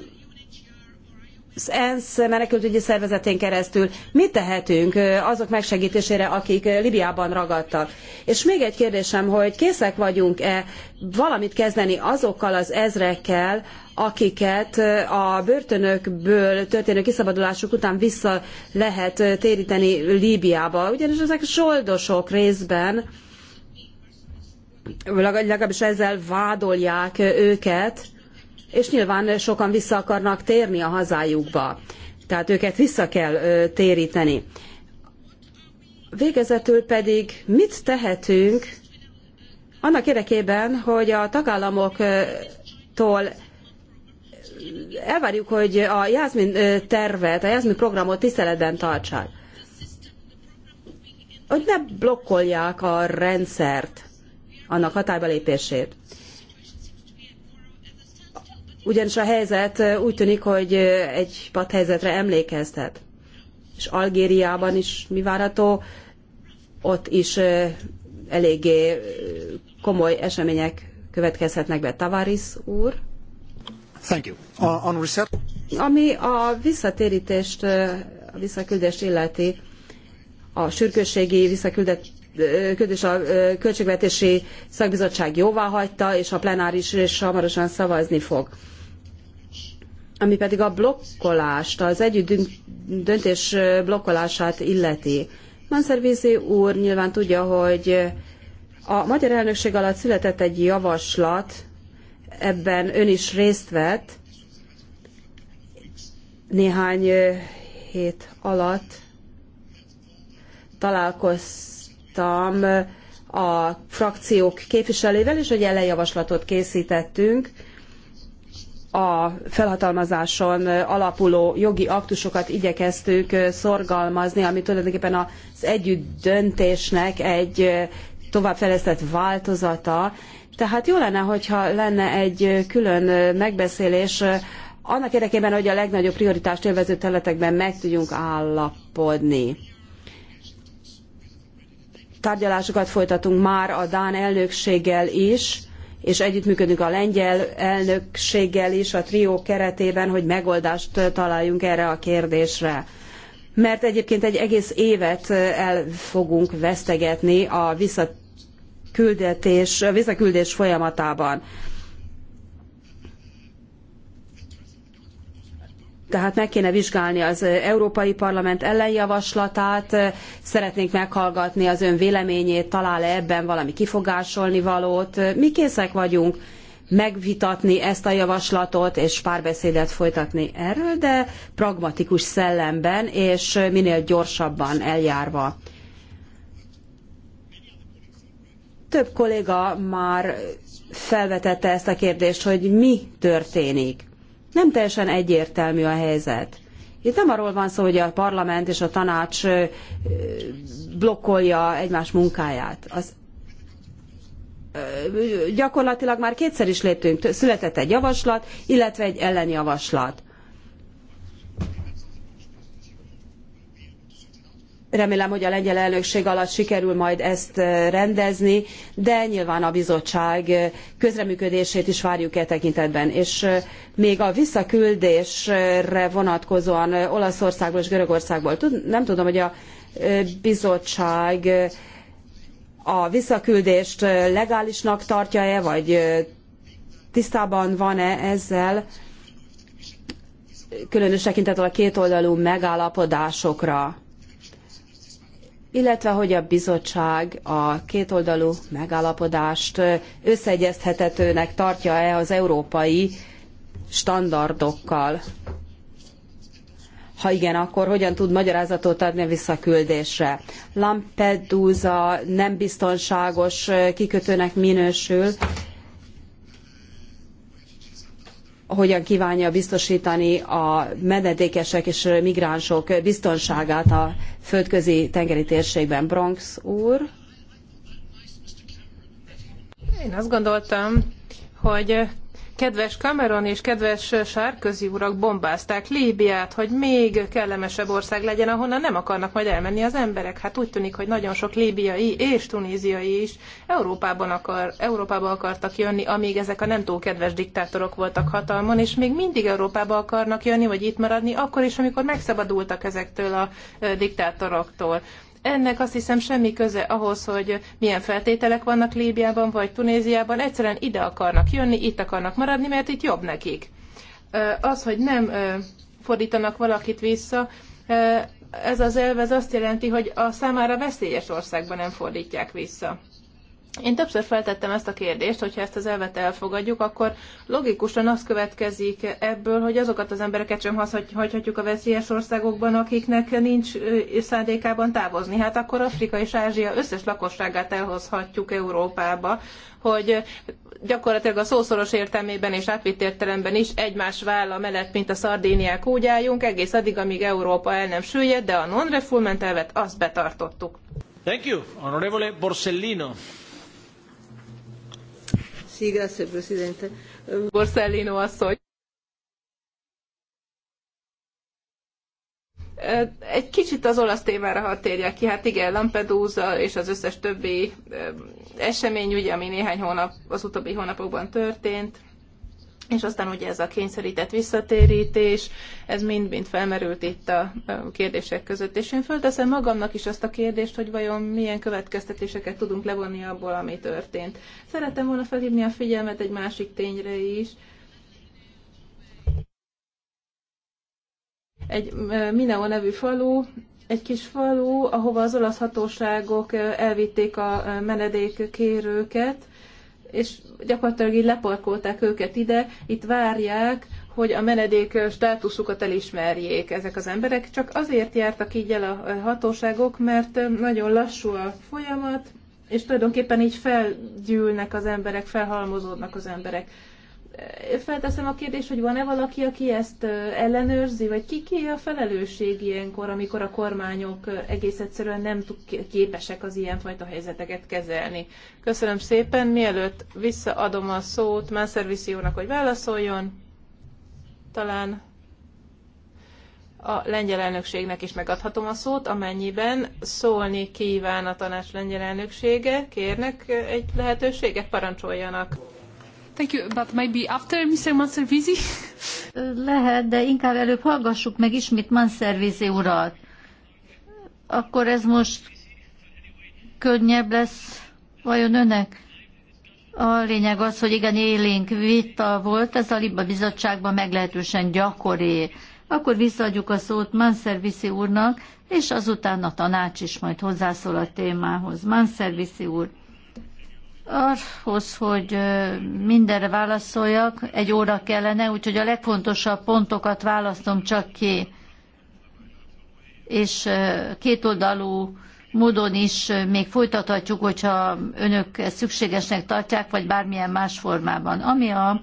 az ENSZ menekültügyi szervezetén keresztül mit tehetünk azok megsegítésére, akik Libiában ragadtak? És még egy kérdésem, hogy készek vagyunk-e valamit kezdeni azokkal az ezrekkel, akiket a börtönökből történő kiszabadulásuk után vissza lehet téríteni Líbiába, ugyanis ezek soldosok részben, legalábbis ezzel vádolják őket, és nyilván sokan vissza akarnak térni a hazájukba. Tehát őket vissza kell téríteni. Végezetül pedig mit tehetünk annak érdekében, hogy a tagállamoktól elvárjuk, hogy a Jászmin tervet, a Jászmin programot tiszteletben tartsák. Hogy ne blokkolják a rendszert, annak hatályba lépését ugyanis a helyzet úgy tűnik, hogy egy helyzetre emlékeztet. És Algériában is mi várható, ott is eléggé komoly események következhetnek be. Tavaris úr. Thank you. Uh, on reset... Ami a visszatérítést, a visszaküldést illeti, a sürgősségi visszaküldet és a költségvetési szakbizottság hagyta, és a plenáris is hamarosan szavazni fog ami pedig a blokkolást, az együtt döntés blokkolását illeti. Manszervízi úr nyilván tudja, hogy a magyar elnökség alatt született egy javaslat, ebben ön is részt vett néhány hét alatt találkoztam a frakciók képviselőivel és egy ellenjavaslatot készítettünk, a felhatalmazáson alapuló jogi aktusokat igyekeztük szorgalmazni, ami tulajdonképpen az együtt döntésnek egy továbbfejlesztett változata. Tehát jó lenne, hogyha lenne egy külön megbeszélés annak érdekében, hogy a legnagyobb prioritást élvező területekben meg tudjunk állapodni. Tárgyalásokat folytatunk már a Dán elnökséggel is, és együttműködünk a lengyel elnökséggel is a trió keretében, hogy megoldást találjunk erre a kérdésre. Mert egyébként egy egész évet el fogunk vesztegetni a visszaküldetés, visszaküldés folyamatában. tehát meg kéne vizsgálni az Európai Parlament ellenjavaslatát, szeretnénk meghallgatni az ön véleményét, talál-e ebben valami kifogásolni valót. Mi készek vagyunk megvitatni ezt a javaslatot és párbeszédet folytatni erről, de pragmatikus szellemben és minél gyorsabban eljárva. Több kolléga már felvetette ezt a kérdést, hogy mi történik nem teljesen egyértelmű a helyzet. Itt nem arról van szó, hogy a parlament és a tanács blokkolja egymás munkáját. Az gyakorlatilag már kétszer is léptünk, született egy javaslat, illetve egy ellenjavaslat. Remélem, hogy a lengyel elnökség alatt sikerül majd ezt eh, rendezni, de nyilván a bizottság eh, közreműködését is várjuk e tekintetben. És eh, még a visszaküldésre vonatkozóan Olaszországból és Görögországból, nem tudom, hogy a bizottság a visszaküldést legálisnak tartja-e, vagy tisztában van-e ezzel, különös tekintettel a kétoldalú megállapodásokra illetve hogy a bizottság a kétoldalú megállapodást összeegyeztethetőnek tartja-e az európai standardokkal. Ha igen, akkor hogyan tud magyarázatot adni a visszaküldésre? Lampedusa nem biztonságos kikötőnek minősül, hogyan kívánja biztosítani a menedékesek és migránsok biztonságát a földközi tengeri térségben. Bronx úr. Én azt gondoltam, hogy Kedves Cameron és kedves Sárközi urak bombázták Líbiát, hogy még kellemesebb ország legyen, ahonnan nem akarnak majd elmenni az emberek. Hát úgy tűnik, hogy nagyon sok líbiai és tunéziai is Európában akar, Európába akartak jönni, amíg ezek a nem túl kedves diktátorok voltak hatalmon, és még mindig Európába akarnak jönni, vagy itt maradni, akkor is, amikor megszabadultak ezektől a diktátoroktól ennek azt hiszem semmi köze ahhoz, hogy milyen feltételek vannak Líbiában vagy Tunéziában, egyszerűen ide akarnak jönni, itt akarnak maradni, mert itt jobb nekik. Az, hogy nem fordítanak valakit vissza, ez az elv azt jelenti, hogy a számára veszélyes országban nem fordítják vissza. Én többször feltettem ezt a kérdést, hogyha ezt az elvet elfogadjuk, akkor logikusan az következik ebből, hogy azokat az embereket sem hagyhatjuk a veszélyes országokban, akiknek nincs szándékában távozni. Hát akkor Afrika és Ázsia összes lakosságát elhozhatjuk Európába, hogy gyakorlatilag a szószoros értelmében és átvitt értelemben is egymás válla mellett, mint a szardíniák úgy álljunk, egész addig, amíg Európa el nem süllyed, de a non-refoulement elvet azt betartottuk. Thank you, Honorable Borsellino presidente. Borsellino asszony. Egy kicsit az olasz témára hadd térjek ki. Hát igen, Lampedusa és az összes többi esemény, ugye, ami néhány hónap, az utóbbi hónapokban történt. És aztán ugye ez a kényszerített visszatérítés, ez mind-mind felmerült itt a kérdések között. És én fölteszem magamnak is azt a kérdést, hogy vajon milyen következtetéseket tudunk levonni abból, ami történt. Szeretem volna felhívni a figyelmet egy másik tényre is. Egy Mineo nevű falu, egy kis falu, ahova az olasz hatóságok elvitték a menedékkérőket, és gyakorlatilag így leparkolták őket ide, itt várják, hogy a menedék státuszukat elismerjék ezek az emberek. Csak azért jártak így el a hatóságok, mert nagyon lassú a folyamat, és tulajdonképpen így felgyűlnek az emberek, felhalmozódnak az emberek felteszem a kérdést, hogy van-e valaki, aki ezt ellenőrzi, vagy ki ki a felelősség ilyenkor, amikor a kormányok egész egyszerűen nem képesek az ilyenfajta helyzeteket kezelni. Köszönöm szépen, mielőtt visszaadom a szót Mászerviszi nak hogy válaszoljon, talán a lengyel elnökségnek is megadhatom a szót, amennyiben szólni kíván a tanács lengyel elnöksége, kérnek egy lehetőséget, parancsoljanak. Thank you, but maybe after Mr. Manservizi? Lehet, de inkább előbb hallgassuk meg ismét Manservizi urat. Akkor ez most könnyebb lesz vajon önnek? A lényeg az, hogy igen, élénk vita volt, ez a Liba Bizottságban meglehetősen gyakori. Akkor visszaadjuk a szót Manservisi úrnak, és azután a tanács is majd hozzászól a témához. Manservisi úr. Arhoz, hogy mindenre válaszoljak, egy óra kellene, úgyhogy a legfontosabb pontokat választom csak ki, és kétoldalú módon is még folytathatjuk, hogyha önök ezt szükségesnek tartják, vagy bármilyen más formában. Ami a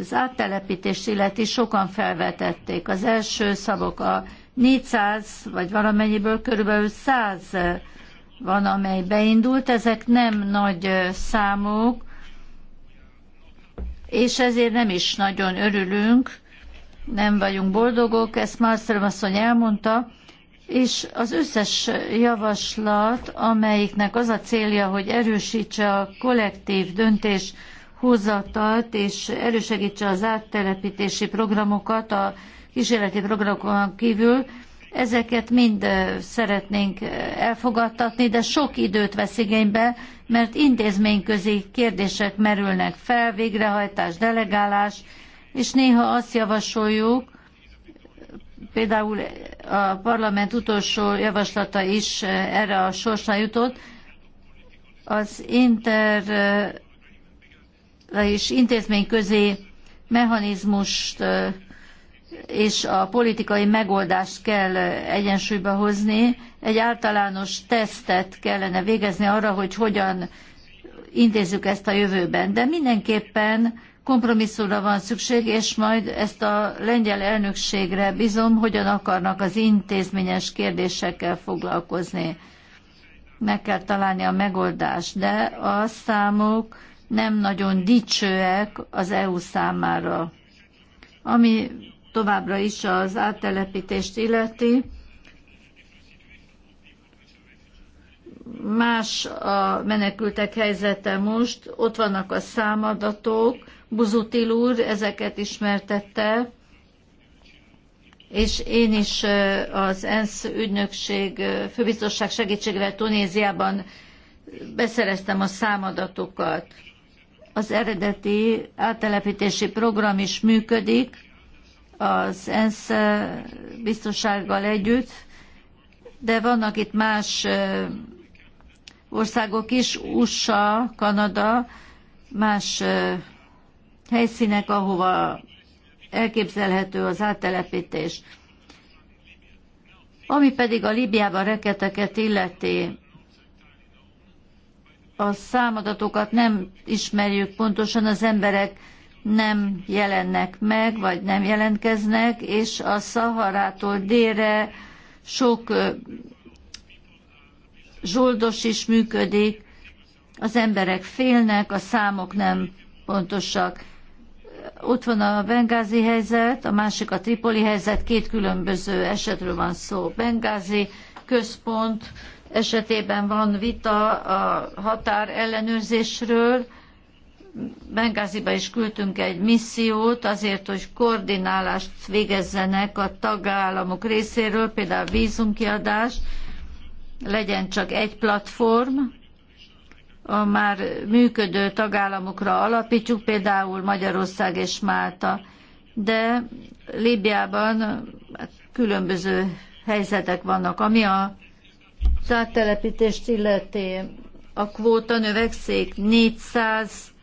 az áttelepítést illeti sokan felvetették. Az első szavok a 400 vagy valamennyiből körülbelül 100 van, amely beindult, ezek nem nagy számok, és ezért nem is nagyon örülünk, nem vagyunk boldogok, ezt Marcel asszony elmondta, és az összes javaslat, amelyiknek az a célja, hogy erősítse a kollektív döntés hozatalt, és erősegítse az áttelepítési programokat a kísérleti programokon kívül, Ezeket mind szeretnénk elfogadtatni, de sok időt vesz igénybe, mert intézményközi kérdések merülnek fel, végrehajtás, delegálás, és néha azt javasoljuk, például a parlament utolsó javaslata is erre a sorsra jutott, az inter és intézményközi mechanizmust és a politikai megoldást kell egyensúlyba hozni. Egy általános tesztet kellene végezni arra, hogy hogyan intézzük ezt a jövőben. De mindenképpen kompromisszumra van szükség, és majd ezt a lengyel elnökségre bízom, hogyan akarnak az intézményes kérdésekkel foglalkozni. Meg kell találni a megoldást, de a számok nem nagyon dicsőek az EU számára. Ami továbbra is az áttelepítést illeti. Más a menekültek helyzete most, ott vannak a számadatok, Buzutil úr ezeket ismertette, és én is az ENSZ ügynökség főbiztosság segítségével Tunéziában beszereztem a számadatokat. Az eredeti áttelepítési program is működik, az ENSZ biztonsággal együtt, de vannak itt más országok is, USA, Kanada, más helyszínek, ahova elképzelhető az áttelepítés. Ami pedig a Libiában reketeket illeti, a számadatokat nem ismerjük pontosan, az emberek nem jelennek meg, vagy nem jelentkeznek, és a Szaharától délre sok zsoldos is működik, az emberek félnek, a számok nem pontosak. Ott van a bengázi helyzet, a másik a tripoli helyzet, két különböző esetről van szó. Bengázi központ esetében van vita a határ ellenőrzésről, Bengáziba is küldtünk egy missziót azért, hogy koordinálást végezzenek a tagállamok részéről, például vízumkiadás, legyen csak egy platform, a már működő tagállamokra alapítjuk, például Magyarország és Málta. De Líbiában hát, különböző helyzetek vannak. Ami a áttelepítést illeti, a kvóta növekszik 400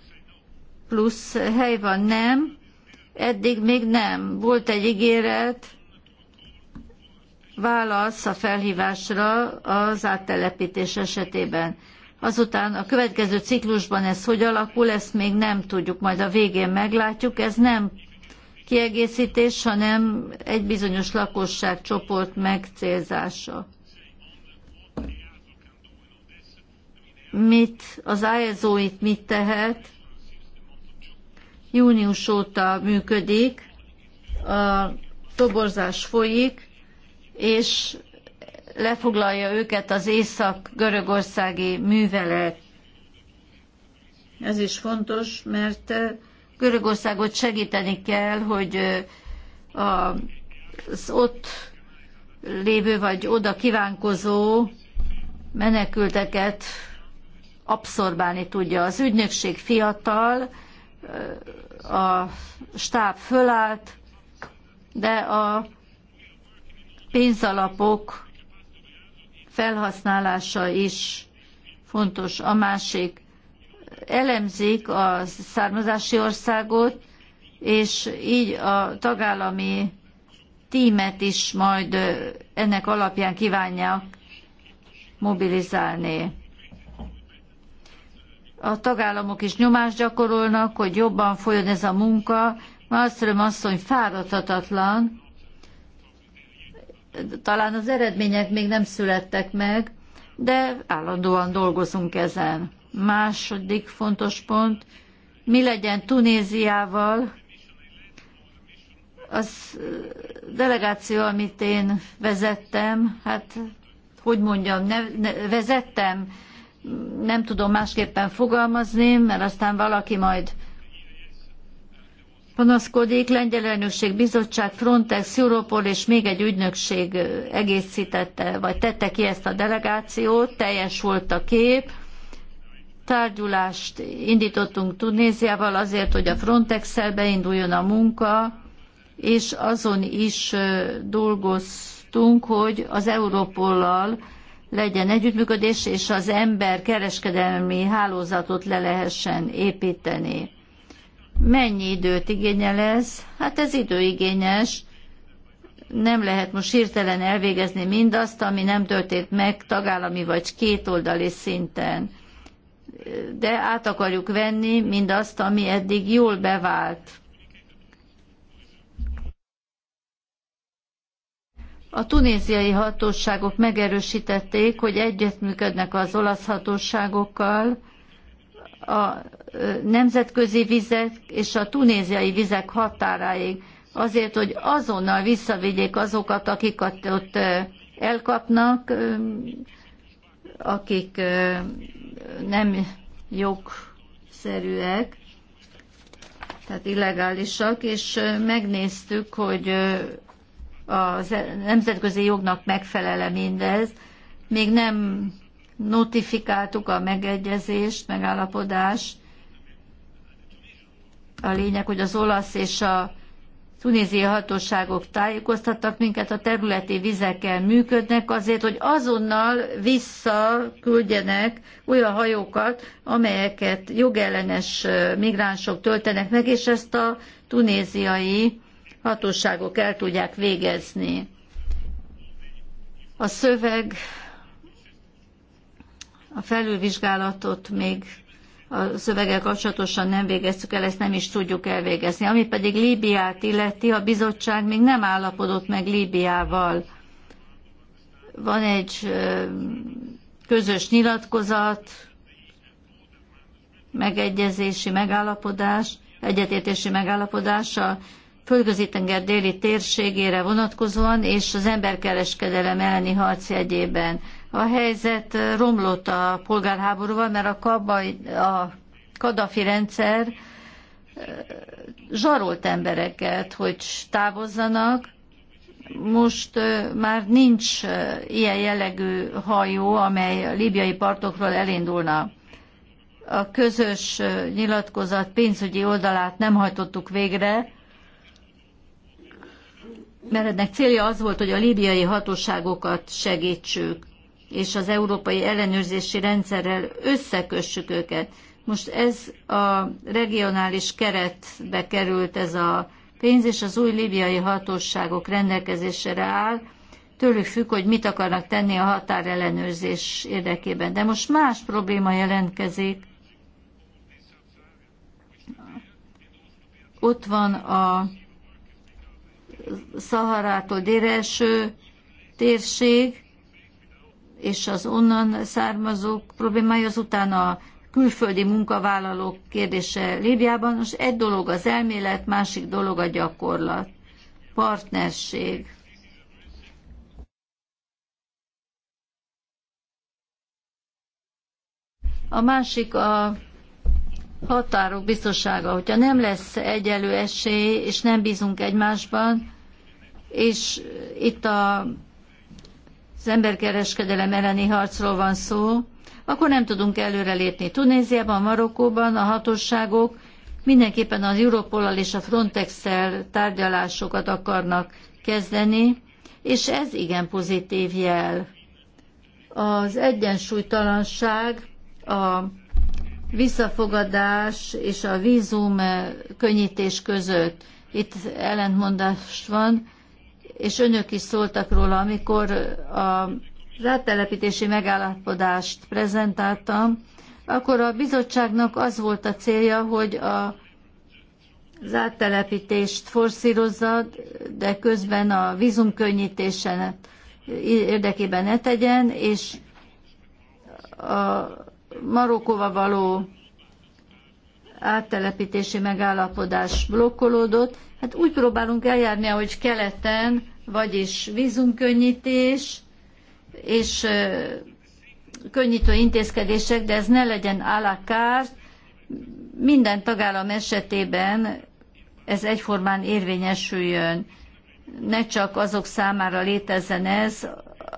plusz hely van, nem. Eddig még nem. Volt egy ígéret, válasz a felhívásra az áttelepítés esetében. Azután a következő ciklusban ez hogy alakul, ezt még nem tudjuk, majd a végén meglátjuk. Ez nem kiegészítés, hanem egy bizonyos lakosságcsoport megcélzása. Mit az ISO itt mit tehet? június óta működik, a toborzás folyik, és lefoglalja őket az észak-görögországi művelet. Ez is fontos, mert Görögországot segíteni kell, hogy az ott lévő vagy oda kívánkozó menekülteket abszorbálni tudja. Az ügynökség fiatal, a stáb fölállt, de a pénzalapok felhasználása is fontos. A másik elemzik a származási országot, és így a tagállami tímet is majd ennek alapján kívánják mobilizálni a tagállamok is nyomást gyakorolnak, hogy jobban folyjon ez a munka. Malmström asszony fáradhatatlan, talán az eredmények még nem születtek meg, de állandóan dolgozunk ezen. Második fontos pont, mi legyen Tunéziával, az delegáció, amit én vezettem, hát hogy mondjam, ne, ne, vezettem, nem tudom másképpen fogalmazni, mert aztán valaki majd panaszkodik. Lengyel elnökség, bizottság, Frontex, Europol és még egy ügynökség egészítette, vagy tette ki ezt a delegációt, teljes volt a kép. Tárgyulást indítottunk Tunéziával azért, hogy a frontex beinduljon a munka, és azon is dolgoztunk, hogy az Európollal legyen együttműködés, és az ember kereskedelmi hálózatot le lehessen építeni. Mennyi időt igényel ez? Hát ez időigényes. Nem lehet most hirtelen elvégezni mindazt, ami nem történt meg tagállami vagy kétoldali szinten. De át akarjuk venni mindazt, ami eddig jól bevált A tunéziai hatóságok megerősítették, hogy egyetműködnek az olasz hatóságokkal, a nemzetközi vizek és a tunéziai vizek határáig, azért, hogy azonnal visszavigyék azokat, akiket ott elkapnak, akik nem jogszerűek, tehát illegálisak, és megnéztük, hogy a nemzetközi jognak megfelele mindez. Még nem notifikáltuk a megegyezést, megállapodás. A lényeg, hogy az olasz és a tunéziai hatóságok tájékoztattak minket, a területi vizekkel működnek azért, hogy azonnal visszaküldjenek olyan hajókat, amelyeket jogellenes migránsok töltenek meg, és ezt a tunéziai hatóságok el tudják végezni. A szöveg a felülvizsgálatot még a szöveggel kapcsolatosan nem végeztük el, ezt nem is tudjuk elvégezni. Ami pedig Líbiát illeti, a bizottság még nem állapodott meg Líbiával. Van egy közös nyilatkozat, megegyezési megállapodás, egyetértési megállapodás a földközi-tenger déli térségére vonatkozóan és az emberkereskedelem elleni harc jegyében. A helyzet romlott a polgárháborúval, mert a, kabaj, a Kadafi rendszer zsarolt embereket, hogy távozzanak. Most már nincs ilyen jellegű hajó, amely a libiai partokról elindulna a közös nyilatkozat pénzügyi oldalát nem hajtottuk végre, mert ennek célja az volt, hogy a líbiai hatóságokat segítsük, és az európai ellenőrzési rendszerrel összekössük őket. Most ez a regionális keretbe került ez a pénz, és az új líbiai hatóságok rendelkezésére áll, tőlük függ, hogy mit akarnak tenni a határellenőrzés érdekében. De most más probléma jelentkezik. Ott van a Szaharától déreső térség, és az onnan származók problémája, azután a külföldi munkavállalók kérdése Líbiában. Most egy dolog az elmélet, másik dolog a gyakorlat. Partnerség. A másik a határok biztonsága. Hogyha nem lesz egyelő esély, és nem bízunk egymásban, és itt a, az emberkereskedelem elleni harcról van szó, akkor nem tudunk előrelépni. Tunéziában, Marokkóban a hatóságok mindenképpen az Europollal és a Frontex-el tárgyalásokat akarnak kezdeni, és ez igen pozitív jel. Az egyensúlytalanság, a visszafogadás és a vízum könnyítés között itt ellentmondás van, és önök is szóltak róla, amikor a rátelepítési megállapodást prezentáltam, akkor a bizottságnak az volt a célja, hogy a az áttelepítést forszírozza, de közben a vízumkönnyítésen érdekében ne tegyen, és a Marokkóval való áttelepítési megállapodás blokkolódott. Hát úgy próbálunk eljárni, ahogy keleten, vagyis vízumkönnyítés és könnyítő intézkedések, de ez ne legyen alakárt. Minden tagállam esetében ez egyformán érvényesüljön. Ne csak azok számára létezzen ez,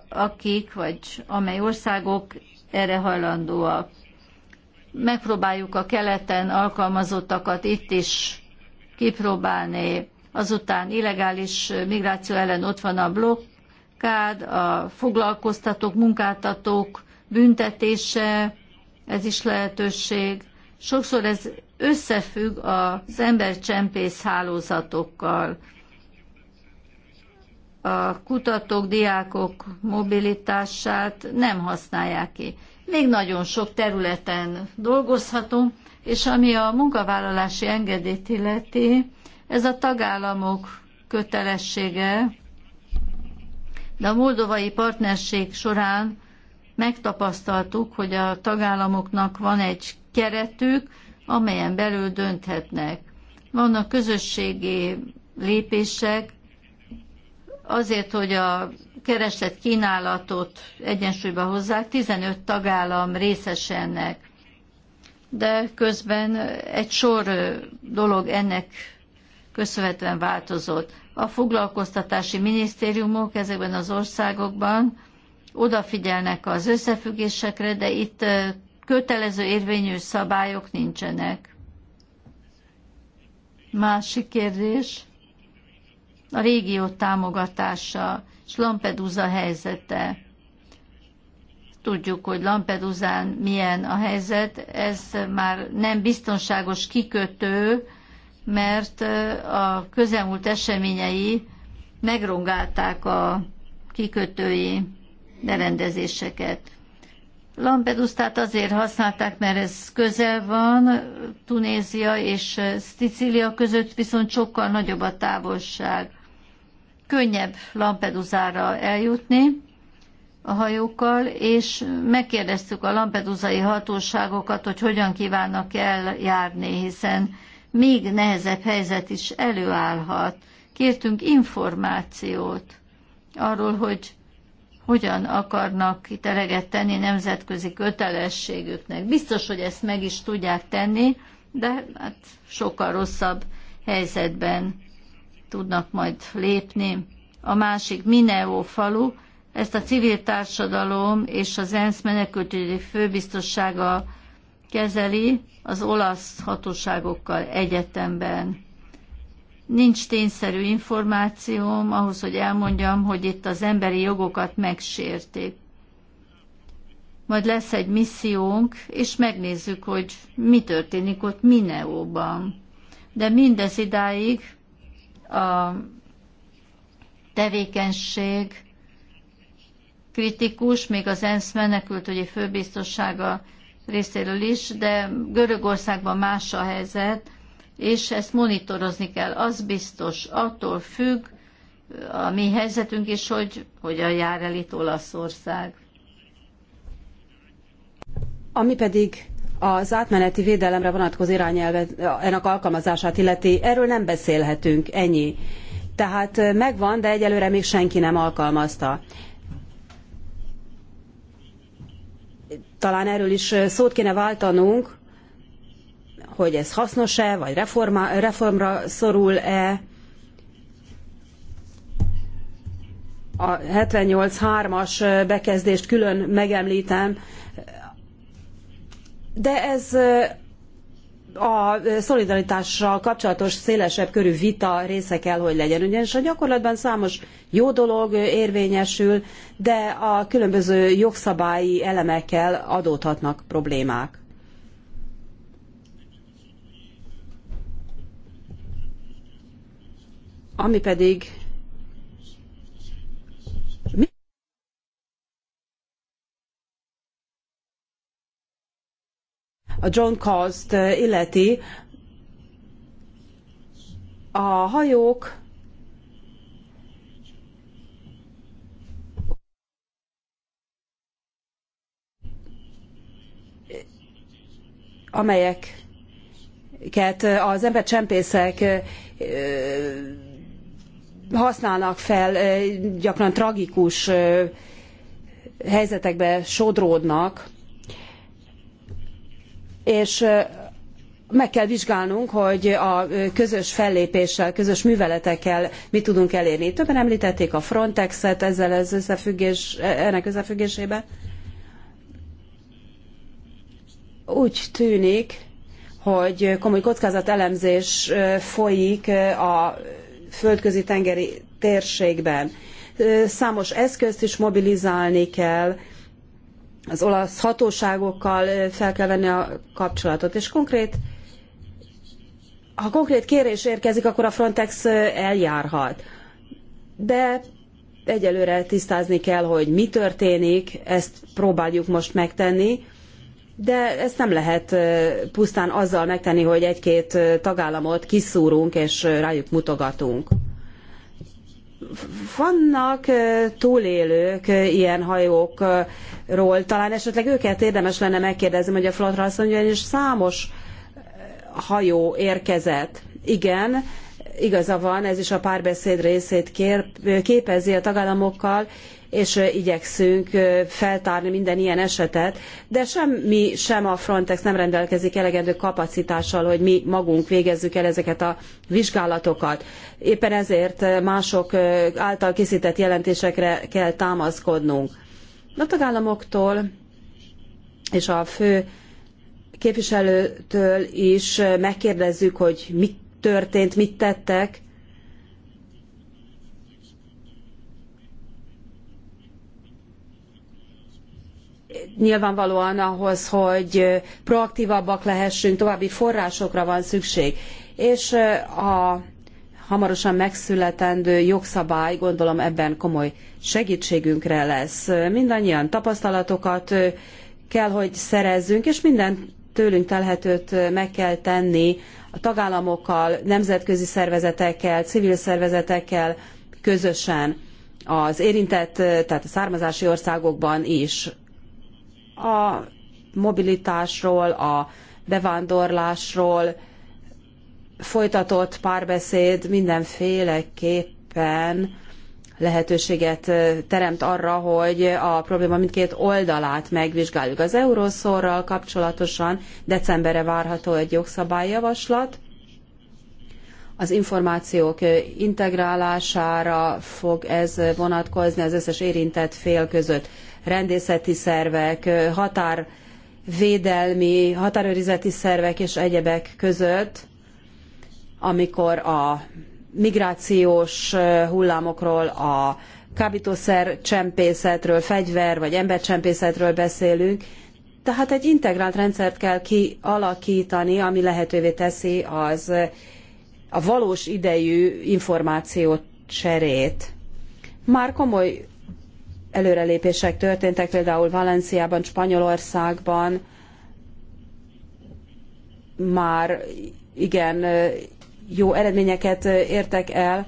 akik vagy amely országok erre hajlandóak megpróbáljuk a keleten alkalmazottakat itt is kipróbálni. Azután illegális migráció ellen ott van a blokkád, a foglalkoztatók, munkáltatók büntetése, ez is lehetőség. Sokszor ez összefügg az embercsempész hálózatokkal. A kutatók, diákok mobilitását nem használják ki. Még nagyon sok területen dolgozhatunk, és ami a munkavállalási engedélyt illeti, ez a tagállamok kötelessége, de a moldovai partnerség során megtapasztaltuk, hogy a tagállamoknak van egy keretük, amelyen belül dönthetnek. Vannak közösségi lépések azért, hogy a keresett kínálatot egyensúlyba hozzák, 15 tagállam részes ennek. De közben egy sor dolog ennek köszönhetően változott. A foglalkoztatási minisztériumok ezekben az országokban odafigyelnek az összefüggésekre, de itt kötelező érvényű szabályok nincsenek. Másik kérdés. A régió támogatása és Lampedusa helyzete. Tudjuk, hogy Lampedusán milyen a helyzet, ez már nem biztonságos kikötő, mert a közelmúlt eseményei megrongálták a kikötői berendezéseket. Lampedusztát azért használták, mert ez közel van, Tunézia és Szicília között viszont sokkal nagyobb a távolság könnyebb Lampedusára eljutni a hajókkal, és megkérdeztük a lampedusai hatóságokat, hogy hogyan kívánnak eljárni, hiszen még nehezebb helyzet is előállhat. Kértünk információt arról, hogy hogyan akarnak itt eleget tenni nemzetközi kötelességüknek. Biztos, hogy ezt meg is tudják tenni, de hát sokkal rosszabb helyzetben tudnak majd lépni. A másik Mineo falu, ezt a civil társadalom és az ENSZ menekültügyi főbiztossága kezeli az olasz hatóságokkal egyetemben. Nincs tényszerű információm ahhoz, hogy elmondjam, hogy itt az emberi jogokat megsérték. Majd lesz egy missziónk, és megnézzük, hogy mi történik ott Mineóban. De mindez idáig a tevékenység kritikus, még az ENSZ menekültügyi főbiztossága részéről is, de Görögországban más a helyzet, és ezt monitorozni kell. Az biztos, attól függ a mi helyzetünk is, hogy hogyan jár el itt Olaszország. Ami pedig az átmeneti védelemre vonatkozó ennek alkalmazását illeti, erről nem beszélhetünk, ennyi. Tehát megvan, de egyelőre még senki nem alkalmazta. Talán erről is szót kéne váltanunk, hogy ez hasznos-e, vagy reforma, reformra szorul-e. A 78.3-as bekezdést külön megemlítem, de ez a szolidaritással kapcsolatos szélesebb körű vita része kell, hogy legyen. Ugyanis a gyakorlatban számos jó dolog érvényesül, de a különböző jogszabályi elemekkel adódhatnak problémák. Ami pedig a drone cost eh, illeti, a hajók amelyeket az embercsempészek eh, eh, használnak fel, gyakran tragikus helyzetekbe sodródnak és meg kell vizsgálnunk, hogy a közös fellépéssel, közös műveletekkel mit tudunk elérni. Többen említették a Frontexet ezzel az összefüggés, e, ennek összefüggésében. Úgy tűnik, hogy komoly kockázatelemzés folyik a földközi tengeri térségben. Számos eszközt is mobilizálni kell, az olasz hatóságokkal fel kell venni a kapcsolatot, és konkrét ha konkrét kérés érkezik, akkor a Frontex eljárhat. De egyelőre tisztázni kell, hogy mi történik, ezt próbáljuk most megtenni, de ezt nem lehet pusztán azzal megtenni, hogy egy-két tagállamot kiszúrunk és rájuk mutogatunk vannak túlélők ilyen hajókról, talán esetleg őket érdemes lenne megkérdezni, hogy a flotra azt mondja, hogy számos hajó érkezett. Igen, igaza van, ez is a párbeszéd részét képezi a tagállamokkal, és igyekszünk feltárni minden ilyen esetet, de sem mi, sem a Frontex nem rendelkezik elegendő kapacitással, hogy mi magunk végezzük el ezeket a vizsgálatokat. Éppen ezért mások által készített jelentésekre kell támaszkodnunk. A tagállamoktól és a fő képviselőtől is megkérdezzük, hogy mit történt, mit tettek, nyilvánvalóan ahhoz, hogy proaktívabbak lehessünk, további forrásokra van szükség. És a hamarosan megszületendő jogszabály gondolom ebben komoly segítségünkre lesz. Mindannyian tapasztalatokat kell, hogy szerezzünk, és minden tőlünk telhetőt meg kell tenni a tagállamokkal, nemzetközi szervezetekkel, civil szervezetekkel közösen az érintett, tehát a származási országokban is a mobilitásról, a bevándorlásról folytatott párbeszéd mindenféleképpen lehetőséget teremt arra, hogy a probléma mindkét oldalát megvizsgáljuk. Az euroszorral kapcsolatosan decemberre várható egy jogszabályjavaslat, az információk integrálására fog ez vonatkozni az összes érintett fél között rendészeti szervek, határvédelmi, határőrizeti szervek és egyebek között, amikor a migrációs hullámokról, a kábítószer csempészetről, fegyver vagy embercsempészetről beszélünk. Tehát egy integrált rendszert kell kialakítani, ami lehetővé teszi az a valós idejű információ cserét. Már komoly előrelépések történtek, például Valenciában, Spanyolországban már igen jó eredményeket értek el,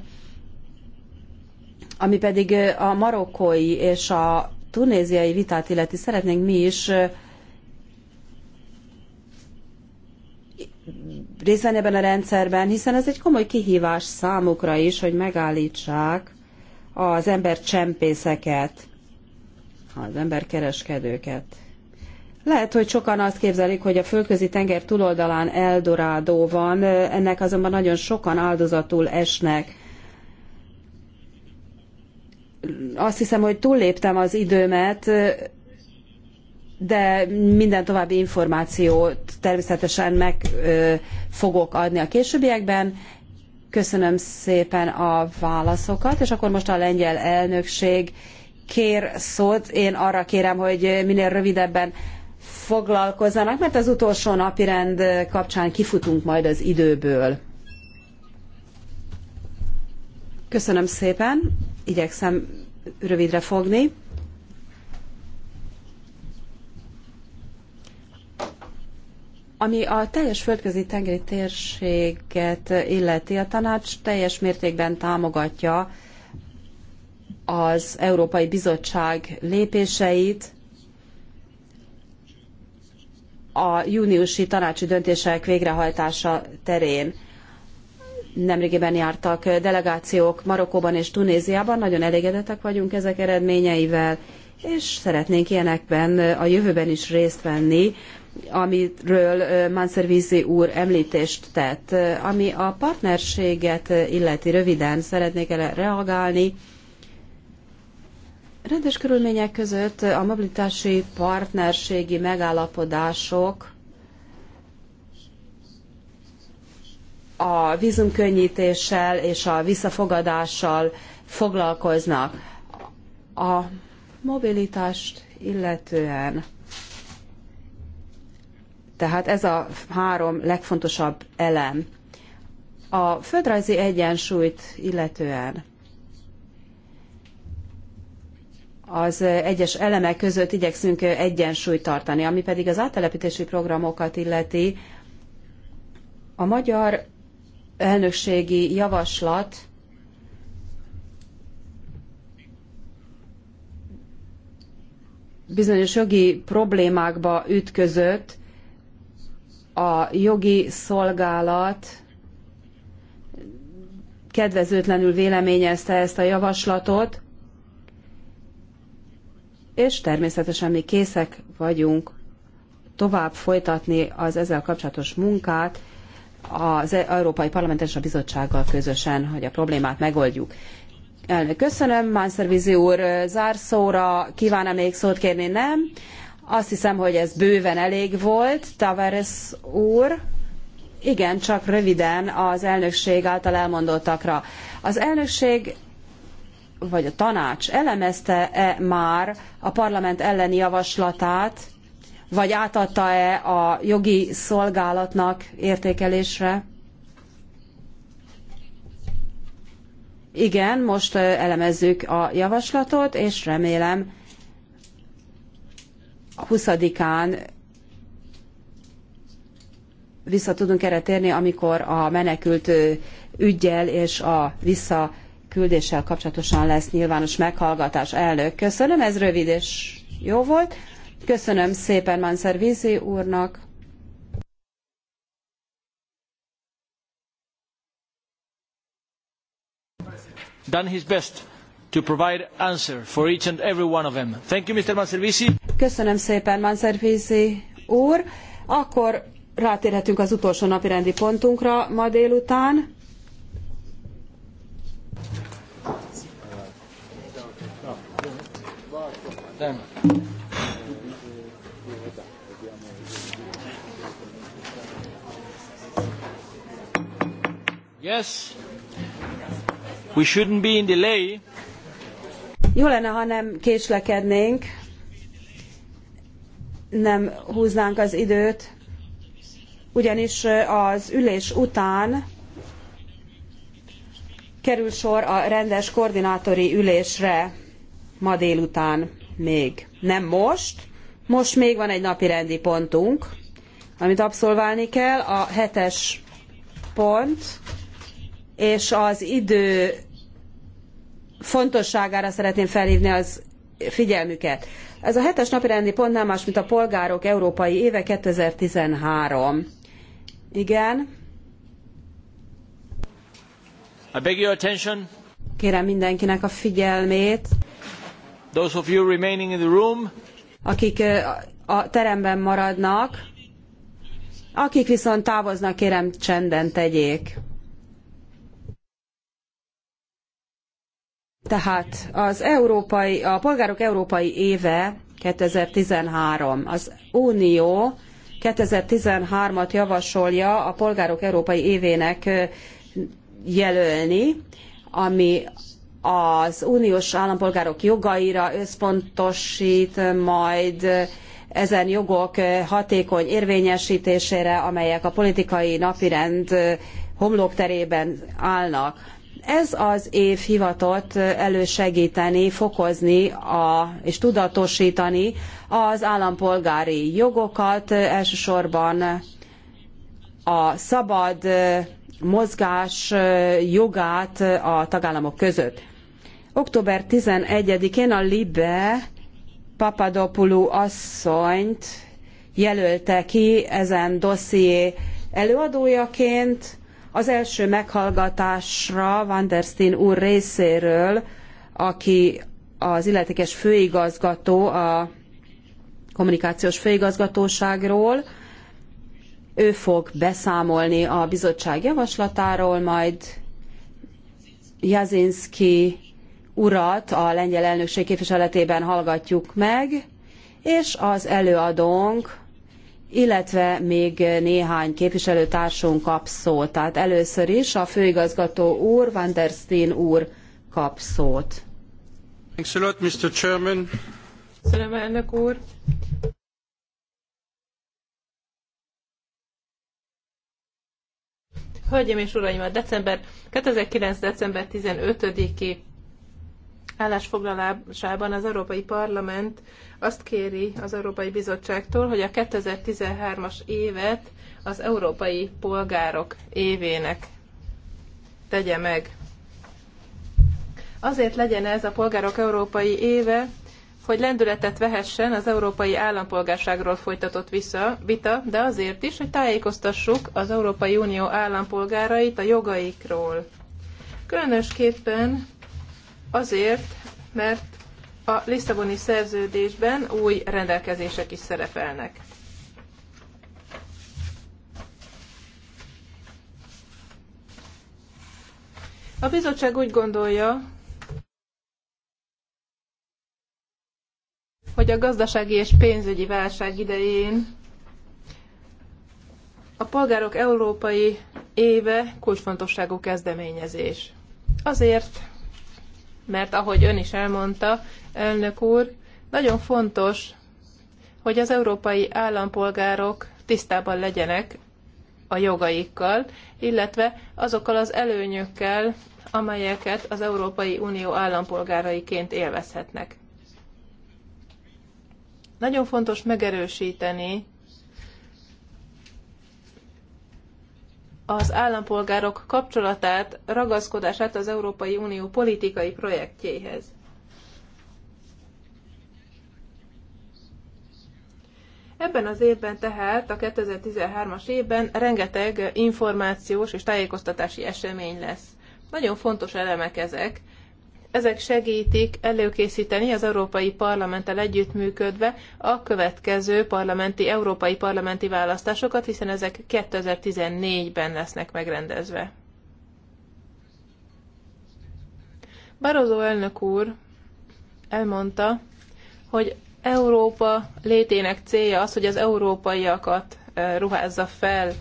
ami pedig a marokkói és a tunéziai vitát illeti, szeretnénk mi is részt venni ebben a rendszerben, hiszen ez egy komoly kihívás számukra is, hogy megállítsák az ember csempészeket az emberkereskedőket. Lehet, hogy sokan azt képzelik, hogy a fölközi tenger túloldalán Eldorádó van, ennek azonban nagyon sokan áldozatul esnek. Azt hiszem, hogy túlléptem az időmet, de minden további információt természetesen meg fogok adni a későbbiekben. Köszönöm szépen a válaszokat, és akkor most a lengyel elnökség kér szót, én arra kérem, hogy minél rövidebben foglalkozzanak, mert az utolsó napirend kapcsán kifutunk majd az időből. Köszönöm szépen, igyekszem rövidre fogni. Ami a teljes földközi tengeri térséget illeti, a tanács teljes mértékben támogatja az Európai Bizottság lépéseit a júniusi tanácsi döntések végrehajtása terén. Nemrégiben jártak delegációk Marokkóban és Tunéziában, nagyon elégedettek vagyunk ezek eredményeivel, és szeretnénk ilyenekben a jövőben is részt venni, amiről Manservizi úr említést tett. Ami a partnerséget illeti röviden szeretnék erre reagálni, Rendes körülmények között a mobilitási partnerségi megállapodások a vízumkönnyítéssel és a visszafogadással foglalkoznak. A mobilitást illetően. Tehát ez a három legfontosabb elem. A földrajzi egyensúlyt illetően az egyes elemek között igyekszünk egyensúlyt tartani. Ami pedig az áttelepítési programokat illeti, a magyar elnökségi javaslat bizonyos jogi problémákba ütközött, a jogi szolgálat kedvezőtlenül véleményezte ezt a javaslatot, és természetesen mi készek vagyunk tovább folytatni az ezzel kapcsolatos munkát az e- Európai Parlament és a Bizottsággal közösen, hogy a problémát megoldjuk. Elnök, köszönöm. Vizi úr, zárszóra kívánom még szót kérni? Nem. Azt hiszem, hogy ez bőven elég volt. Tavares úr. Igen, csak röviden az elnökség által elmondottakra. Az elnökség vagy a tanács elemezte-e már a parlament elleni javaslatát, vagy átadta-e a jogi szolgálatnak értékelésre? Igen, most elemezzük a javaslatot, és remélem a 20-án vissza tudunk erre térni, amikor a menekült ügyel és a vissza küldéssel kapcsolatosan lesz nyilvános meghallgatás. Elnök, köszönöm, ez rövid és jó volt. Köszönöm szépen Manszer úrnak. Done his best to provide answer for each and every one of them. Thank you, Mr. Manservisi. Köszönöm szépen, Manservisi úr. Akkor rátérhetünk az utolsó napirendi pontunkra ma délután. Nem. Yes. We shouldn't be in delay. Jó lenne, ha nem késlekednénk, nem húznánk az időt, ugyanis az ülés után kerül sor a rendes koordinátori ülésre ma délután még. Nem most, most még van egy napi rendi pontunk, amit abszolválni kell, a hetes pont, és az idő fontosságára szeretném felhívni az figyelmüket. Ez a hetes napirendi pont nem más, mint a polgárok európai éve 2013. Igen. I beg your attention. Kérem mindenkinek a figyelmét. Those of you remaining in the room, akik eh, a teremben maradnak, akik viszont távoznak, kérem csenden tegyék. Tehát az európai, a polgárok európai éve 2013. Az Unió 2013-at javasolja a polgárok európai évének eh, jelölni, ami az uniós állampolgárok jogaira összpontosít majd ezen jogok hatékony érvényesítésére, amelyek a politikai napirend homlokterében állnak. Ez az év hivatott elősegíteni, fokozni a, és tudatosítani az állampolgári jogokat, elsősorban a szabad mozgás jogát a tagállamok között. Október 11-én a Libe Papadopoulou asszonyt jelölte ki ezen dosszié előadójaként. Az első meghallgatásra Van der Steen úr részéről, aki az illetékes főigazgató a kommunikációs főigazgatóságról, ő fog beszámolni a bizottság javaslatáról, majd Jazinski urat a lengyel elnökség képviseletében hallgatjuk meg, és az előadónk, illetve még néhány képviselőtársunk kap szót. Tehát először is a főigazgató úr, Van der Steen úr kap szót. Thanks a lot, Mr. Chairman. Köszönöm, elnök úr. Hölgyeim és Uraim, a december 2009. december 15-i állásfoglalásában az Európai Parlament azt kéri az Európai Bizottságtól, hogy a 2013-as évet az európai polgárok évének tegye meg. Azért legyen ez a polgárok európai éve, hogy lendületet vehessen az európai állampolgárságról folytatott vissza, vita, de azért is, hogy tájékoztassuk az Európai Unió állampolgárait a jogaikról. Különösképpen Azért, mert a Lisszaboni szerződésben új rendelkezések is szerepelnek. A bizottság úgy gondolja, hogy a gazdasági és pénzügyi válság idején a polgárok európai éve kulcsfontosságú kezdeményezés. Azért, mert ahogy ön is elmondta, elnök úr, nagyon fontos, hogy az európai állampolgárok tisztában legyenek a jogaikkal, illetve azokkal az előnyökkel, amelyeket az Európai Unió állampolgáraiként élvezhetnek. Nagyon fontos megerősíteni az állampolgárok kapcsolatát, ragaszkodását az Európai Unió politikai projektjéhez. Ebben az évben tehát, a 2013-as évben rengeteg információs és tájékoztatási esemény lesz. Nagyon fontos elemek ezek, ezek segítik előkészíteni az Európai Parlamenttel együttműködve a következő parlamenti, európai parlamenti választásokat, hiszen ezek 2014-ben lesznek megrendezve. Barozó elnök úr elmondta, hogy Európa létének célja az, hogy az európaiakat ruházza fel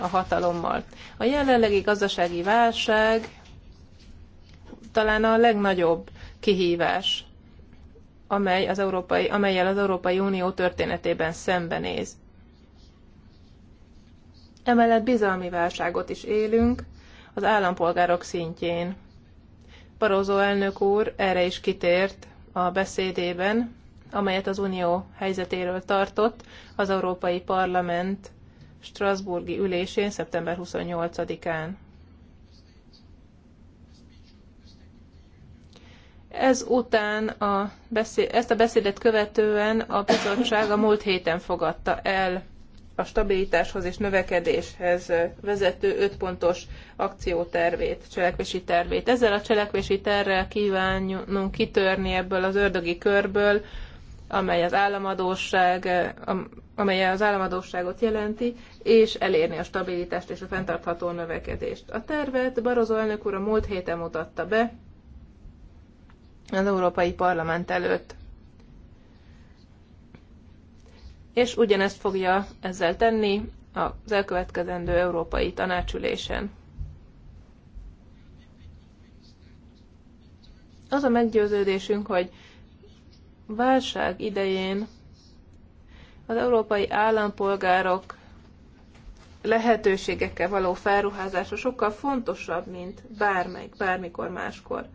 a hatalommal. A jelenlegi gazdasági válság talán a legnagyobb kihívás, amely az Európai, amelyel az Európai Unió történetében szembenéz. Emellett bizalmi válságot is élünk az állampolgárok szintjén. Parózó elnök úr erre is kitért a beszédében, amelyet az Unió helyzetéről tartott az Európai Parlament Strasburgi ülésén szeptember 28-án. Ez után a ezt a beszédet követően a bizottság a múlt héten fogadta el a stabilitáshoz és növekedéshez vezető ötpontos akciótervét, cselekvési tervét. Ezzel a cselekvési tervvel kívánunk kitörni ebből az ördögi körből, amely az államadóság, amely az államadóságot jelenti, és elérni a stabilitást és a fenntartható növekedést. A tervet Barozó elnök úr a múlt héten mutatta be, az Európai Parlament előtt. És ugyanezt fogja ezzel tenni az elkövetkezendő Európai Tanácsülésen. Az a meggyőződésünk, hogy válság idején az európai állampolgárok lehetőségekkel való felruházása sokkal fontosabb, mint bármelyik, bármikor máskor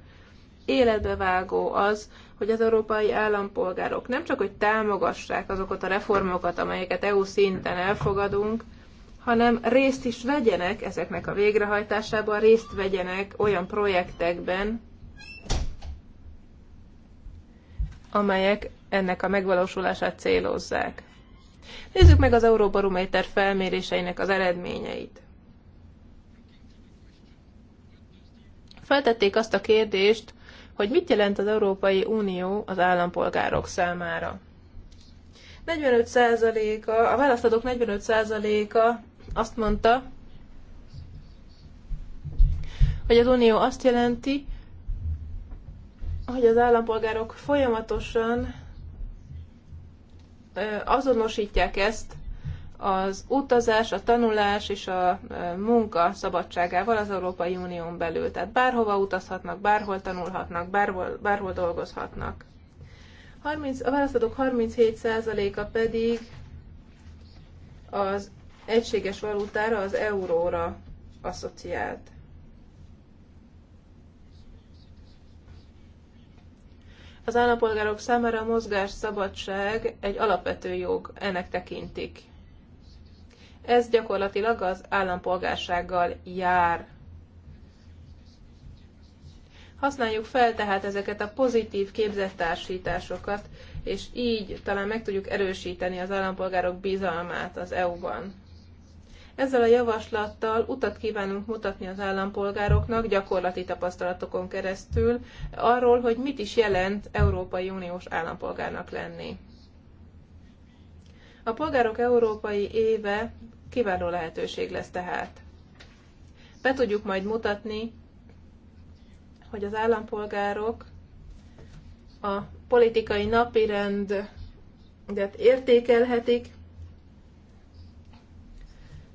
életbe vágó az, hogy az európai állampolgárok nem csak hogy támogassák azokat a reformokat, amelyeket EU szinten elfogadunk, hanem részt is vegyenek ezeknek a végrehajtásában, részt vegyenek olyan projektekben, amelyek ennek a megvalósulását célozzák. Nézzük meg az Euróbarométer felméréseinek az eredményeit. Feltették azt a kérdést, hogy mit jelent az Európai Unió az állampolgárok számára. 45%-a, a választadók 45%-a azt mondta, hogy az Unió azt jelenti, hogy az állampolgárok folyamatosan azonosítják ezt az utazás, a tanulás és a e, munka szabadságával az Európai Unión belül. Tehát bárhova utazhatnak, bárhol tanulhatnak, bárhol, bárhol dolgozhatnak. 30, a választatok 37%-a pedig az egységes valutára, az euróra asszociált. Az állampolgárok számára a mozgás szabadság egy alapvető jog, ennek tekintik ez gyakorlatilag az állampolgársággal jár. Használjuk fel tehát ezeket a pozitív képzettársításokat, és így talán meg tudjuk erősíteni az állampolgárok bizalmát az EU-ban. Ezzel a javaslattal utat kívánunk mutatni az állampolgároknak gyakorlati tapasztalatokon keresztül arról, hogy mit is jelent Európai Uniós állampolgárnak lenni. A polgárok európai éve kiváló lehetőség lesz tehát. Be tudjuk majd mutatni, hogy az állampolgárok a politikai napirendet értékelhetik,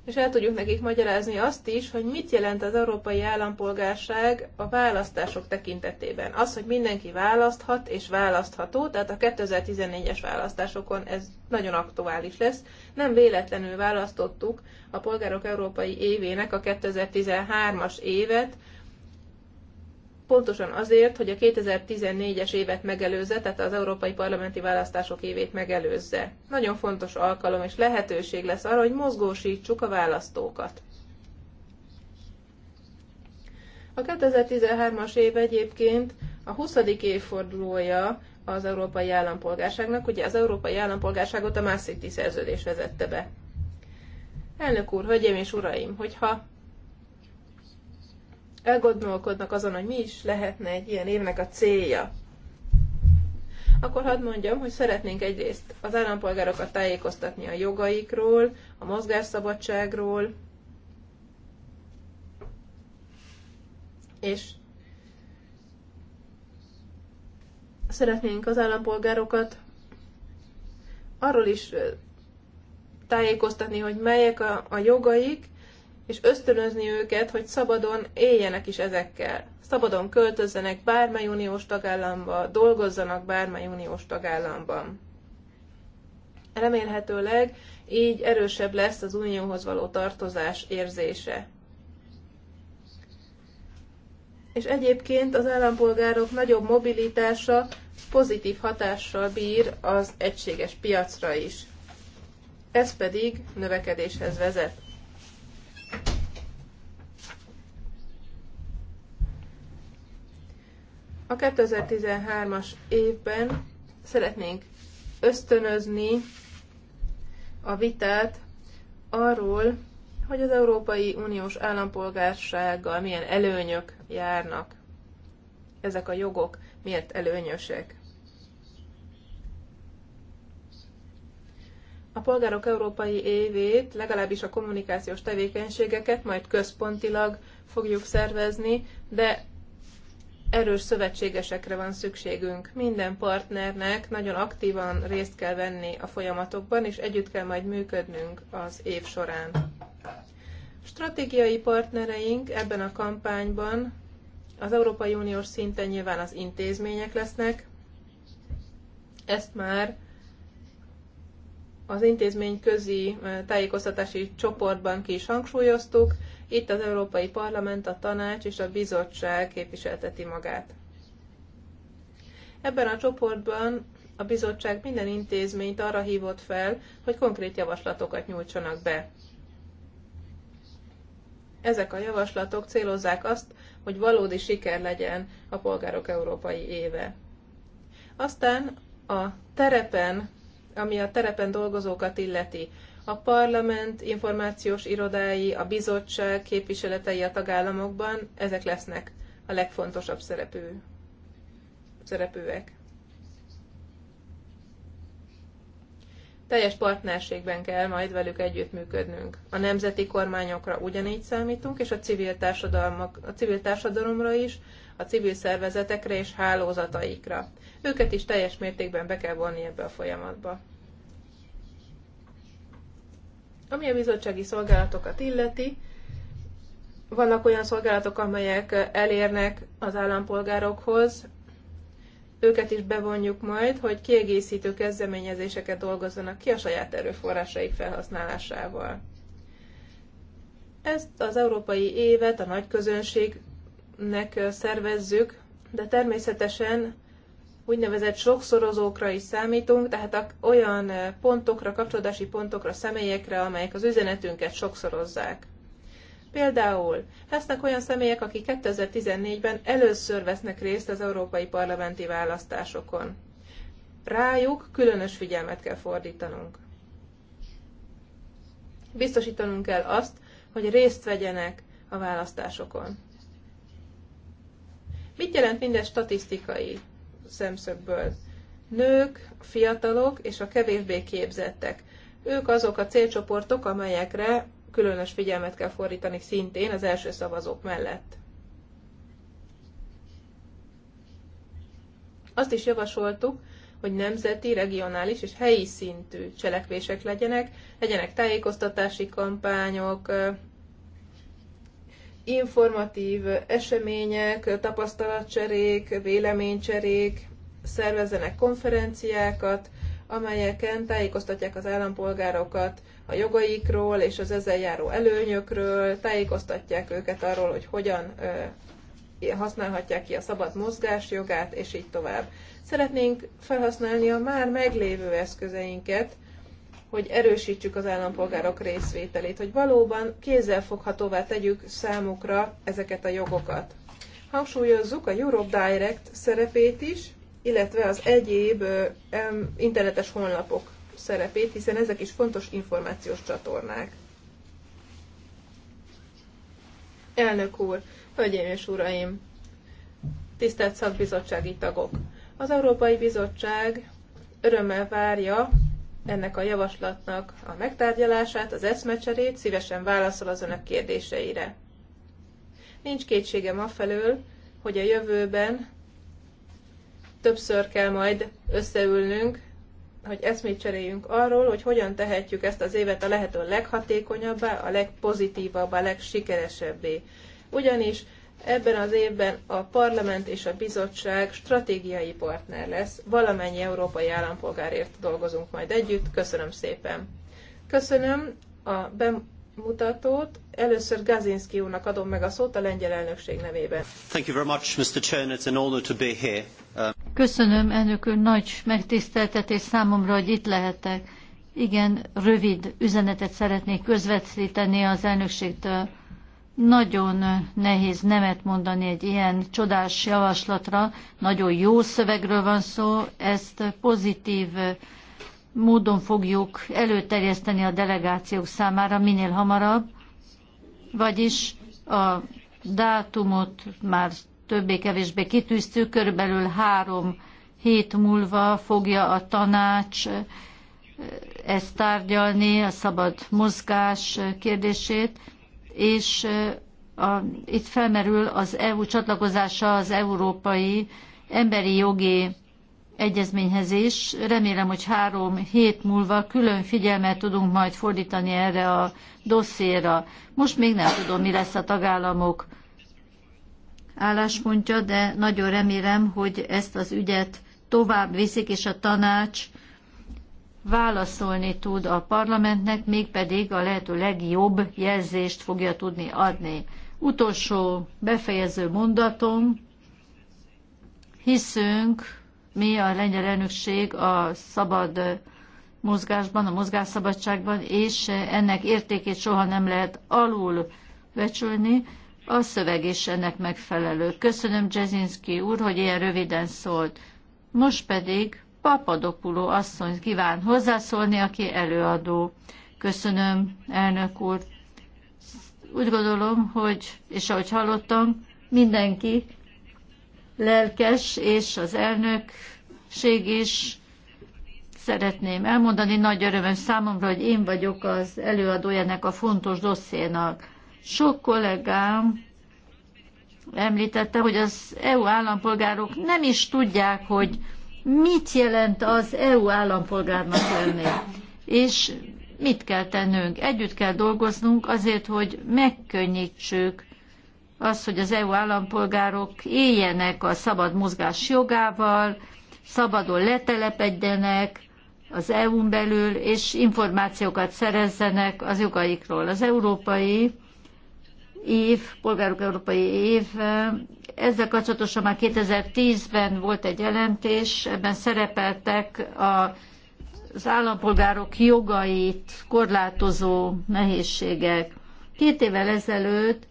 és el tudjuk nekik magyarázni azt is, hogy mit jelent az európai állampolgárság a választások tekintetében. Az, hogy mindenki választhat és választható, tehát a 2014-es választásokon ez nagyon aktuális lesz. Nem véletlenül választottuk a Polgárok Európai Évének a 2013-as évet, pontosan azért, hogy a 2014-es évet megelőzze, tehát az európai parlamenti választások évét megelőzze. Nagyon fontos alkalom és lehetőség lesz arra, hogy mozgósítsuk a választókat. A 2013-as év egyébként a 20. évfordulója az európai állampolgárságnak, ugye az európai állampolgárságot a Maastrichti szerződés vezette be. Elnök úr, hölgyeim és uraim, hogyha elgondolkodnak azon, hogy mi is lehetne egy ilyen évnek a célja, akkor hadd mondjam, hogy szeretnénk egyrészt az állampolgárokat tájékoztatni a jogaikról, a mozgásszabadságról, és szeretnénk az állampolgárokat arról is tájékoztatni, hogy melyek a, a jogaik, és ösztönözni őket, hogy szabadon éljenek is ezekkel. Szabadon költözzenek bármely uniós tagállamba, dolgozzanak bármely uniós tagállamban. Remélhetőleg így erősebb lesz az unióhoz való tartozás érzése. És egyébként az állampolgárok nagyobb mobilitása pozitív hatással bír az egységes piacra is. Ez pedig növekedéshez vezet. A 2013-as évben szeretnénk ösztönözni a vitát arról, hogy az Európai Uniós állampolgársággal milyen előnyök járnak. Ezek a jogok miért előnyösek? A polgárok európai évét, legalábbis a kommunikációs tevékenységeket majd központilag fogjuk szervezni, de erős szövetségesekre van szükségünk. Minden partnernek nagyon aktívan részt kell venni a folyamatokban, és együtt kell majd működnünk az év során. Stratégiai partnereink ebben a kampányban az Európai Uniós szinten nyilván az intézmények lesznek. Ezt már az intézmény közi eh, tájékoztatási csoportban ki is hangsúlyoztuk, itt az Európai Parlament, a Tanács és a Bizottság képviselteti magát. Ebben a csoportban a bizottság minden intézményt arra hívott fel, hogy konkrét javaslatokat nyújtsanak be. Ezek a javaslatok célozzák azt, hogy valódi siker legyen a polgárok európai éve. Aztán a terepen, ami a terepen dolgozókat illeti, a parlament információs irodái, a bizottság képviseletei a tagállamokban, ezek lesznek a legfontosabb szerepű, szerepűek. Teljes partnerségben kell majd velük együttműködnünk. A nemzeti kormányokra ugyanígy számítunk, és a civil, társadalmak, a civil társadalomra is, a civil szervezetekre és hálózataikra. Őket is teljes mértékben be kell vonni ebbe a folyamatba. Ami a bizottsági szolgálatokat illeti, vannak olyan szolgálatok, amelyek elérnek az állampolgárokhoz, őket is bevonjuk majd, hogy kiegészítő kezdeményezéseket dolgozzanak ki a saját erőforrásaik felhasználásával. Ezt az európai évet a nagy közönségnek szervezzük, de természetesen úgynevezett sokszorozókra is számítunk, tehát olyan pontokra, kapcsolódási pontokra, személyekre, amelyek az üzenetünket sokszorozzák. Például lesznek olyan személyek, akik 2014-ben először vesznek részt az európai parlamenti választásokon. Rájuk különös figyelmet kell fordítanunk. Biztosítanunk kell azt, hogy részt vegyenek a választásokon. Mit jelent minden statisztikai szemszögből. Nők, fiatalok és a kevésbé képzettek. Ők azok a célcsoportok, amelyekre különös figyelmet kell fordítani szintén az első szavazók mellett. Azt is javasoltuk, hogy nemzeti, regionális és helyi szintű cselekvések legyenek, legyenek tájékoztatási kampányok, informatív események, tapasztalatcserék, véleménycserék, szervezzenek konferenciákat, amelyeken tájékoztatják az állampolgárokat a jogaikról és az ezzel járó előnyökről, tájékoztatják őket arról, hogy hogyan használhatják ki a szabad mozgás jogát, és így tovább. Szeretnénk felhasználni a már meglévő eszközeinket, hogy erősítsük az állampolgárok részvételét, hogy valóban kézzelfoghatóvá tegyük számukra ezeket a jogokat. Hangsúlyozzuk a Europe Direct szerepét is, illetve az egyéb internetes honlapok szerepét, hiszen ezek is fontos információs csatornák. Elnök úr, hölgyeim és uraim, tisztelt szakbizottsági tagok! Az Európai Bizottság örömmel várja ennek a javaslatnak a megtárgyalását, az eszmecserét, szívesen válaszol az önök kérdéseire. Nincs kétségem afelől, hogy a jövőben többször kell majd összeülnünk, hogy eszmét cseréljünk arról, hogy hogyan tehetjük ezt az évet a lehető leghatékonyabbá, a legpozitívabbá, a legsikeresebbé. Ugyanis Ebben az évben a parlament és a bizottság stratégiai partner lesz, valamennyi európai állampolgárért dolgozunk majd együtt. Köszönöm szépen! Köszönöm a bemutatót. Először Gazinski úrnak adom meg a szót a lengyel elnökség nevében. Thank you very much, Mr. Chairman. It's an honor to be here. Uh, Köszönöm, elnök úr, nagy megtiszteltetés számomra, hogy itt lehetek. Igen, rövid üzenetet szeretnék közvetíteni az elnökségtől. Nagyon nehéz nemet mondani egy ilyen csodás javaslatra. Nagyon jó szövegről van szó, ezt pozitív módon fogjuk előterjeszteni a delegációk számára minél hamarabb, vagyis a dátumot már többé-kevésbé kitűztük, körülbelül három hét múlva fogja a tanács eh, ezt tárgyalni, a szabad mozgás kérdését, és a, itt felmerül az EU csatlakozása az Európai Emberi Jogi Egyezményhez is. Remélem, hogy három hét múlva külön figyelmet tudunk majd fordítani erre a dosszéra. Most még nem tudom, mi lesz a tagállamok álláspontja, de nagyon remélem, hogy ezt az ügyet tovább viszik, és a tanács válaszolni tud a parlamentnek, mégpedig a lehető legjobb jelzést fogja tudni adni. Utolsó befejező mondatom, hiszünk mi a lengyel elnökség a szabad mozgásban, a mozgásszabadságban, és ennek értékét soha nem lehet alul becsülni. A szöveg is ennek megfelelő. Köszönöm Jezinski úr, hogy ilyen röviden szólt. Most pedig Papadopuló asszony kíván hozzászólni, aki előadó. Köszönöm, elnök úr. Úgy gondolom, hogy, és ahogy hallottam, mindenki lelkes, és az elnökség is szeretném elmondani. Nagy örömöm számomra, hogy én vagyok az előadójának a fontos dosszénak. Sok kollégám említette, hogy az EU állampolgárok nem is tudják, hogy mit jelent az EU állampolgárnak lenni, és mit kell tennünk. Együtt kell dolgoznunk azért, hogy megkönnyítsük az, hogy az EU állampolgárok éljenek a szabad mozgás jogával, szabadon letelepedjenek az EU-n belül, és információkat szerezzenek az jogaikról. Az európai év, polgárok európai év. Ezzel kapcsolatosan már 2010-ben volt egy jelentés, ebben szerepeltek a az állampolgárok jogait korlátozó nehézségek. Két évvel ezelőtt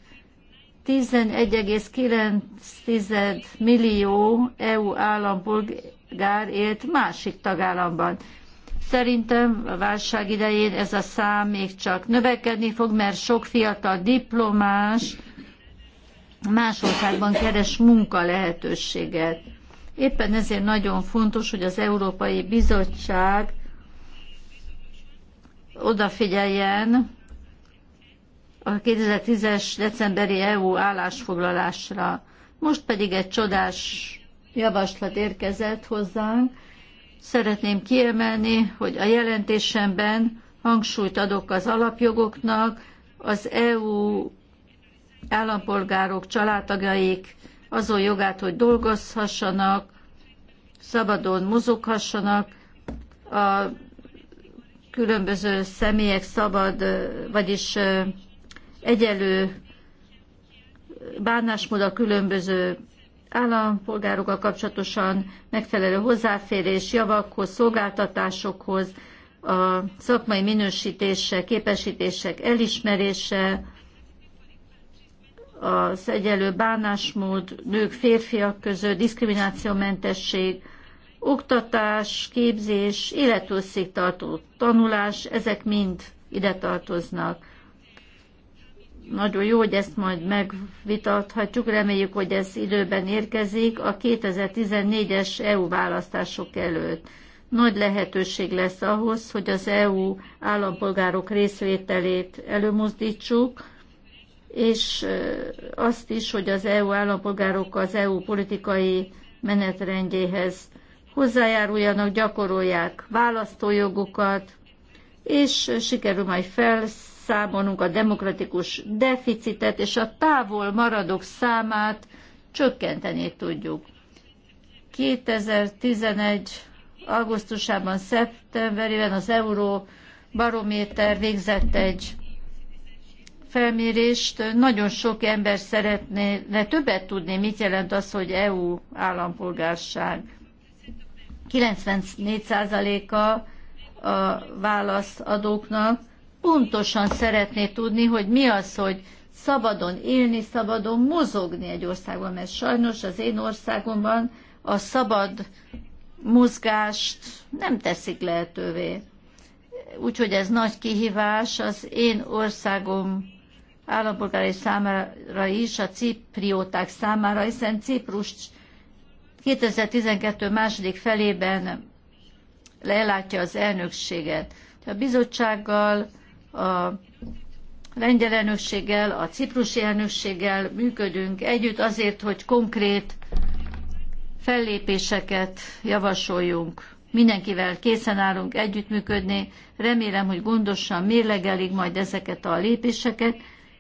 11,9 millió EU állampolgár élt másik tagállamban. Szerintem a válság idején ez a szám még csak növekedni fog, mert sok fiatal diplomás más országban keres munka lehetőséget. Éppen ezért nagyon fontos, hogy az Európai Bizottság odafigyeljen a 2010-es decemberi EU állásfoglalásra. Most pedig egy csodás javaslat érkezett hozzánk, Szeretném kiemelni, hogy a jelentésemben hangsúlyt adok az alapjogoknak, az EU állampolgárok, családtagjaik azon jogát, hogy dolgozhassanak, szabadon mozoghassanak, a különböző személyek szabad, vagyis egyelő bánásmód a különböző állampolgárokkal kapcsolatosan megfelelő hozzáférés javakhoz, szolgáltatásokhoz, a szakmai minősítések, képesítések elismerése, az egyelő bánásmód nők, férfiak között, diszkriminációmentesség, oktatás, képzés, tartó tanulás, ezek mind ide tartoznak nagyon jó, hogy ezt majd megvitathatjuk, reméljük, hogy ez időben érkezik a 2014-es EU választások előtt. Nagy lehetőség lesz ahhoz, hogy az EU állampolgárok részvételét előmozdítsuk, és azt is, hogy az EU állampolgárok az EU politikai menetrendjéhez hozzájáruljanak, gyakorolják választójogukat, és sikerül majd felsz számonunk a demokratikus deficitet, és a távol maradók számát csökkenteni tudjuk. 2011. augusztusában, szeptemberében az Euró barométer végzett egy felmérést. Nagyon sok ember szeretné ne többet tudni, mit jelent az, hogy EU állampolgárság. 94%-a a válaszadóknak pontosan szeretné tudni, hogy mi az, hogy szabadon élni, szabadon mozogni egy országban, mert sajnos az én országomban a szabad mozgást nem teszik lehetővé. Úgyhogy ez nagy kihívás az én országom állampolgárai számára is, a ciprióták számára, hiszen Ciprus 2012 második felében lelátja az elnökséget. A bizottsággal a lengyel elnökséggel, a ciprusi elnökséggel működünk együtt azért, hogy konkrét fellépéseket javasoljunk. Mindenkivel készen állunk együttműködni, remélem, hogy gondosan mérlegelik majd ezeket a lépéseket,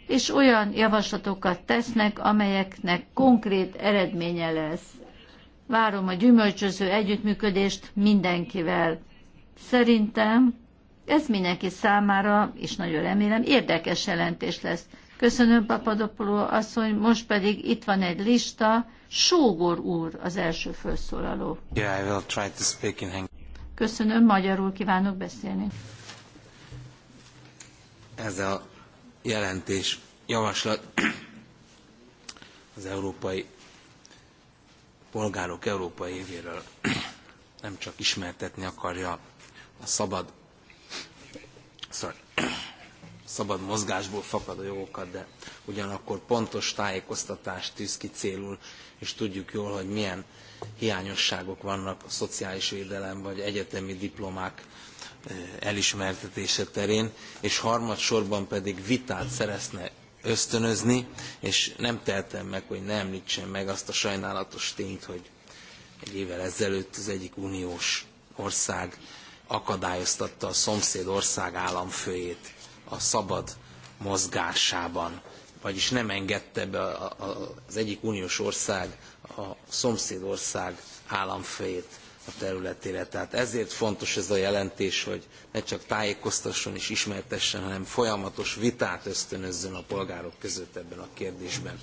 és olyan javaslatokat tesznek, amelyeknek konkrét eredménye lesz. Várom a gyümölcsöző együttműködést mindenkivel. Szerintem ez mindenki számára, és nagyon remélem, érdekes jelentés lesz. Köszönöm, Papadopoló asszony, most pedig itt van egy lista, Sógor úr az első felszólaló. Yeah, I will try to speak in Hang- Köszönöm, magyarul kívánok beszélni. Ez a jelentés javaslat az európai polgárok európai évéről nem csak ismertetni akarja a szabad sokszor szabad mozgásból a jogokat, de ugyanakkor pontos tájékoztatást tűz ki célul, és tudjuk jól, hogy milyen hiányosságok vannak a szociális védelem vagy egyetemi diplomák elismertetése terén, és harmadsorban pedig vitát szerezne ösztönözni, és nem tehetem meg, hogy ne említsem meg azt a sajnálatos tényt, hogy egy évvel ezelőtt az egyik uniós ország akadályoztatta a szomszéd ország államfőjét a szabad mozgásában. Vagyis nem engedte be az egyik uniós ország a szomszéd ország államfőjét a területére. Tehát ezért fontos ez a jelentés, hogy ne csak tájékoztasson és ismertessen, hanem folyamatos vitát ösztönözzön a polgárok között ebben a kérdésben.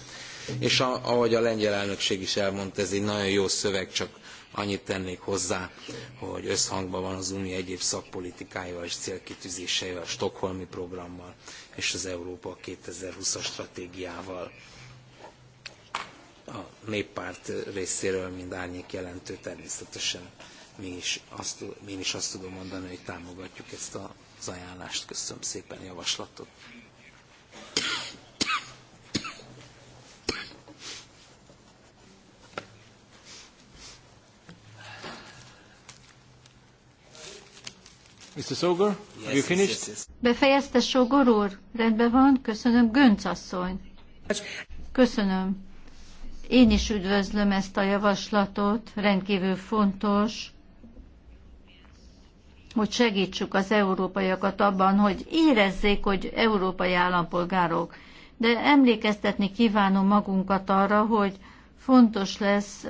És a, ahogy a lengyel elnökség is elmondta, ez egy nagyon jó szöveg, csak Annyit tennék hozzá, hogy összhangban van az Unió egyéb szakpolitikáival és célkitűzéseivel, a Stockholmi programmal és az Európa 2020-as stratégiával. A néppárt részéről, mint árnyék jelentő természetesen mi is azt, én is azt tudom mondani, hogy támogatjuk ezt az ajánlást. Köszönöm szépen a javaslatot. Mr. Sogor, yes, you finished? Yes, yes. Befejezte Sogor úr? Rendben van, köszönöm. Gönc asszony. Köszönöm. Én is üdvözlöm ezt a javaslatot, rendkívül fontos, hogy segítsük az európaiakat abban, hogy érezzék, hogy európai állampolgárok. De emlékeztetni kívánom magunkat arra, hogy fontos lesz,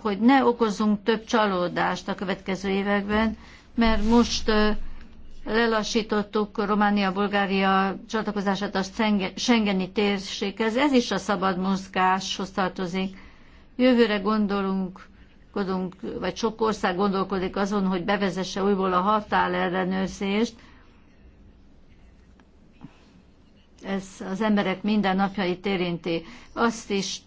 hogy ne okozunk több csalódást a következő években, mert most lelassítottuk Románia-Bulgária csatlakozását a Schengeni térséghez. Ez is a szabad mozgáshoz tartozik. Jövőre gondolunk, gondolunk, vagy sok ország gondolkodik azon, hogy bevezesse újból a határellenőrzést. Ez az emberek mindennapjait érinti. Azt is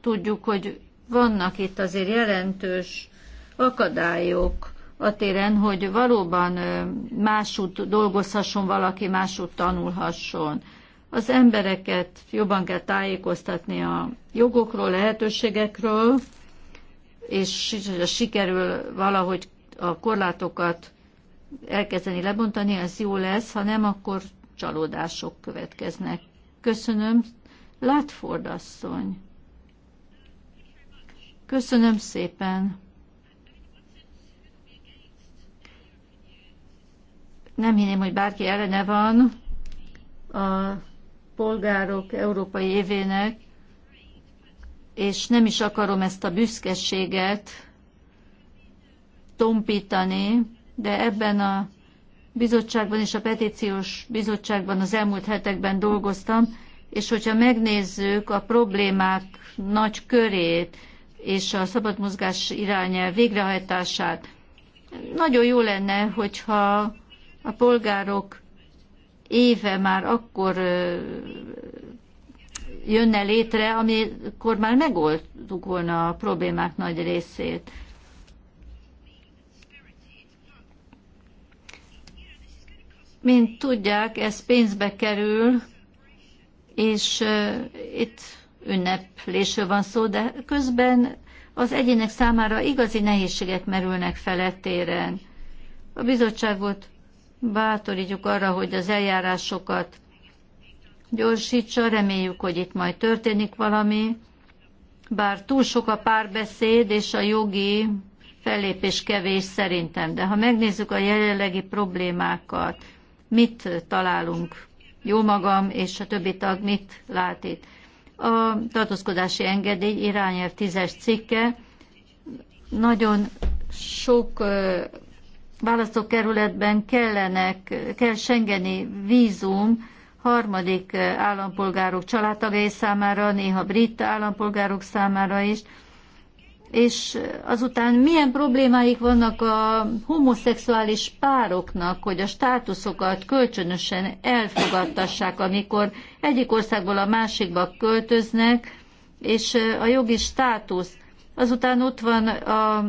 tudjuk, hogy vannak itt azért jelentős akadályok, a téren, hogy valóban másút dolgozhasson valaki, másút tanulhasson. Az embereket jobban kell tájékoztatni a jogokról, lehetőségekről, és sikerül valahogy a korlátokat elkezdeni lebontani, az jó lesz, ha nem, akkor csalódások következnek. Köszönöm, Látford asszony. Köszönöm szépen. Nem hinném, hogy bárki ellene van a polgárok európai évének, és nem is akarom ezt a büszkeséget tompítani, de ebben a bizottságban és a petíciós bizottságban az elmúlt hetekben dolgoztam, és hogyha megnézzük a problémák nagy körét és a szabadmozgás irányel végrehajtását, nagyon jó lenne, hogyha a polgárok éve már akkor jönne létre, amikor már megoldtuk volna a problémák nagy részét. Mint tudják, ez pénzbe kerül, és itt ünneplésről van szó, de közben az egyének számára igazi nehézségek merülnek felettéren. A bizottságot bátorítjuk arra, hogy az eljárásokat gyorsítsa, reméljük, hogy itt majd történik valami, bár túl sok a párbeszéd és a jogi fellépés kevés szerintem, de ha megnézzük a jelenlegi problémákat, mit találunk, jó magam és a többi tag mit lát itt. A tartózkodási engedély irányelv tízes cikke nagyon sok választókerületben kellenek, kell Schengeni vízum harmadik állampolgárok családtagjai számára, néha brit állampolgárok számára is, és azután milyen problémáik vannak a homoszexuális pároknak, hogy a státuszokat kölcsönösen elfogadtassák, amikor egyik országból a másikba költöznek, és a jogi státusz. Azután ott van a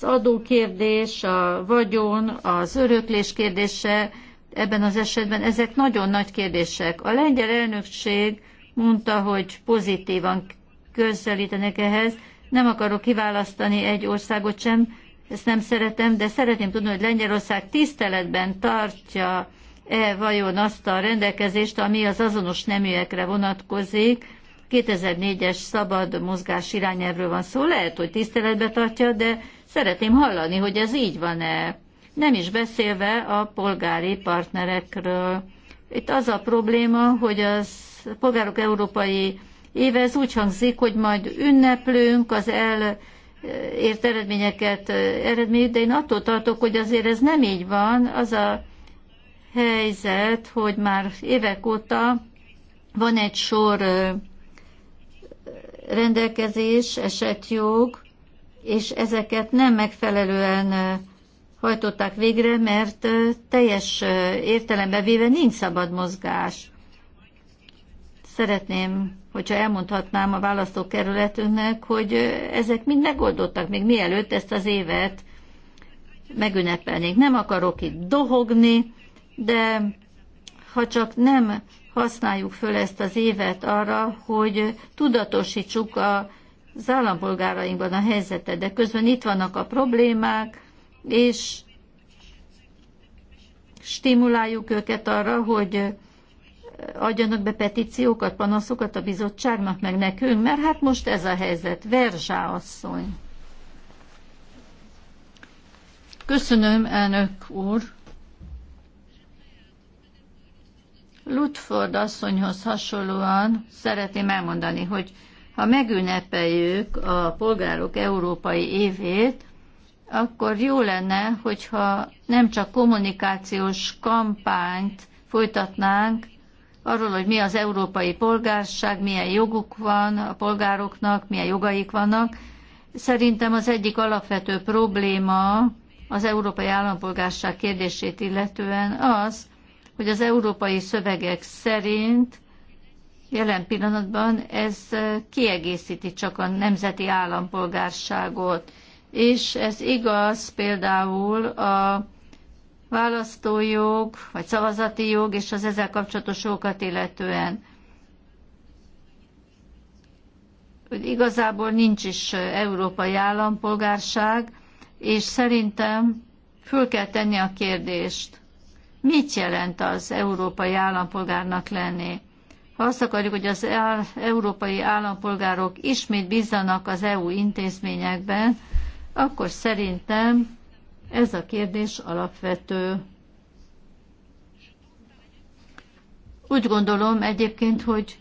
az adókérdés, a vagyon, az öröklés kérdése, ebben az esetben ezek nagyon nagy kérdések. A lengyel elnökség mondta, hogy pozitívan közelítenek ehhez. Nem akarok kiválasztani egy országot sem, ezt nem szeretem, de szeretném tudni, hogy Lengyelország tiszteletben tartja e vajon azt a rendelkezést, ami az azonos neműekre vonatkozik. 2004-es szabad mozgás irányelvről van szó, lehet, hogy tiszteletbe tartja, de Szeretném hallani, hogy ez így van-e. Nem is beszélve a polgári partnerekről. Itt az a probléma, hogy az polgárok európai éve ez úgy hangzik, hogy majd ünneplünk az el eh, ért eredményeket, eh, eredményt, de én attól tartok, hogy azért ez nem így van. Az a helyzet, hogy már évek óta van egy sor eh, rendelkezés, esetjog, és ezeket nem megfelelően hajtották végre, mert teljes értelembe véve nincs szabad mozgás. Szeretném, hogyha elmondhatnám a választókerületünknek, hogy ezek mind megoldottak, még mielőtt ezt az évet megünnepelnék. Nem akarok itt dohogni, de ha csak nem használjuk föl ezt az évet arra, hogy tudatosítsuk a az állampolgárainkban a helyzete, de közben itt vannak a problémák, és stimuláljuk őket arra, hogy adjanak be petíciókat, panaszokat a bizottságnak, meg nekünk, mert hát most ez a helyzet. Verzsá asszony. Köszönöm, elnök úr. Lutford asszonyhoz hasonlóan szeretném elmondani, hogy ha megünnepeljük a polgárok európai évét, akkor jó lenne, hogyha nem csak kommunikációs kampányt folytatnánk arról, hogy mi az európai polgárság, milyen joguk van a polgároknak, milyen jogaik vannak. Szerintem az egyik alapvető probléma az európai állampolgárság kérdését illetően az, hogy az európai szövegek szerint Jelen pillanatban ez kiegészíti csak a nemzeti állampolgárságot, és ez igaz például a választójog, vagy szavazati jog, és az ezzel kapcsolatos jogokat illetően. Igazából nincs is európai állampolgárság, és szerintem föl kell tenni a kérdést, mit jelent az európai állampolgárnak lenni? Ha azt akarjuk, hogy az európai állampolgárok ismét bízzanak az EU intézményekben, akkor szerintem ez a kérdés alapvető. Úgy gondolom egyébként, hogy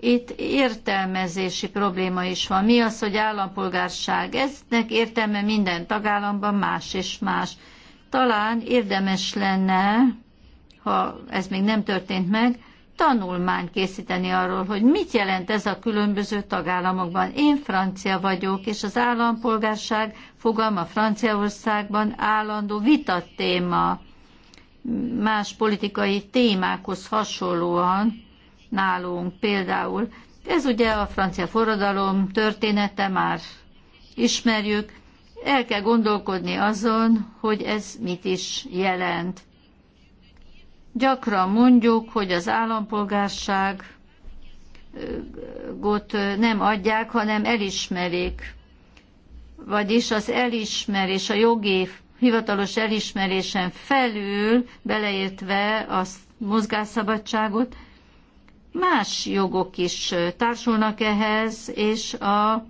itt értelmezési probléma is van. Mi az, hogy állampolgárság? Eznek értelme minden tagállamban más és más. Talán érdemes lenne, ha ez még nem történt meg, tanulmányt készíteni arról, hogy mit jelent ez a különböző tagállamokban. Én francia vagyok, és az állampolgárság fogalma Franciaországban állandó vitatéma más politikai témákhoz hasonlóan nálunk például. Ez ugye a francia forradalom története már ismerjük. El kell gondolkodni azon, hogy ez mit is jelent. Gyakran mondjuk, hogy az állampolgárságot nem adják, hanem elismerik. Vagyis az elismerés, a jogi hivatalos elismerésen felül, beleértve a mozgásszabadságot, más jogok is társulnak ehhez, és a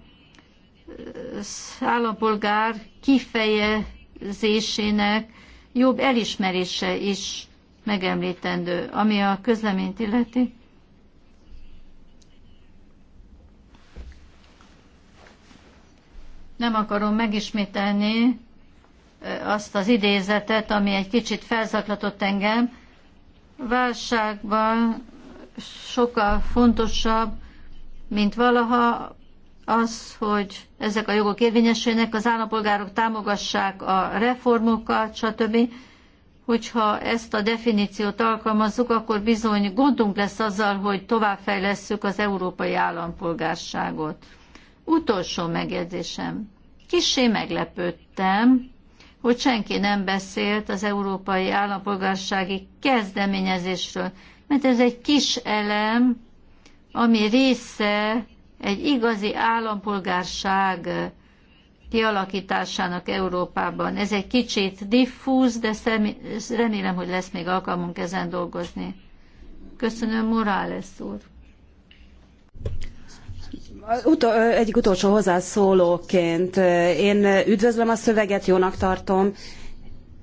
állampolgár kifejezésének jobb elismerése is megemlítendő. Ami a közleményt illeti, nem akarom megismételni azt az idézetet, ami egy kicsit felzaklatott engem. Válságban sokkal fontosabb, mint valaha az, hogy ezek a jogok érvényesének, az állampolgárok támogassák a reformokat, stb hogyha ezt a definíciót alkalmazzuk, akkor bizony gondunk lesz azzal, hogy továbbfejlesszük az európai állampolgárságot. Utolsó megjegyzésem. Kissé meglepődtem, hogy senki nem beszélt az európai állampolgársági kezdeményezésről, mert ez egy kis elem, ami része egy igazi állampolgárság kialakításának Európában. Ez egy kicsit diffúz, de remélem, hogy lesz még alkalmunk ezen dolgozni. Köszönöm, Morales úr. Uto, egyik utolsó hozzászólóként én üdvözlöm a szöveget, jónak tartom.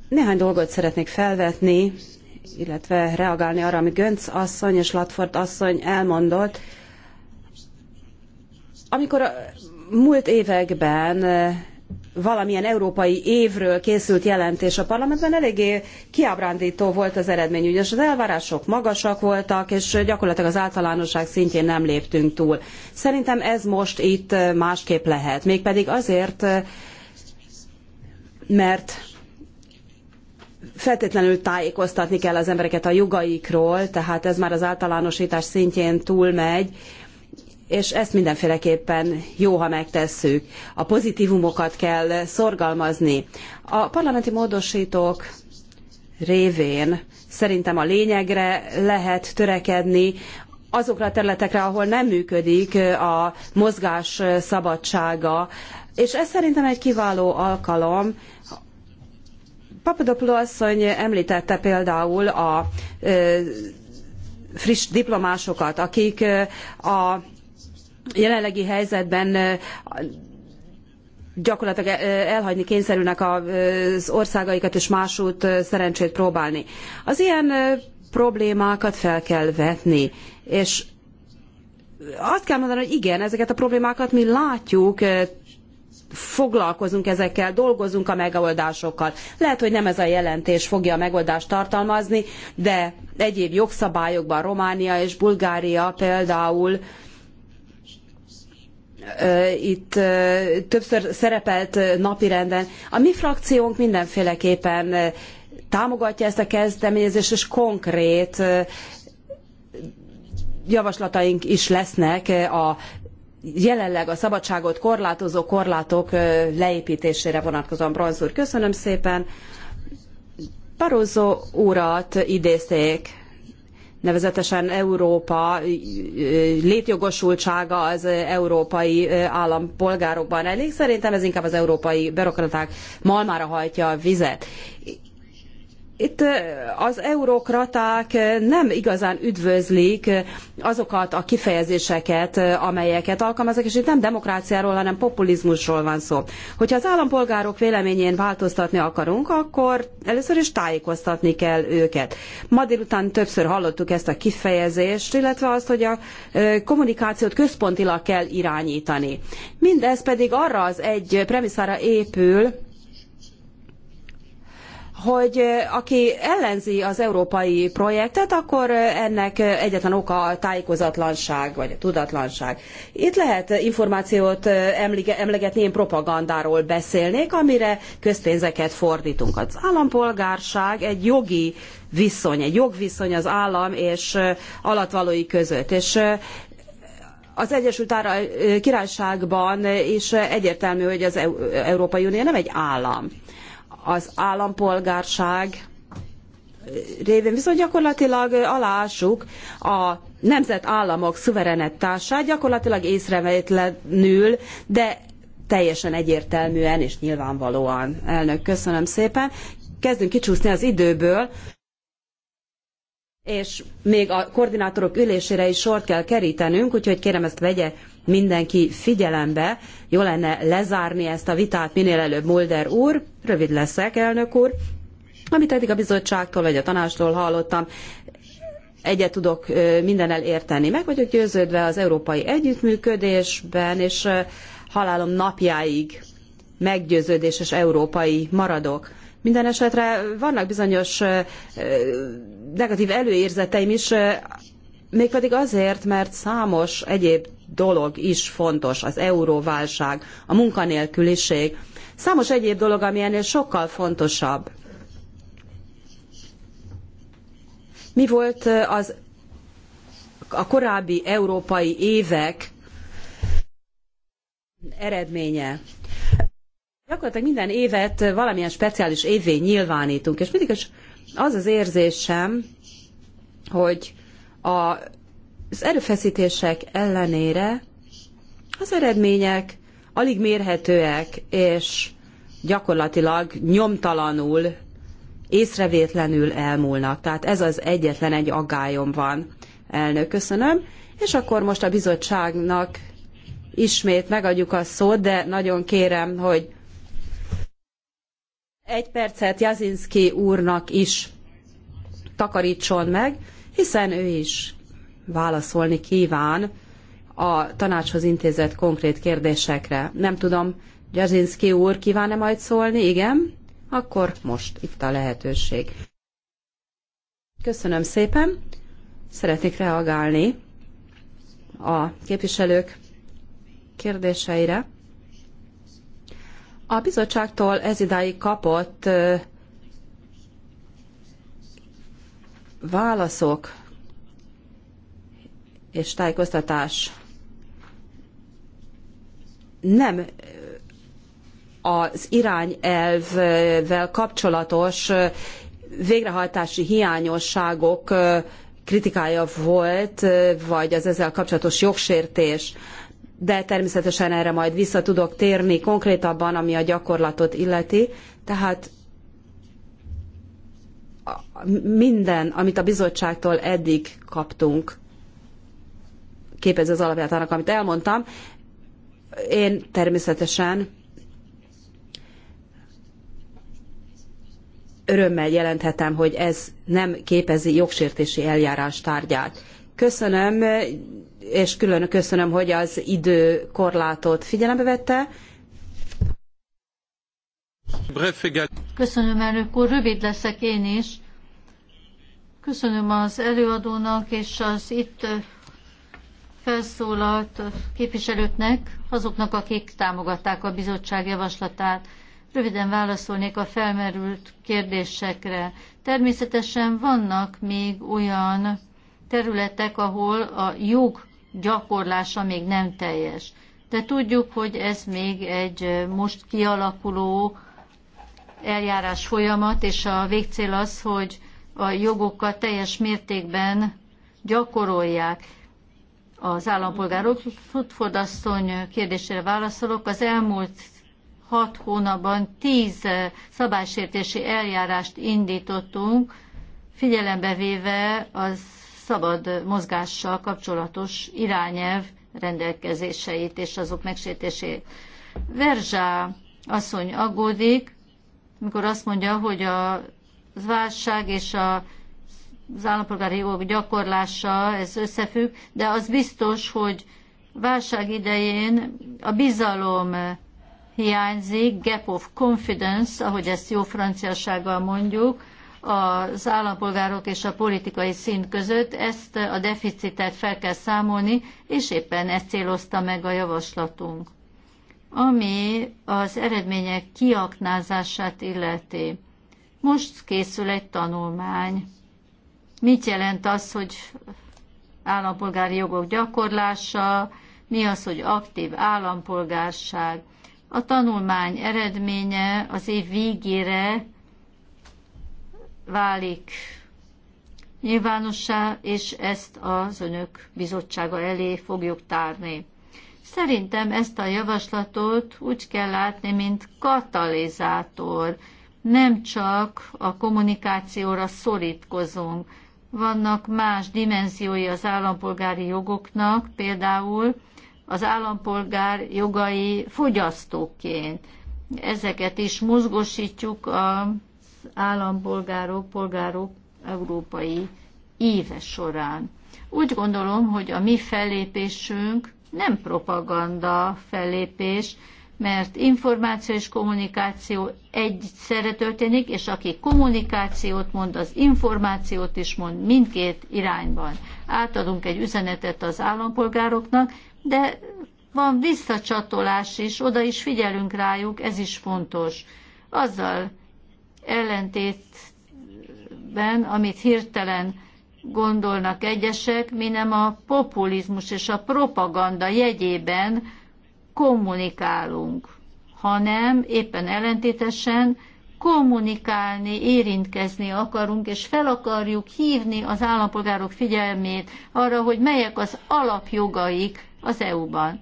Néhány dolgot szeretnék felvetni, illetve reagálni arra, amit Gönc asszony és Latford asszony elmondott. Amikor múlt években valamilyen európai évről készült jelentés a parlamentben eléggé kiábrándító volt az eredmény, ugyanis az elvárások magasak voltak, és gyakorlatilag az általánosság szintjén nem léptünk túl. Szerintem ez most itt másképp lehet, mégpedig azért, mert feltétlenül tájékoztatni kell az embereket a jogaikról, tehát ez már az általánosítás szintjén túlmegy, és ezt mindenféleképpen jó, ha megtesszük. A pozitívumokat kell szorgalmazni. A parlamenti módosítók révén szerintem a lényegre lehet törekedni, azokra a területekre, ahol nem működik a mozgás szabadsága, és ez szerintem egy kiváló alkalom. papadopoulos asszony említette például a friss diplomásokat, akik a jelenlegi helyzetben gyakorlatilag elhagyni kényszerülnek az országaikat, és másút szerencsét próbálni. Az ilyen problémákat fel kell vetni, és azt kell mondani, hogy igen, ezeket a problémákat mi látjuk, foglalkozunk ezekkel, dolgozunk a megoldásokkal. Lehet, hogy nem ez a jelentés fogja a megoldást tartalmazni, de egyéb jogszabályokban Románia és Bulgária például itt többször szerepelt napirenden. A mi frakciónk mindenféleképpen támogatja ezt a kezdeményezést, és konkrét javaslataink is lesznek a jelenleg a szabadságot korlátozó korlátok leépítésére vonatkozóan. Bronz úr, köszönöm szépen. Barroso urat idézték nevezetesen Európa létjogosultsága az európai állampolgárokban elég. Szerintem ez inkább az európai bürokraták malmára hajtja a vizet. Itt az eurokraták nem igazán üdvözlik azokat a kifejezéseket, amelyeket alkalmaznak, és itt nem demokráciáról, hanem populizmusról van szó. Hogyha az állampolgárok véleményén változtatni akarunk, akkor először is tájékoztatni kell őket. Ma délután többször hallottuk ezt a kifejezést, illetve azt, hogy a kommunikációt központilag kell irányítani. Mindez pedig arra az egy premisszára épül, hogy aki ellenzi az európai projektet, akkor ennek egyetlen oka a tájékozatlanság vagy a tudatlanság. Itt lehet információt emlegetni, én propagandáról beszélnék, amire közpénzeket fordítunk. Az állampolgárság egy jogi viszony, egy jogviszony az állam és alatvalói között. És az Egyesült Királyságban is egyértelmű, hogy az Európai Unió nem egy állam az állampolgárság révén viszont gyakorlatilag alássuk a nemzetállamok szuverenettását, gyakorlatilag észrevétlenül, de teljesen egyértelműen és nyilvánvalóan. Elnök, köszönöm szépen. Kezdünk kicsúszni az időből, és még a koordinátorok ülésére is sort kell kerítenünk, úgyhogy kérem ezt vegye mindenki figyelembe. Jó lenne lezárni ezt a vitát minél előbb, Mulder úr. Rövid leszek, elnök úr. Amit eddig a bizottságtól vagy a tanástól hallottam, egyet tudok mindennel érteni. Meg vagyok győződve az európai együttműködésben, és halálom napjáig meggyőződéses európai maradok. Minden esetre vannak bizonyos negatív előérzeteim is, mégpedig azért, mert számos egyéb dolog is fontos, az euróválság, a munkanélküliség, számos egyéb dolog, ami ennél sokkal fontosabb. Mi volt eh, az a korábbi európai évek eredménye? Gyakorlatilag minden évet valamilyen speciális évvé nyilvánítunk, és mindig is az az érzésem, hogy a az erőfeszítések ellenére az eredmények alig mérhetőek, és gyakorlatilag nyomtalanul, észrevétlenül elmúlnak. Tehát ez az egyetlen egy aggályom van. Elnök, köszönöm. És akkor most a bizottságnak ismét megadjuk a szót, de nagyon kérem, hogy egy percet Jazinski úrnak is takarítson meg, hiszen ő is válaszolni kíván a tanácshoz intézett konkrét kérdésekre. Nem tudom, Gyazinszki úr kíván-e majd szólni? Igen? Akkor most itt a lehetőség. Köszönöm szépen. Szeretnék reagálni a képviselők kérdéseire. A bizottságtól ez idáig kapott válaszok és tájékoztatás nem az irányelvvel kapcsolatos végrehajtási hiányosságok kritikája volt, vagy az ezzel kapcsolatos jogsértés, de természetesen erre majd vissza tudok térni konkrétabban, ami a gyakorlatot illeti. Tehát minden, amit a bizottságtól eddig kaptunk, képez az alapját annak, amit elmondtam. Én természetesen örömmel jelenthetem, hogy ez nem képezi jogsértési eljárás tárgyát. Köszönöm, és külön köszönöm, hogy az időkorlátot figyelembe vette. Köszönöm, elnök úr, rövid leszek én is. Köszönöm az előadónak és az itt felszólalt képviselőknek, azoknak, akik támogatták a bizottság javaslatát. Röviden válaszolnék a felmerült kérdésekre. Természetesen vannak még olyan területek, ahol a jog gyakorlása még nem teljes. De tudjuk, hogy ez még egy most kialakuló eljárás folyamat, és a végcél az, hogy a jogokat teljes mértékben gyakorolják az állampolgárok. Futford asszony kérdésére válaszolok. Az elmúlt hat hónapban tíz eh, szabálysértési eljárást indítottunk, figyelembe véve az szabad mozgással kapcsolatos irányelv rendelkezéseit és azok megsértését. Verzsá asszony aggódik, mikor azt mondja, hogy a válság és a az állampolgári jogok gyakorlása, ez összefügg, de az biztos, hogy válság idején a bizalom hiányzik, gap of confidence, ahogy ezt jó franciassággal mondjuk, az állampolgárok és a politikai szint között. Ezt a deficitet fel kell számolni, és éppen ezt célozta meg a javaslatunk. Ami az eredmények kiaknázását illeti. Most készül egy tanulmány mit jelent az, hogy állampolgári jogok gyakorlása, mi az, hogy aktív állampolgárság. A tanulmány eredménye az év végére válik nyilvánossá, és ezt az önök bizottsága elé fogjuk tárni. Szerintem ezt a javaslatot úgy kell látni, mint katalizátor. Nem csak a kommunikációra szorítkozunk, vannak más dimenziói az állampolgári jogoknak, például az állampolgár jogai fogyasztóként. Ezeket is mozgosítjuk az állampolgárok, polgárok európai éve során. Úgy gondolom, hogy a mi fellépésünk nem propaganda fellépés, mert információ és kommunikáció egyszerre történik, és aki kommunikációt mond, az információt is mond mindkét irányban. Átadunk egy üzenetet az állampolgároknak, de van visszacsatolás is, oda is figyelünk rájuk, ez is fontos. Azzal ellentétben, amit hirtelen gondolnak egyesek, mi nem a populizmus és a propaganda jegyében, kommunikálunk, hanem éppen ellentétesen kommunikálni, érintkezni akarunk, és fel akarjuk hívni az állampolgárok figyelmét arra, hogy melyek az alapjogaik az EU-ban.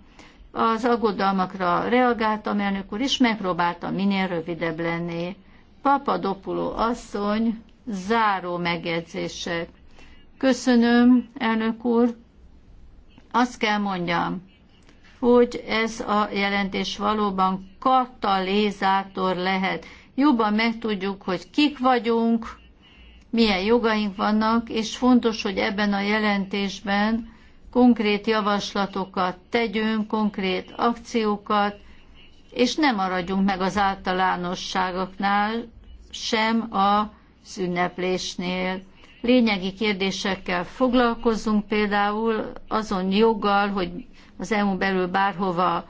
Az aggodalmakra reagáltam, elnök úr, és megpróbáltam minél rövidebb lenni. Papadopuló asszony, záró megjegyzések. Köszönöm, elnök úr. Azt kell mondjam, hogy ez a jelentés valóban katalizátor lehet. Jobban megtudjuk, hogy kik vagyunk, milyen jogaink vannak, és fontos, hogy ebben a jelentésben konkrét javaslatokat tegyünk, konkrét akciókat, és ne maradjunk meg az általánosságoknál, sem a szünneplésnél. Lényegi kérdésekkel foglalkozzunk például azon joggal, hogy az EU-n belül bárhova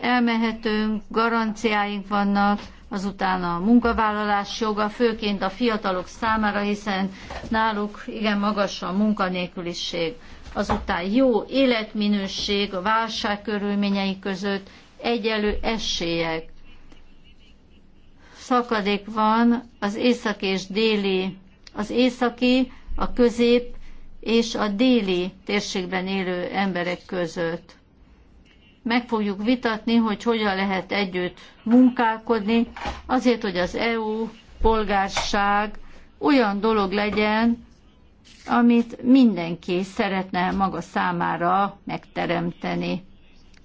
elmehetünk, garanciáink vannak, azután a munkavállalás joga, főként a fiatalok számára, hiszen náluk igen magas a munkanélküliség. Azután jó életminőség a válság körülményei között, egyelő esélyek. Szakadék van az északi és déli, az északi, a közép és a déli térségben élő emberek között. Meg fogjuk vitatni, hogy hogyan lehet együtt munkálkodni, azért, hogy az EU polgárság olyan dolog legyen, amit mindenki szeretne maga számára megteremteni.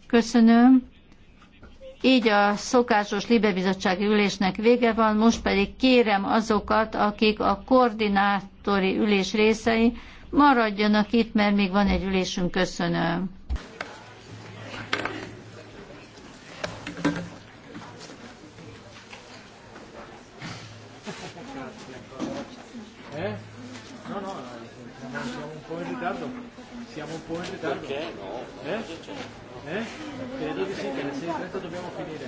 Köszönöm. Így a szokásos Libebizottsági ülésnek vége van, most pedig kérem azokat, akik a koordinátori ülés részei, Maradjanak itt, mert még van egy ülésünk. Köszönöm. Eh? No, no, siamo un po' in ritardo. Siamo un po' in ritardo. Perché? No. Eh? Eh? Credo di sì, che alle 6.30 e dobbiamo finire.